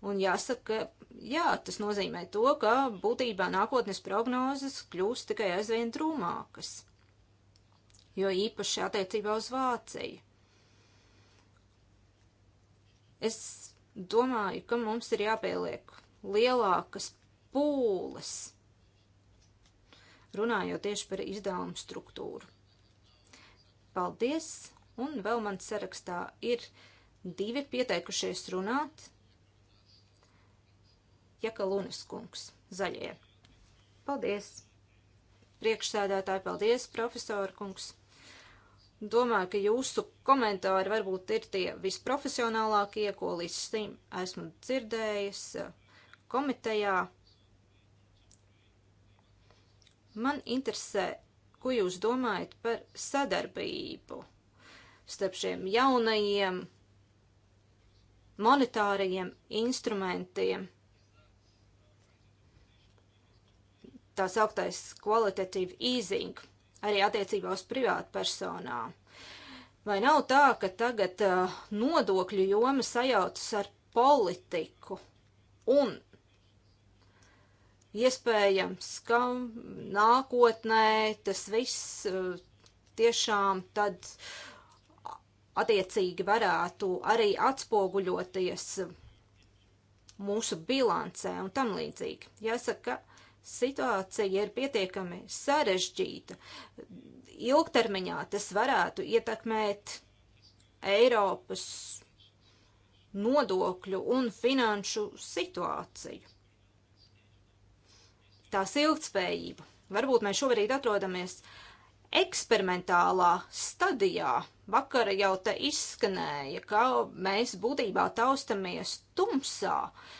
Un jāsaka, jā, tas nozīmē to, ka būtībā nākotnes prognozes kļūst tikai aizvien drūmākas, jo īpaši attiecībā uz Vāciju. Es domāju, ka mums ir jāpieliek lielākas pūles, runājot tieši par izdevumu struktūru. Paldies! Un vēl man sarakstā ir divi pieteikušies runāt. Jaka Lunis kungs, zaļie. Paldies! Priekšsēdētāji, paldies, profesora kungs! Domāju, ka jūsu komentāri varbūt ir tie visprofesionālākie, ko līdz šim esmu dzirdējis eh, komitejā. Man interesē, ko jūs domājat par sadarbību starp šiem jaunajiem monetārajiem instrumentiem. Tā sauktais qualitative easing arī attiecībā uz privātpersonām. Vai nav tā, ka tagad uh, nodokļu joma sajaucas ar politiku un iespējams, ka nākotnē tas viss uh, tiešām tad attiecīgi varētu arī atspoguļoties mūsu bilancē un tam līdzīgi. Jāsaka, situācija ir pietiekami sarežģīta. Ilgtermiņā tas varētu ietekmēt Eiropas nodokļu un finanšu situāciju. Tās ilgtspējība. Varbūt mēs šobrīd atrodamies eksperimentālā stadijā. Vakar jau te izskanēja, ka mēs būtībā taustamies tumsā. Uh,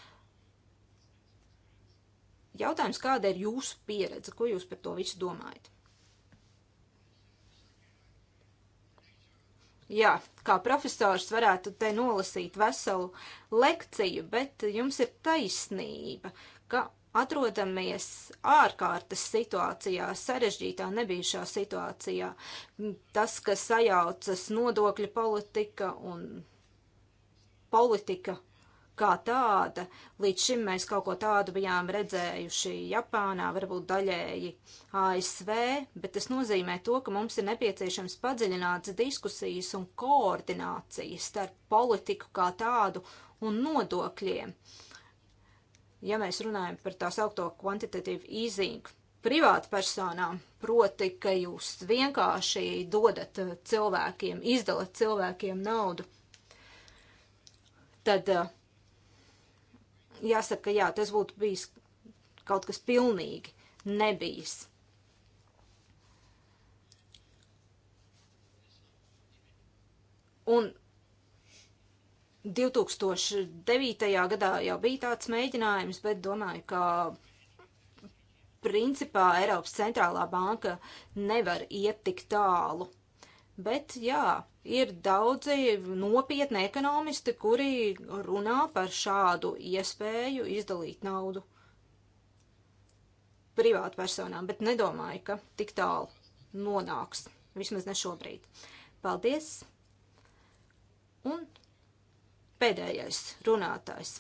Jautājums, kāda ir jūsu pieredze, ko jūs par to visu domājat? Jā, kā profesors varētu te nolasīt veselu lekciju, bet jums ir taisnība, ka atrodamies ārkārtas situācijā, sarežģītā nebijušā situācijā. Tas, kas sajaucas nodokļu politika un politika kā tāda. Līdz šim mēs kaut ko tādu bijām redzējuši Japānā, varbūt daļēji ASV, bet tas nozīmē to, ka mums ir nepieciešams padziļināts diskusijas un koordinācija starp politiku kā tādu un nodokļiem. Ja mēs runājam par tā saukto quantitative easing, privātpersonām, proti, ka jūs vienkārši dodat cilvēkiem, izdalat cilvēkiem naudu, tad uh, jāsaka, ka jā, tas būtu bijis kaut kas pilnīgi nebijis. Un 2009. gadā jau bija tāds mēģinājums, bet domāju, ka principā Eiropas centrālā banka nevar iet tik tālu Bet jā, ir daudzi nopietni ekonomisti, kuri runā par šādu iespēju izdalīt naudu privātpersonām, bet nedomāju, ka tik tālu nonāks. Vismaz ne šobrīd. Paldies! Un pēdējais runātājs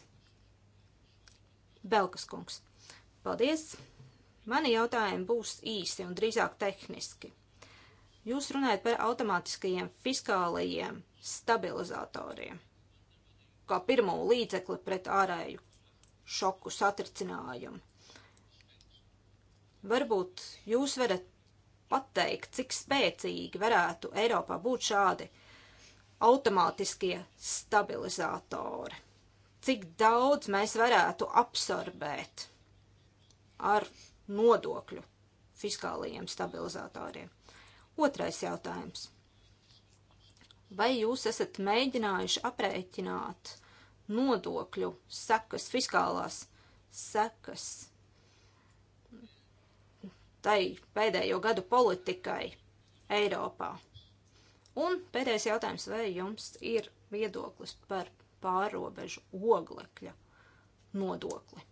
- Belkas kungs. Paldies! Mani jautājumi būs īsi un drīzāk tehniski. Jūs runājat par automātiskajiem fiskālajiem stabilizatoriem, kā pirmo līdzekli pret ārēju šoku satricinājumu. Varbūt jūs varat pateikt, cik spēcīgi varētu Eiropā būt šādi automātiskie stabilizatori, cik daudz mēs varētu absorbēt ar nodokļu fiskālajiem stabilizatoriem. Otrais jautājums. Vai jūs esat mēģinājuši aprēķināt nodokļu sekas, fiskālās sekas tai pēdējo gadu politikai Eiropā? Un pēdējais jautājums, vai jums ir viedoklis par pārobežu oglekļa nodokli?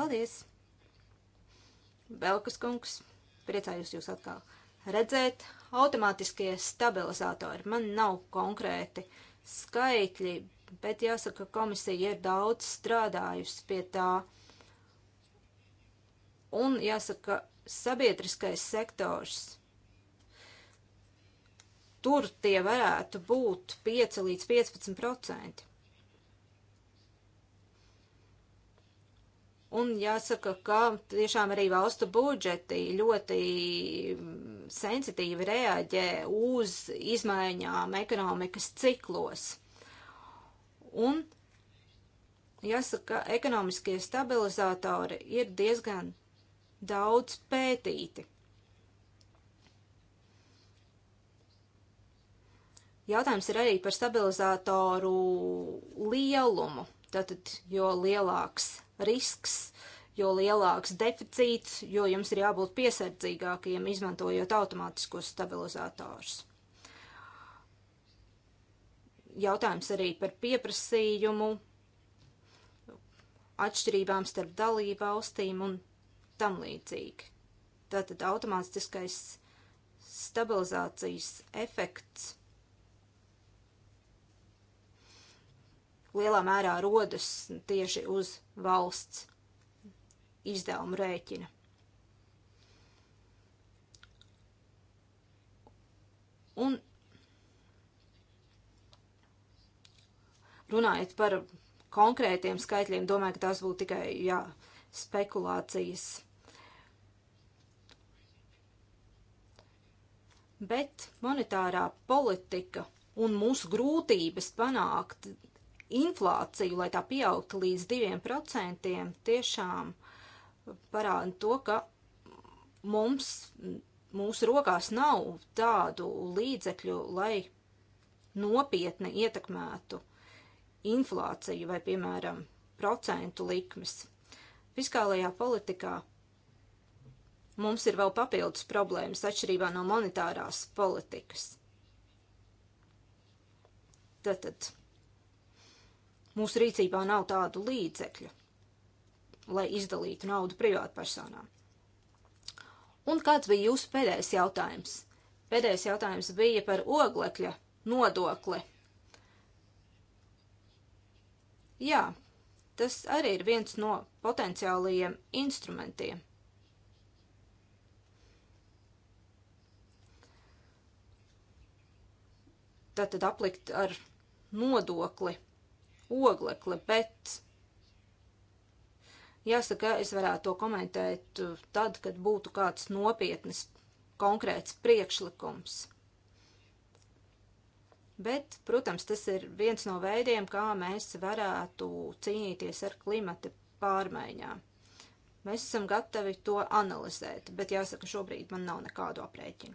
Paldies! Belkas kungs, priecājos jūs atkal redzēt. Automātiskie stabilizatori man nav konkrēti skaitļi, bet jāsaka, komisija ir daudz strādājusi pie tā. Un jāsaka, sabiedriskais sektors. Tur tie varētu būt 5 līdz 15 procenti. Un jāsaka, ka tiešām arī valstu budžeti ļoti sensitīvi reaģē uz izmaiņām ekonomikas ciklos. Un jāsaka, ekonomiskie stabilizatori ir diezgan daudz pētīti. Jautājums ir arī par stabilizatoru lielumu. Tātad, jo lielāks risks, jo lielāks deficīts, jo jums ir jābūt piesardzīgākiem, izmantojot automātiskos stabilizatorus. Jautājums arī par pieprasījumu, atšķirībām starp dalību valstīm un tam līdzīgi. Tātad automātiskais stabilizācijas efekts lielā mērā rodas tieši uz valsts izdevumu rēķina. Un runājot par konkrētiem skaitļiem, domāju, ka tās būtu tikai jā, spekulācijas. Bet monetārā politika un mūsu grūtības panākt inflāciju, lai tā pieaugtu līdz 2%, tiešām parāda to, ka mums, mūsu rokās nav tādu līdzekļu, lai nopietni ietekmētu inflāciju vai, piemēram, procentu likmes. Fiskālajā politikā mums ir vēl papildus problēmas atšķirībā no monetārās politikas. Tātad Mūsu rīcībā nav tādu līdzekļu, lai izdalītu naudu privātpersonām. Un kāds bija jūsu pēdējais jautājums? Pēdējais jautājums bija par oglekļa nodokli. Jā, tas arī ir viens no potenciālajiem instrumentiem. Tātad aplikt ar nodokli oglekli, bet jāsaka, es varētu to komentēt tad, kad būtu kāds nopietnis konkrēts priekšlikums. Bet, protams, tas ir viens no veidiem, kā mēs varētu cīnīties ar klimata pārmaiņām. Mēs esam gatavi to analizēt, bet jāsaka, šobrīd man nav nekādu aprēķinu.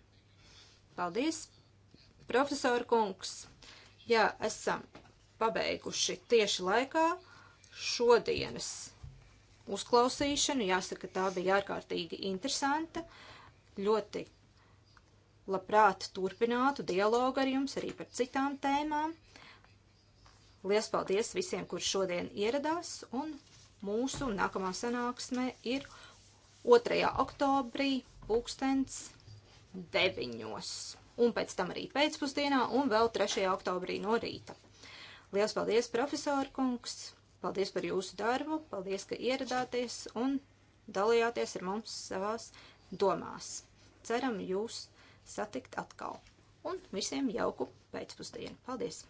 Paldies, profesor kungs! Jā, esam pabeiguši tieši laikā šodienas uzklausīšanu. Jāsaka, tā bija ārkārtīgi interesanta. Ļoti labprāt turpinātu dialogu ar jums arī par citām tēmām. Lielas paldies visiem, kur šodien ieradās, un mūsu nākamā sanāksme ir 2. oktobrī pūkstens 9. un pēc tam arī pēcpusdienā un vēl 3. oktobrī no rīta. Liels paldies, profesori kungs! Paldies par jūsu darbu, paldies, ka ieradāties un dalījāties ar mums savās domās. Ceram jūs satikt atkal. Un visiem jauku pēcpusdienu. Paldies!